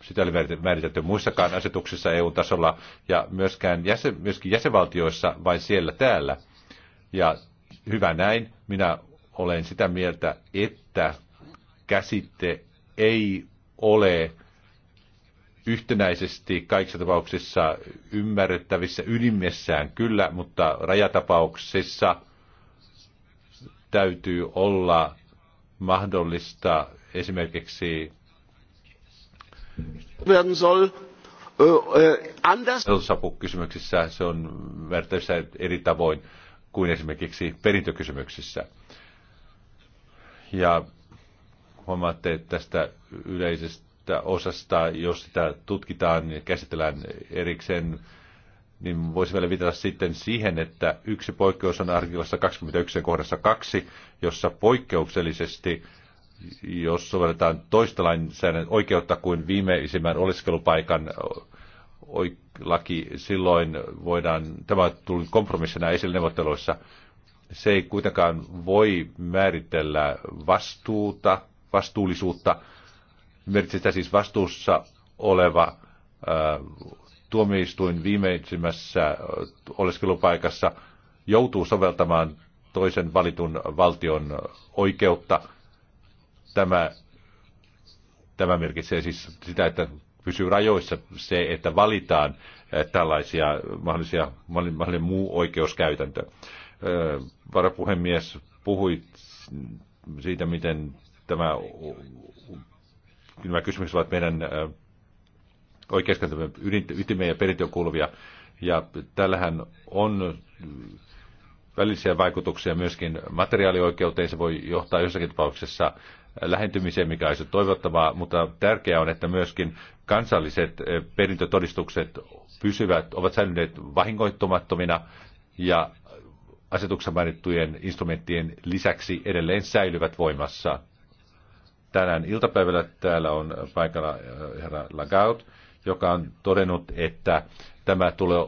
sitä oli määritelty muissakaan asetuksissa EU-tasolla ja myöskään jäsen, myöskin jäsenvaltioissa vain siellä täällä. Ja hyvä näin, minä olen sitä mieltä, että käsite ei ole yhtenäisesti kaikissa tapauksissa ymmärrettävissä ylimessään kyllä, mutta rajatapauksissa täytyy olla mahdollista esimerkiksi werden soll. Äh, äh, Kysymyksissä se on vertaissa eri tavoin kuin esimerkiksi perintökysymyksissä. Ja huomaatte, että tästä yleisestä tästä osasta, jos sitä tutkitaan ja käsitellään erikseen, niin voisi vielä viitata sitten siihen, että yksi poikkeus on artiklassa 21 kohdassa 2, jossa poikkeuksellisesti, jos sovelletaan toista lainsäädännön oikeutta kuin viimeisimmän oleskelupaikan laki, silloin voidaan, tämä tuli kompromissina esille neuvotteluissa, se ei kuitenkaan voi määritellä vastuuta, vastuullisuutta, merkitsi sitä siis vastuussa oleva tuomioistuin viimeisimmässä oleskelupaikassa joutuu soveltamaan toisen valitun valtion oikeutta. Tämä, tämä merkitsee siis sitä, että pysyy rajoissa se, että valitaan tällaisia mahdollisia, mahdollinen muu oikeuskäytäntö. Varapuhemies puhui siitä, miten tämä nämä kysymykset ovat meidän oikeastaan ytimeen ja perintöön kuuluvia. Ja tällähän on välisiä vaikutuksia myöskin materiaalioikeuteen. Se voi johtaa jossakin tapauksessa lähentymiseen, mikä olisi toivottavaa, mutta tärkeää on, että myöskin kansalliset perintötodistukset pysyvät, ovat säilyneet vahingoittumattomina ja asetuksessa mainittujen instrumenttien lisäksi edelleen säilyvät voimassa. Tänään iltapäivällä täällä on paikalla äh, herra Lagaut, joka on todennut, että tämä tulee, äh,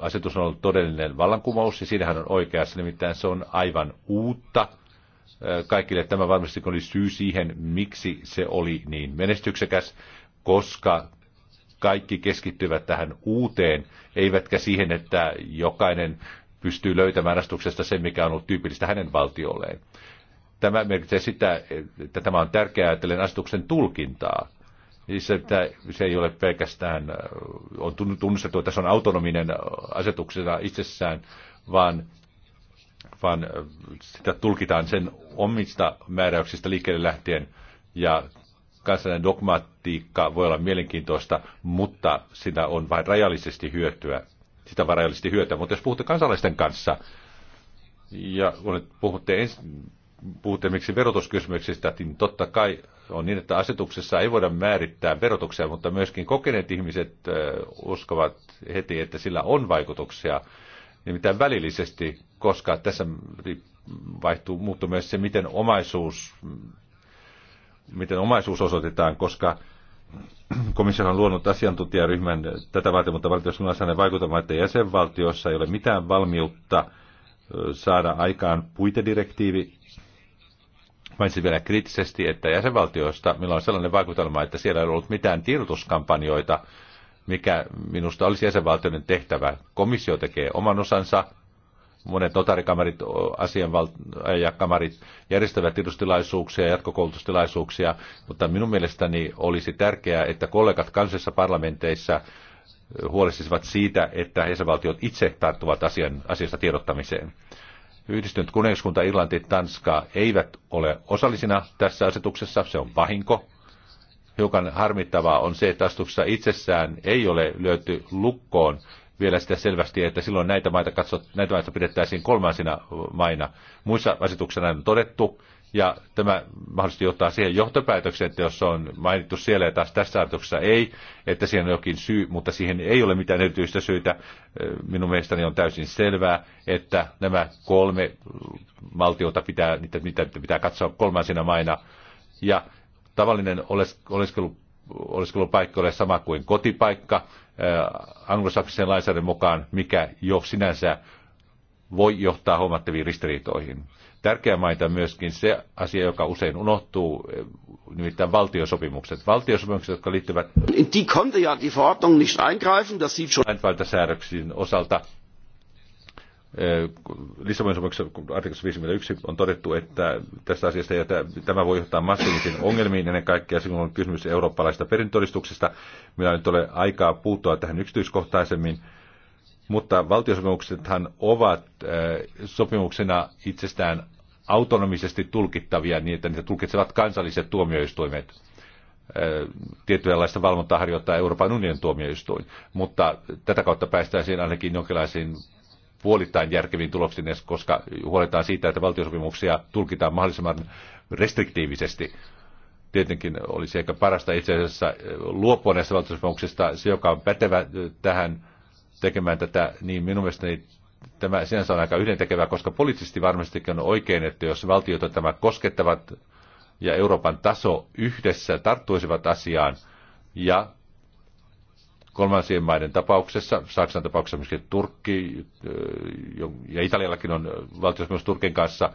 asetus on ollut todellinen vallankumous, ja siinähän on oikeassa, nimittäin se on aivan uutta äh, kaikille. Tämä varmasti oli syy siihen, miksi se oli niin menestyksekäs, koska kaikki keskittyvät tähän uuteen, eivätkä siihen, että jokainen pystyy löytämään rastuksesta sen, mikä on ollut tyypillistä hänen valtiolleen. Tämä merkitsee sitä, että tämä on tärkeää ajatellen asetuksen tulkintaa. Siis, että se ei ole pelkästään, on tunnustettu, että se on autonominen asetuksena itsessään, vaan, vaan sitä tulkitaan sen omista määräyksistä liikkeelle lähtien. Ja kansallinen dogmatiikka voi olla mielenkiintoista, mutta sitä on vain rajallisesti hyötyä. Sitä on rajallisesti hyötyä. Mutta jos puhutte kansalaisten kanssa, ja puhutte ens, puhutte miksi verotuskysymyksistä, niin totta kai on niin, että asetuksessa ei voida määrittää verotuksia, mutta myöskin kokeneet ihmiset uskovat heti, että sillä on vaikutuksia, nimittäin välillisesti, koska tässä vaihtuu, muuttuu myös se, miten omaisuus, miten omaisuus osoitetaan, koska komissio on luonut asiantuntijaryhmän tätä varten, mutta valitettavasti on sellainen vaikutelma, että jäsenvaltioissa ei ole mitään valmiutta saada aikaan puitedirektiivi, Mainitsin vielä kriittisesti, että jäsenvaltioista meillä on sellainen vaikutelma, että siellä ei ollut mitään tiedotuskampanjoita, mikä minusta olisi jäsenvaltioiden tehtävä. Komissio tekee oman osansa, monet notarikamarit, asianvaltajakamarit järjestävät tiedostilaisuuksia, jatkokoulutustilaisuuksia, mutta minun mielestäni olisi tärkeää, että kollegat kansallisissa parlamenteissa huolehtisivat siitä, että jäsenvaltiot itse tarttuvat asian, asiasta tiedottamiseen. Yhdistynyt kuningaskunta, Irlanti, Tanska eivät ole osallisina tässä asetuksessa. Se on vahinko. Hiukan harmittavaa on se, että asetuksessa itsessään ei ole löyty lukkoon vielä sitä selvästi, että silloin näitä maita, katsot, näitä maita pidettäisiin kolmansina maina. Muissa asetuksissa on todettu, ja tämä mahdollisesti johtaa siihen johtopäätökseen, että jos on mainittu siellä ja taas tässä ajatuksessa ei, että siihen on jokin syy, mutta siihen ei ole mitään erityistä syytä. Minun mielestäni on täysin selvää, että nämä kolme valtiota pitää, niitä, niitä pitää katsoa kolmansina maina. Ja tavallinen oleskelu, oleskelupaikka ole sama kuin kotipaikka anglosaksisen lainsäädännön mukaan, mikä jo sinänsä voi johtaa huomattaviin ristiriitoihin tärkeä mainita myöskin se asia, joka usein unohtuu, nimittäin valtiosopimukset. Valtiosopimukset, jotka liittyvät die konnte ja die Verordnung nicht eingreifen, das sieht schon. osalta äh, Lissabonin sopimuksessa artiklassa 51 on todettu, että tästä asiasta ja tämä voi johtaa massiivisiin ongelmiin ennen kaikkea silloin on kysymys eurooppalaisesta perintodistuksesta. Meillä ei nyt ole aikaa puuttua tähän yksityiskohtaisemmin, mutta valtiosopimuksethan ovat äh, sopimuksena itsestään autonomisesti tulkittavia niin, että niitä tulkitsevat kansalliset tuomioistuimet. Äh, tietynlaista valvontaa harjoittaa Euroopan unionin tuomioistuin, mutta tätä kautta päästäisiin ainakin jonkinlaisiin puolittain järkeviin tuloksiin, koska huoletaan siitä, että valtiosopimuksia tulkitaan mahdollisimman restriktiivisesti tietenkin olisi ehkä parasta itse asiassa luopua näistä valtiosopimuksista Se, joka on pätevä äh, tähän, tekemään tätä, niin minun mielestäni tämä sinänsä on aika yhdentekevää, koska poliittisesti varmastikin on oikein, että jos valtiota tämä koskettavat ja Euroopan taso yhdessä tarttuisivat asiaan ja kolmansien maiden tapauksessa, Saksan tapauksessa myöskin Turkki ja Italiallakin on valtiossa myös Turkin kanssa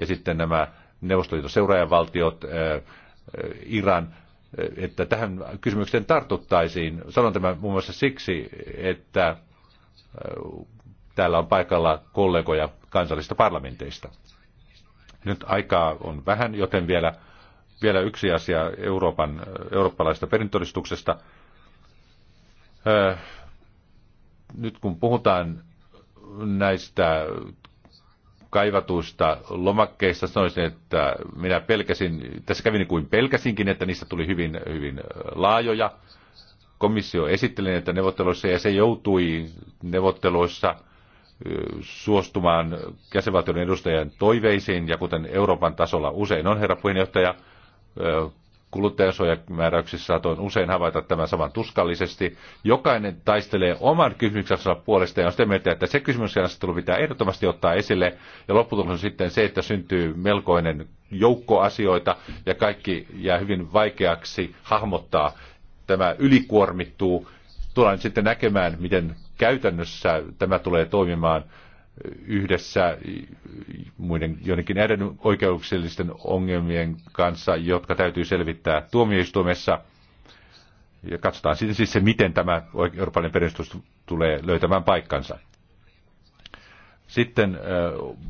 ja sitten nämä Neuvostoliiton seuraajavaltiot, Iran, että tähän kysymykseen tartuttaisiin. Sanon tämän muun muassa siksi, että Täällä on paikalla kollegoja kansallista parlamenteista. Nyt aikaa on vähän, joten vielä, vielä yksi asia Euroopan, eurooppalaisesta perintodistuksesta. Äh, nyt kun puhutaan näistä kaivatuista lomakkeista sanoisin, että minä pelkäsin, tässä kävi niin kuin pelkäsinkin, että niistä tuli hyvin, hyvin äh, laajoja komissio esitteli näitä neuvotteluissa ja se joutui neuvotteluissa suostumaan jäsenvaltioiden edustajien toiveisiin ja kuten Euroopan tasolla usein on, herra puheenjohtaja, kuluttajansuojamääräyksissä saatoin usein havaita tämän saman tuskallisesti. Jokainen taistelee oman kysymyksensä puolesta ja on sitä mieltä, että se kysymyksenasettelu pitää ehdottomasti ottaa esille. Ja lopputulos on sitten se, että syntyy melkoinen joukko asioita ja kaikki jää hyvin vaikeaksi hahmottaa tämä ylikuormittuu. Tullaan sitten näkemään, miten käytännössä tämä tulee toimimaan yhdessä muiden jonnekin näiden oikeuksellisten ongelmien kanssa, jotka täytyy selvittää tuomioistuimessa. Ja katsotaan sitten siis se, miten tämä Euroopan perustus tulee löytämään paikkansa. Sitten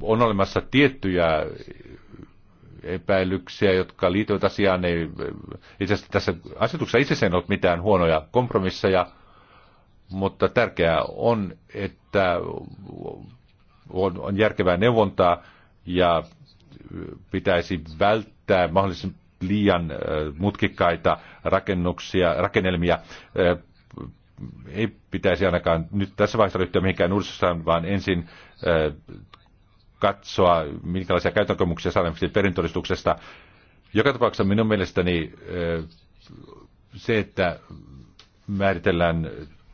on olemassa tiettyjä epäilyksiä, jotka liittyvät asiaan. Ei, itse asiassa tässä asetuksessa asiassa ei ole mitään huonoja kompromisseja, mutta tärkeää on, että on, on järkevää neuvontaa ja pitäisi välttää mahdollisimman liian äh, mutkikkaita rakennuksia, rakennelmia. Äh, ei pitäisi ainakaan nyt tässä vaiheessa ryhtyä mihinkään uudistukseen, vaan ensin äh, katsoa, minkälaisia käytänkokemuksia saadaan perintodistuksesta. Joka tapauksessa minun mielestäni eh, se, että määritellään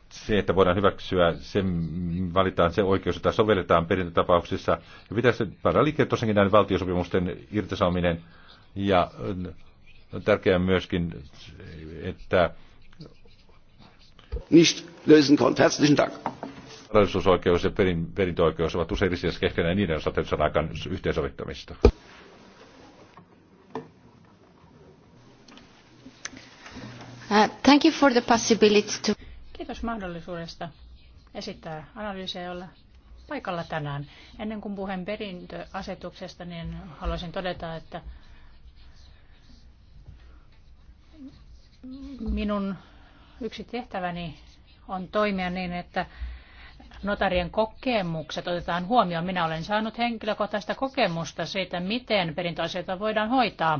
se, että voidaan hyväksyä, se valitaan se oikeus, jota sovelletaan perintötapauksissa. Ja pitäisi panna liikkeelle tosiaankin näiden valtiosopimusten irtisanominen. Ja on tärkeää myöskin, että... Nicht lösen konnte. Herzlichen Dank. Varallisuusoikeus ja perin, perintöoikeus ovat usein ristiriidassa keskenään ja niiden osalta saadaan aikaan yhteensovittamista. Uh, thank you for the possibility to... Kiitos mahdollisuudesta esittää analyysiä, jolla paikalla tänään. Ennen kuin puheen perintöasetuksesta, niin haluaisin todeta, että minun yksi tehtäväni on toimia niin, että notarien kokemukset otetaan huomioon. Minä olen saanut henkilökohtaista kokemusta siitä, miten perintöasioita voidaan hoitaa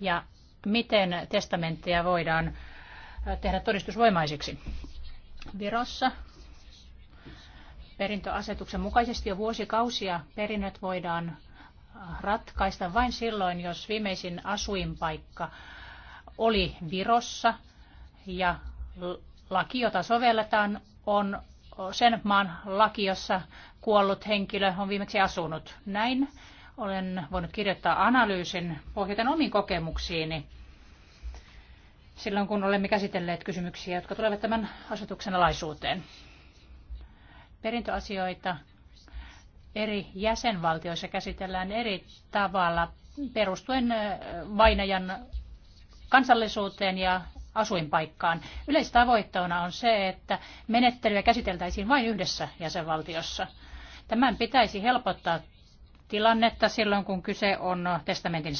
ja miten testamentteja voidaan tehdä todistusvoimaisiksi. Virossa perintöasetuksen mukaisesti jo vuosikausia perinnöt voidaan ratkaista vain silloin, jos viimeisin asuinpaikka oli Virossa ja laki, jota sovelletaan, on sen maan laki, jossa kuollut henkilö on viimeksi asunut. Näin olen voinut kirjoittaa analyysin pohjaten omiin kokemuksiini silloin, kun olemme käsitelleet kysymyksiä, jotka tulevat tämän asetuksen alaisuuteen. Perintöasioita eri jäsenvaltioissa käsitellään eri tavalla perustuen vainajan kansallisuuteen ja asuinpaikkaan. Yleistavoitteena on se, että menettelyä käsiteltäisiin vain yhdessä jäsenvaltiossa. Tämän pitäisi helpottaa tilannetta silloin, kun kyse on testamentin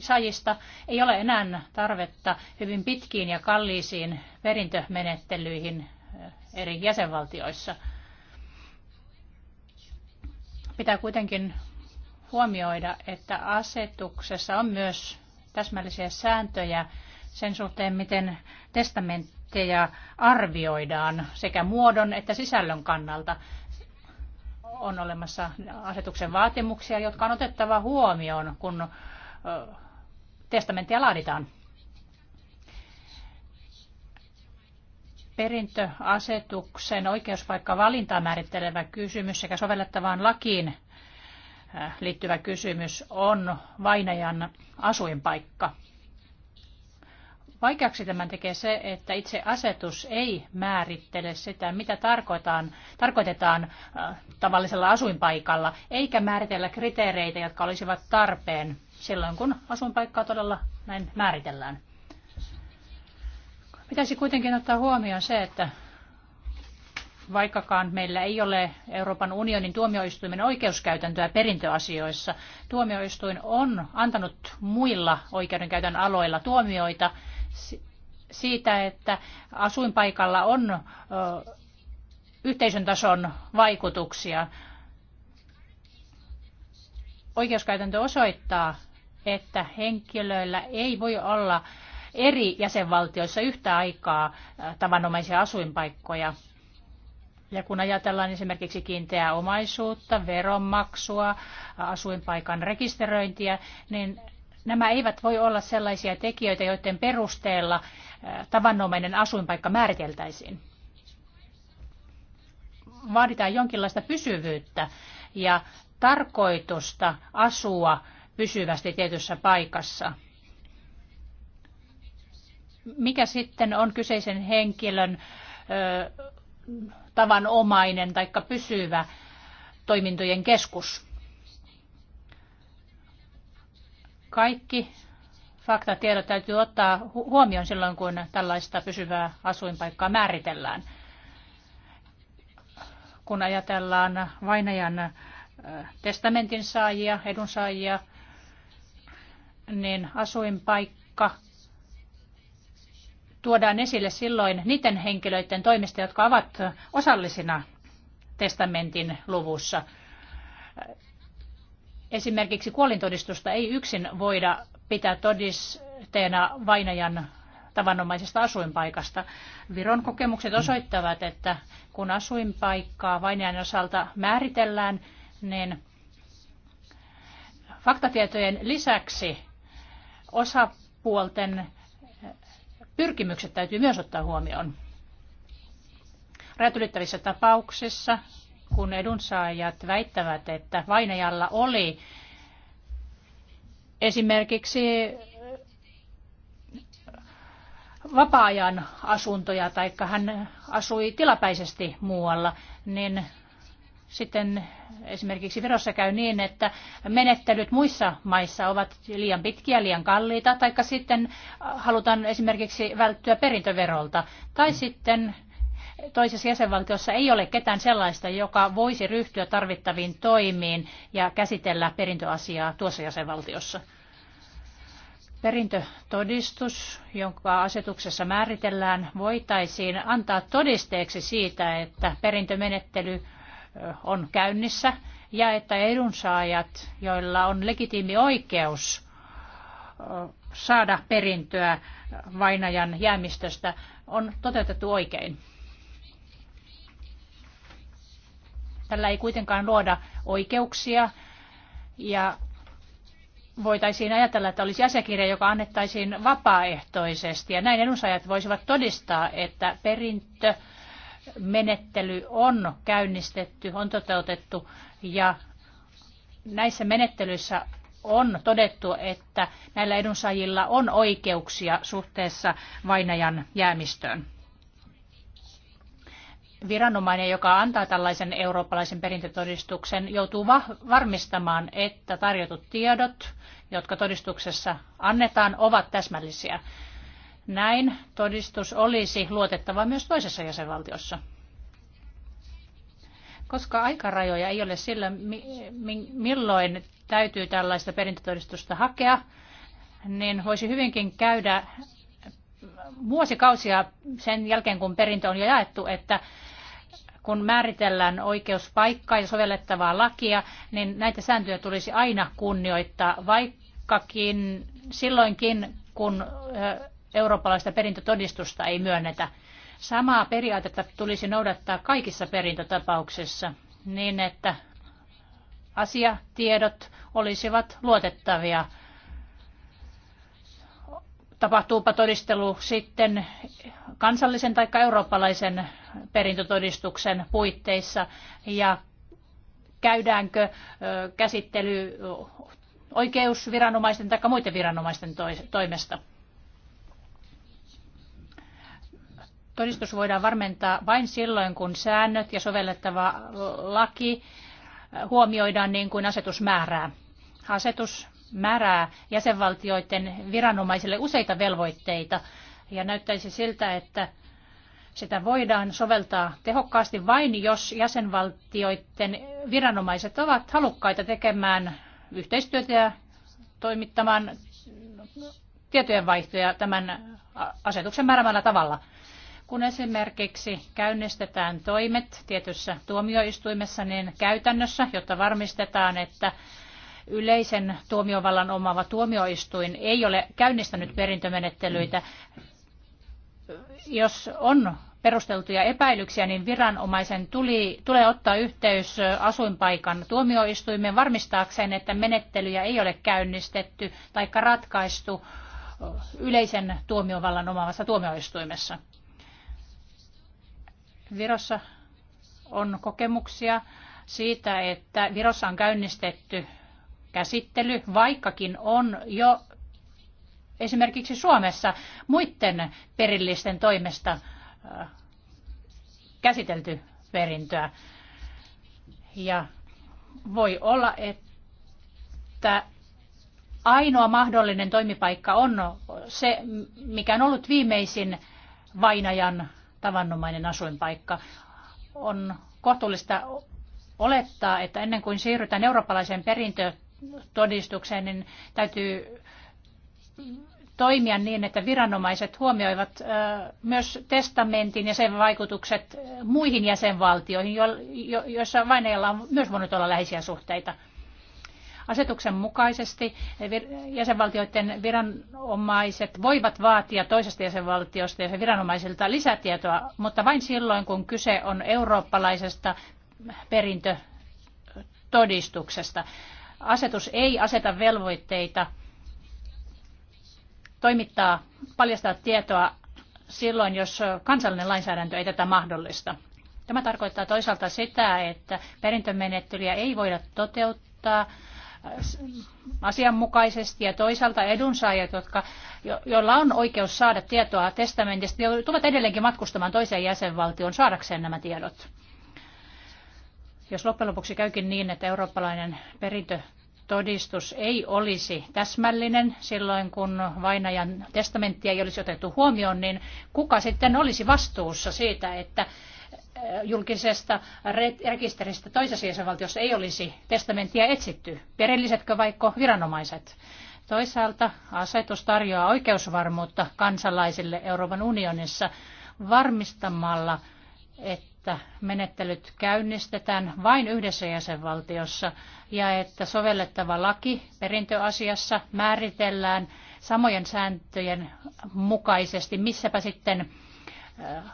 saajista. Ei ole enää tarvetta hyvin pitkiin ja kalliisiin perintömenettelyihin eh, eri jäsenvaltioissa. Pitää kuitenkin huomioida, että asetuksessa on myös täsmällisiä sääntöjä sen suhteen, miten testamentteja arvioidaan sekä muodon että sisällön kannalta. On olemassa asetuksen vaatimuksia, jotka on otettava huomioon, kun testamenttia laaditaan. perintöasetuksen oikeuspaikka valintaa määrittelevä kysymys sekä sovellettavaan lakiin liittyvä kysymys on vainajan asuinpaikka. Vaikeaksi tämän tekee se, että itse asetus ei määrittele sitä, mitä tarkoitetaan, äh, tavallisella asuinpaikalla, eikä määritellä kriteereitä, jotka olisivat tarpeen silloin, kun asuinpaikkaa todella näin määritellään. Pitäisi kuitenkin ottaa huomioon se, että vaikkakaan meillä ei ole Euroopan unionin tuomioistuimen oikeuskäytäntöä perintöasioissa, tuomioistuin on antanut muilla oikeudenkäytön aloilla tuomioita, siitä, että asuinpaikalla on yhteisön tason vaikutuksia. Oikeuskäytäntö osoittaa, että henkilöillä ei voi olla eri jäsenvaltioissa yhtä aikaa tavanomaisia asuinpaikkoja. Ja kun ajatellaan esimerkiksi kiinteää omaisuutta, veronmaksua, asuinpaikan rekisteröintiä, niin Nämä eivät voi olla sellaisia tekijöitä, joiden perusteella tavanomainen asuinpaikka määriteltäisiin. Vaaditaan jonkinlaista pysyvyyttä ja tarkoitusta asua pysyvästi tietyssä paikassa. Mikä sitten on kyseisen henkilön ö, tavanomainen tai pysyvä toimintojen keskus? Kaikki faktatiedot täytyy ottaa huomioon silloin, kun tällaista pysyvää asuinpaikkaa määritellään. Kun ajatellaan vainajan testamentin saajia, edunsaajia, niin asuinpaikka tuodaan esille silloin niiden henkilöiden toimista, jotka ovat osallisina testamentin luvussa. Esimerkiksi kuolintodistusta ei yksin voida pitää todisteena vainajan tavanomaisesta asuinpaikasta. Viron kokemukset osoittavat, että kun asuinpaikkaa vainajan osalta määritellään, niin faktatietojen lisäksi osapuolten pyrkimykset täytyy myös ottaa huomioon. Rajat ylittävissä tapauksissa kun edunsaajat väittävät, että vainajalla oli esimerkiksi vapaa-ajan asuntoja tai hän asui tilapäisesti muualla, niin sitten esimerkiksi Virossa käy niin, että menettelyt muissa maissa ovat liian pitkiä, liian kalliita, tai sitten halutaan esimerkiksi välttyä perintöverolta, tai sitten toisessa jäsenvaltiossa ei ole ketään sellaista, joka voisi ryhtyä tarvittaviin toimiin ja käsitellä perintöasiaa tuossa jäsenvaltiossa. Perintötodistus, jonka asetuksessa määritellään, voitaisiin antaa todisteeksi siitä, että perintömenettely on käynnissä ja että edunsaajat, joilla on legitiimi oikeus saada perintöä vainajan jäämistöstä, on toteutettu oikein. Tällä ei kuitenkaan luoda oikeuksia ja voitaisiin ajatella, että olisi asiakirja, joka annettaisiin vapaaehtoisesti ja näin edunsaajat voisivat todistaa, että perintö menettely on käynnistetty, on toteutettu ja näissä menettelyissä on todettu, että näillä edunsaajilla on oikeuksia suhteessa vainajan jäämistöön viranomainen, joka antaa tällaisen eurooppalaisen perintötodistuksen, joutuu varmistamaan, että tarjotut tiedot, jotka todistuksessa annetaan, ovat täsmällisiä. Näin todistus olisi luotettava myös toisessa jäsenvaltiossa. Koska aikarajoja ei ole sillä, milloin täytyy tällaista perintötodistusta hakea, niin voisi hyvinkin käydä vuosikausia sen jälkeen, kun perintö on jo jaettu, että kun määritellään oikeuspaikkaa ja sovellettavaa lakia, niin näitä sääntöjä tulisi aina kunnioittaa, vaikkakin silloinkin, kun eurooppalaista perintötodistusta ei myönnetä. Samaa periaatetta tulisi noudattaa kaikissa perintötapauksissa niin, että asiatiedot olisivat luotettavia Tapahtuupa todistelu sitten kansallisen tai eurooppalaisen perintötodistuksen puitteissa ja käydäänkö käsittely oikeusviranomaisten tai muiden viranomaisten toimesta. Todistus voidaan varmentaa vain silloin, kun säännöt ja sovellettava laki huomioidaan niin kuin asetus määrää. Asetus määrää jäsenvaltioiden viranomaisille useita velvoitteita ja näyttäisi siltä, että sitä voidaan soveltaa tehokkaasti vain, jos jäsenvaltioiden viranomaiset ovat halukkaita tekemään yhteistyötä ja toimittamaan tietojenvaihtoja tämän asetuksen määrämällä tavalla. Kun esimerkiksi käynnistetään toimet tietyssä tuomioistuimessa, niin käytännössä, jotta varmistetaan, että yleisen tuomiovallan omaava tuomioistuin ei ole käynnistänyt perintömenettelyitä. Jos on perusteltuja epäilyksiä, niin viranomaisen tuli, tulee ottaa yhteys asuinpaikan tuomioistuimeen varmistaakseen, että menettelyjä ei ole käynnistetty tai ratkaistu yleisen tuomiovallan omaavassa tuomioistuimessa. Virossa on kokemuksia siitä, että Virossa on käynnistetty käsittely, vaikkakin on jo esimerkiksi Suomessa muiden perillisten toimesta äh, käsitelty perintöä. Ja voi olla, että ainoa mahdollinen toimipaikka on se, mikä on ollut viimeisin vainajan tavannomainen asuinpaikka. On kohtuullista olettaa, että ennen kuin siirrytään eurooppalaiseen perintöön todistukseen, niin täytyy toimia niin, että viranomaiset huomioivat myös testamentin ja sen vaikutukset muihin jäsenvaltioihin, joissa vaineilla on myös voinut olla läheisiä suhteita. Asetuksen mukaisesti jäsenvaltioiden viranomaiset voivat vaatia toisesta jäsenvaltiosta ja viranomaisilta lisätietoa, mutta vain silloin, kun kyse on eurooppalaisesta perintötodistuksesta asetus ei aseta velvoitteita toimittaa, paljastaa tietoa silloin, jos kansallinen lainsäädäntö ei tätä mahdollista. Tämä tarkoittaa toisaalta sitä, että perintömenettelyä ei voida toteuttaa asianmukaisesti ja toisaalta edunsaajat, jotka, jo, joilla on oikeus saada tietoa testamentista, joutuvat edelleenkin matkustamaan toiseen jäsenvaltioon saadakseen nämä tiedot. Jos loppujen lopuksi käykin niin, että eurooppalainen perintötodistus ei olisi täsmällinen silloin, kun vainajan testamenttia ei olisi otettu huomioon, niin kuka sitten olisi vastuussa siitä, että äh, julkisesta rekisteristä toisessa jäsenvaltiossa ei olisi testamenttia etsitty? Perillisetkö vaikka viranomaiset? Toisaalta asetus tarjoaa oikeusvarmuutta kansalaisille Euroopan unionissa varmistamalla, että että menettelyt käynnistetään vain yhdessä jäsenvaltiossa ja että sovellettava laki perintöasiassa määritellään samojen sääntöjen mukaisesti, missäpä sitten äh,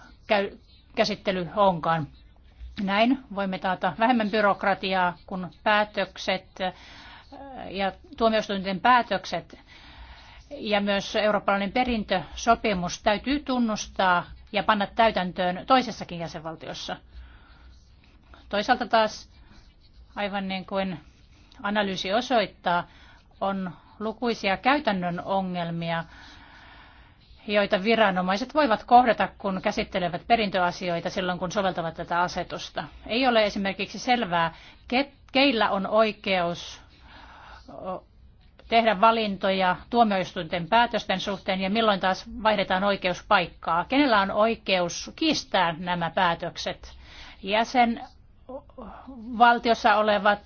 käsittely onkaan. Näin voimme taata vähemmän byrokratiaa, kun päätökset äh, ja tuomioistuinten päätökset ja myös eurooppalainen perintösopimus täytyy tunnustaa ja panna täytäntöön toisessakin jäsenvaltiossa. Toisaalta taas, aivan niin kuin analyysi osoittaa, on lukuisia käytännön ongelmia, joita viranomaiset voivat kohdata, kun käsittelevät perintöasioita silloin, kun soveltavat tätä asetusta. Ei ole esimerkiksi selvää, keillä on oikeus tehdä valintoja tuomioistuinten päätösten suhteen ja milloin taas vaihdetaan oikeuspaikkaa? Kenellä on oikeus kiistää nämä päätökset? Jäsenvaltiossa olevat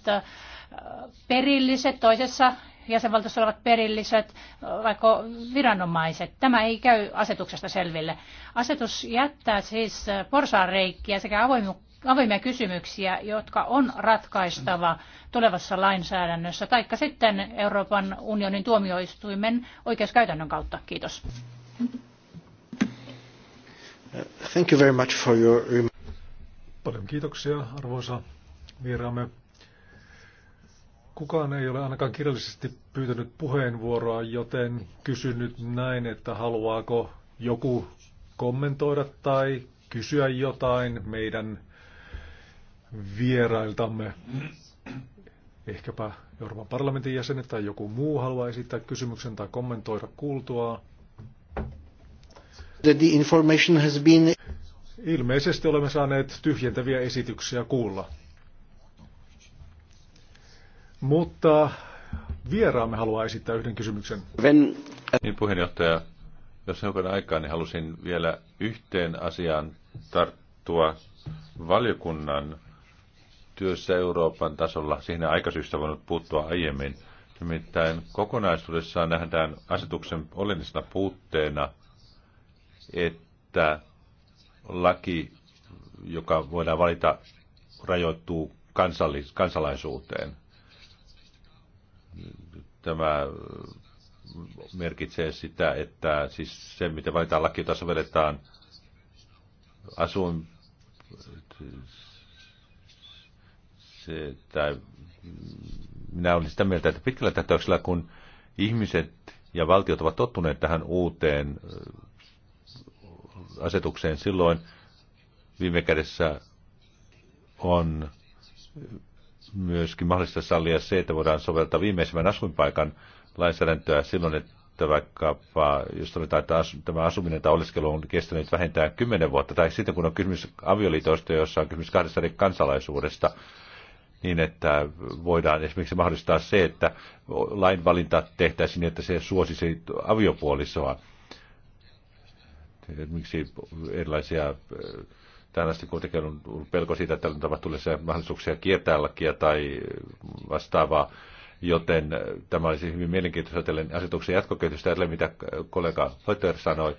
perilliset, toisessa jäsenvaltiossa olevat perilliset, vaikka viranomaiset. Tämä ei käy asetuksesta selville. Asetus jättää siis porsaanreikkiä sekä avoimuutta avoimia kysymyksiä, jotka on ratkaistava tulevassa lainsäädännössä, taikka sitten Euroopan unionin tuomioistuimen oikeuskäytännön kautta. Kiitos. Thank you very much for your... Paljon kiitoksia, arvoisa vieraamme. Kukaan ei ole ainakaan kirjallisesti pyytänyt puheenvuoroa, joten kysyn nyt näin, että haluaako joku kommentoida tai kysyä jotain meidän vierailtamme. Ehkäpä Euroopan parlamentin jäsenet tai joku muu haluaa esittää kysymyksen tai kommentoida kuultua. Ilmeisesti olemme saaneet tyhjentäviä esityksiä kuulla. Mutta vieraamme haluaa esittää yhden kysymyksen. Ven... Niin puheenjohtaja, jos hiukan aikaa, niin halusin vielä yhteen asiaan tarttua valiokunnan työssä Euroopan tasolla. Siihen aikaisyystä voinut puuttua aiemmin. Nimittäin kokonaisuudessaan nähdään asetuksen oleellisena puutteena, että laki, joka voidaan valita, rajoittuu kansallis- kansalaisuuteen. Tämä merkitsee sitä, että siis se, mitä valitaan laki, jota sovelletaan asuin se, tai minä olin sitä mieltä, että pitkällä tähtäyksellä, kun ihmiset ja valtiot ovat tottuneet tähän uuteen äh, asetukseen, silloin viime kädessä on myöskin mahdollista sallia se, että voidaan soveltaa viimeisimmän asuinpaikan lainsäädäntöä silloin, että vaikkapa, jos todetaan, että tämä asuminen tai oleskelu on kestänyt vähintään kymmenen vuotta, tai sitten kun on kysymys avioliitoista, jossa on kysymys kahdesta eri kansalaisuudesta, niin, että voidaan esimerkiksi mahdollistaa se, että lainvalinta tehtäisiin, niin, että se suosisi aviopuolisoa. Esimerkiksi erilaisia äh, tällaista kuitenkin on pelko siitä, että tulee mahdollisuuksia kiertää lakia tai vastaavaa. Joten äh, tämä olisi hyvin mielenkiintoista ajatellen asetuksen jatkokehitystä ajatellen, mitä kollega Hoiter sanoi.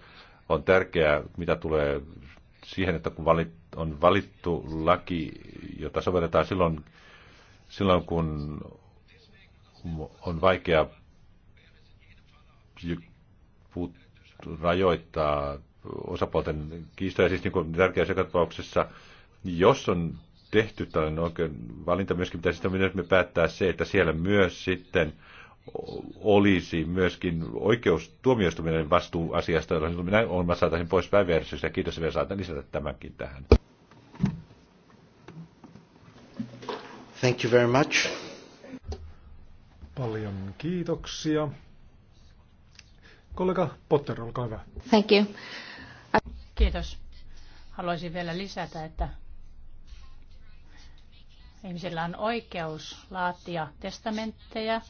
On tärkeää, mitä tulee siihen, että kun on valittu laki, jota sovelletaan silloin silloin kun on vaikea rajoittaa osapuolten kiistoja, siis niin kuin tärkeässä tapauksessa, jos on tehty tällainen oikein valinta, myöskin pitäisi sitten myös me päättää se, että siellä myös sitten olisi myöskin oikeus tuomioistuminen vastuu asiasta, jolloin minä olen, että saataisin pois päiväjärjestyksestä. Kiitos, että saatan lisätä tämänkin tähän. Thank you very much. Paljon kiitoksia. Kollega Potter, olkaa hyvä. Thank you. Kiitos. Haluaisin vielä lisätä, että ihmisillä on oikeus laatia testamentteja,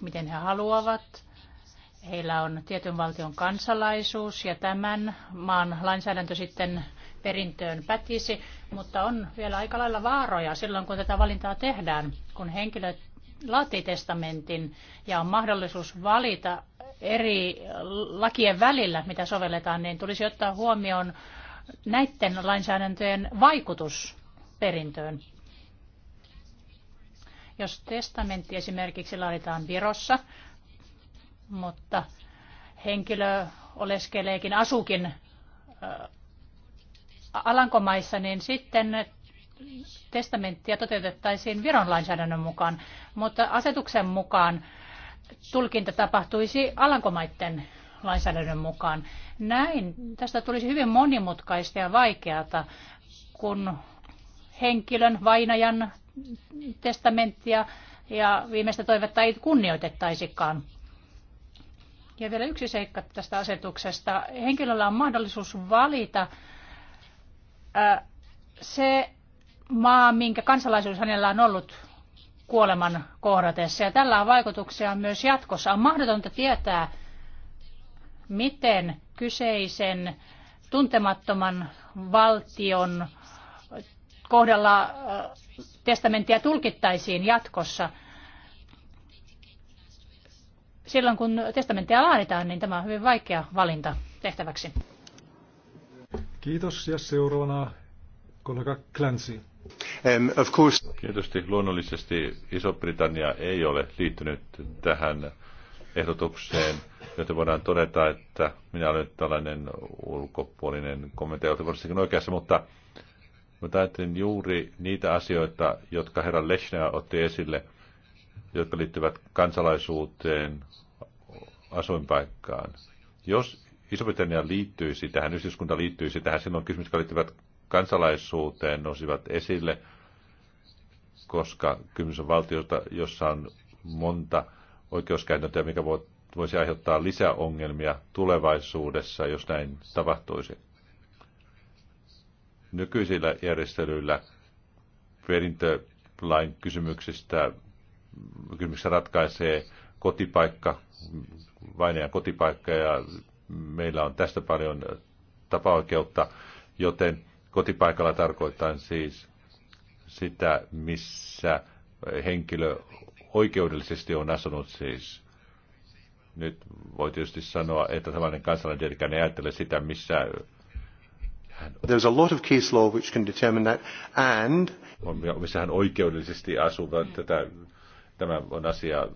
miten he haluavat. Heillä on tietyn valtion kansalaisuus ja tämän maan lainsäädäntö sitten perintöön pätisi, mutta on vielä aika lailla vaaroja silloin, kun tätä valintaa tehdään, kun henkilö laatii testamentin ja on mahdollisuus valita eri lakien välillä, mitä sovelletaan, niin tulisi ottaa huomioon näiden lainsäädäntöjen vaikutus perintöön. Jos testamentti esimerkiksi laaditaan Virossa, mutta henkilö oleskeleekin, asukin Alankomaissa, niin sitten testamenttia toteutettaisiin Viron lainsäädännön mukaan, mutta asetuksen mukaan tulkinta tapahtuisi Alankomaiden lainsäädännön mukaan. Näin tästä tulisi hyvin monimutkaista ja vaikeata, kun henkilön, vainajan testamenttia ja viimeistä toivetta ei kunnioitettaisikaan. Ja vielä yksi seikka tästä asetuksesta. Henkilöllä on mahdollisuus valita se maa, minkä kansalaisuus hänellä on ollut kuoleman kohdatessa. Ja tällä on vaikutuksia myös jatkossa. On mahdotonta tietää, miten kyseisen tuntemattoman valtion kohdalla testamenttia tulkittaisiin jatkossa. Silloin kun testamenttia laaditaan, niin tämä on hyvin vaikea valinta tehtäväksi. Kiitos ja seuraavana kollega Clancy. Um, of course. Tietysti luonnollisesti Iso-Britannia ei ole liittynyt tähän ehdotukseen, joten voidaan todeta, että minä olen tällainen ulkopuolinen kommentoija, varsinkin oikeassa, mutta mutta ajattelin juuri niitä asioita, jotka herra Leschner otti esille, jotka liittyvät kansalaisuuteen, asuinpaikkaan. Jos Iso-Britannia liittyisi tähän, yhteiskunta liittyisi tähän, silloin kysymykset, jotka liittyvät kansalaisuuteen, nousivat esille, koska kysymys on valtiota, jossa on monta oikeuskäytäntöä, mikä voisi aiheuttaa lisää ongelmia tulevaisuudessa, jos näin tapahtuisi. Nykyisillä järjestelyillä perintölain kysymyksistä kysymyksessä ratkaisee kotipaikka, vainajan kotipaikka ja meillä on tästä paljon tapaoikeutta, joten kotipaikalla tarkoittaa siis sitä, missä henkilö oikeudellisesti on asunut siis. Nyt voi tietysti sanoa, että tällainen kansalainen ei ajattele sitä, missä There's a lot of case law which can determine that, and... Missä hän oikeudellisesti asuu, tätä, tämä on asia,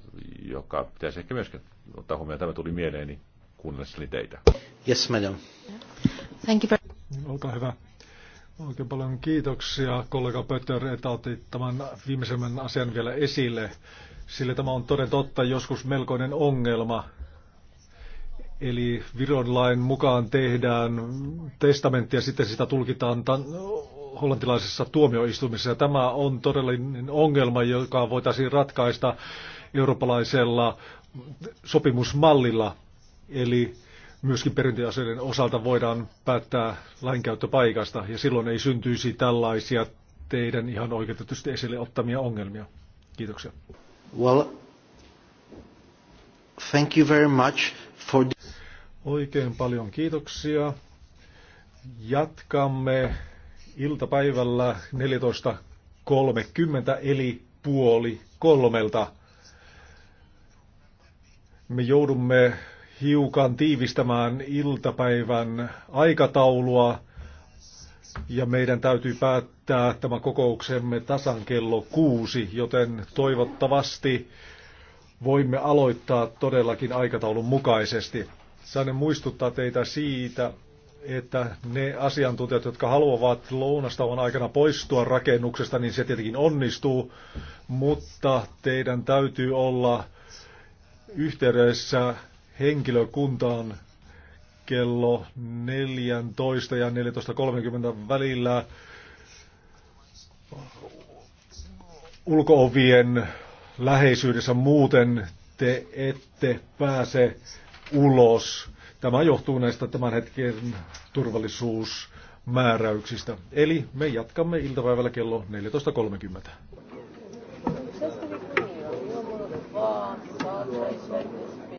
joka pitäisi ehkä myöskin ottaa huomioon. Tämä tuli mieleeni kuunnellessani teitä. Yes, madam. Thank you very... Olkaa hyvä. Oikein paljon kiitoksia kollega Pötter, että otit tämän viimeisemmän asian vielä esille, sillä tämä on toden totta joskus melkoinen ongelma. Eli Viron lain mukaan tehdään testamentti ja sitten sitä tulkitaan tan- hollantilaisessa tuomioistuimessa. tämä on todellinen ongelma, joka voitaisiin ratkaista eurooppalaisella sopimusmallilla. Eli myöskin perintöaseiden osalta voidaan päättää lainkäyttöpaikasta ja silloin ei syntyisi tällaisia teidän ihan oikeutetusti esille ottamia ongelmia. Kiitoksia. Well, thank you very much for Oikein paljon kiitoksia. Jatkamme iltapäivällä 14.30 eli puoli kolmelta. Me joudumme hiukan tiivistämään iltapäivän aikataulua ja meidän täytyy päättää tämä kokouksemme tasan kello kuusi, joten toivottavasti voimme aloittaa todellakin aikataulun mukaisesti. Sain muistuttaa teitä siitä, että ne asiantuntijat, jotka haluavat lounastauon aikana poistua rakennuksesta, niin se tietenkin onnistuu, mutta teidän täytyy olla yhteydessä henkilökuntaan kello 14 ja 14.30 välillä ulkoovien läheisyydessä muuten te ette pääse ulos. Tämä johtuu näistä tämän hetken turvallisuusmääräyksistä. Eli me jatkamme iltapäivällä kello 14.30.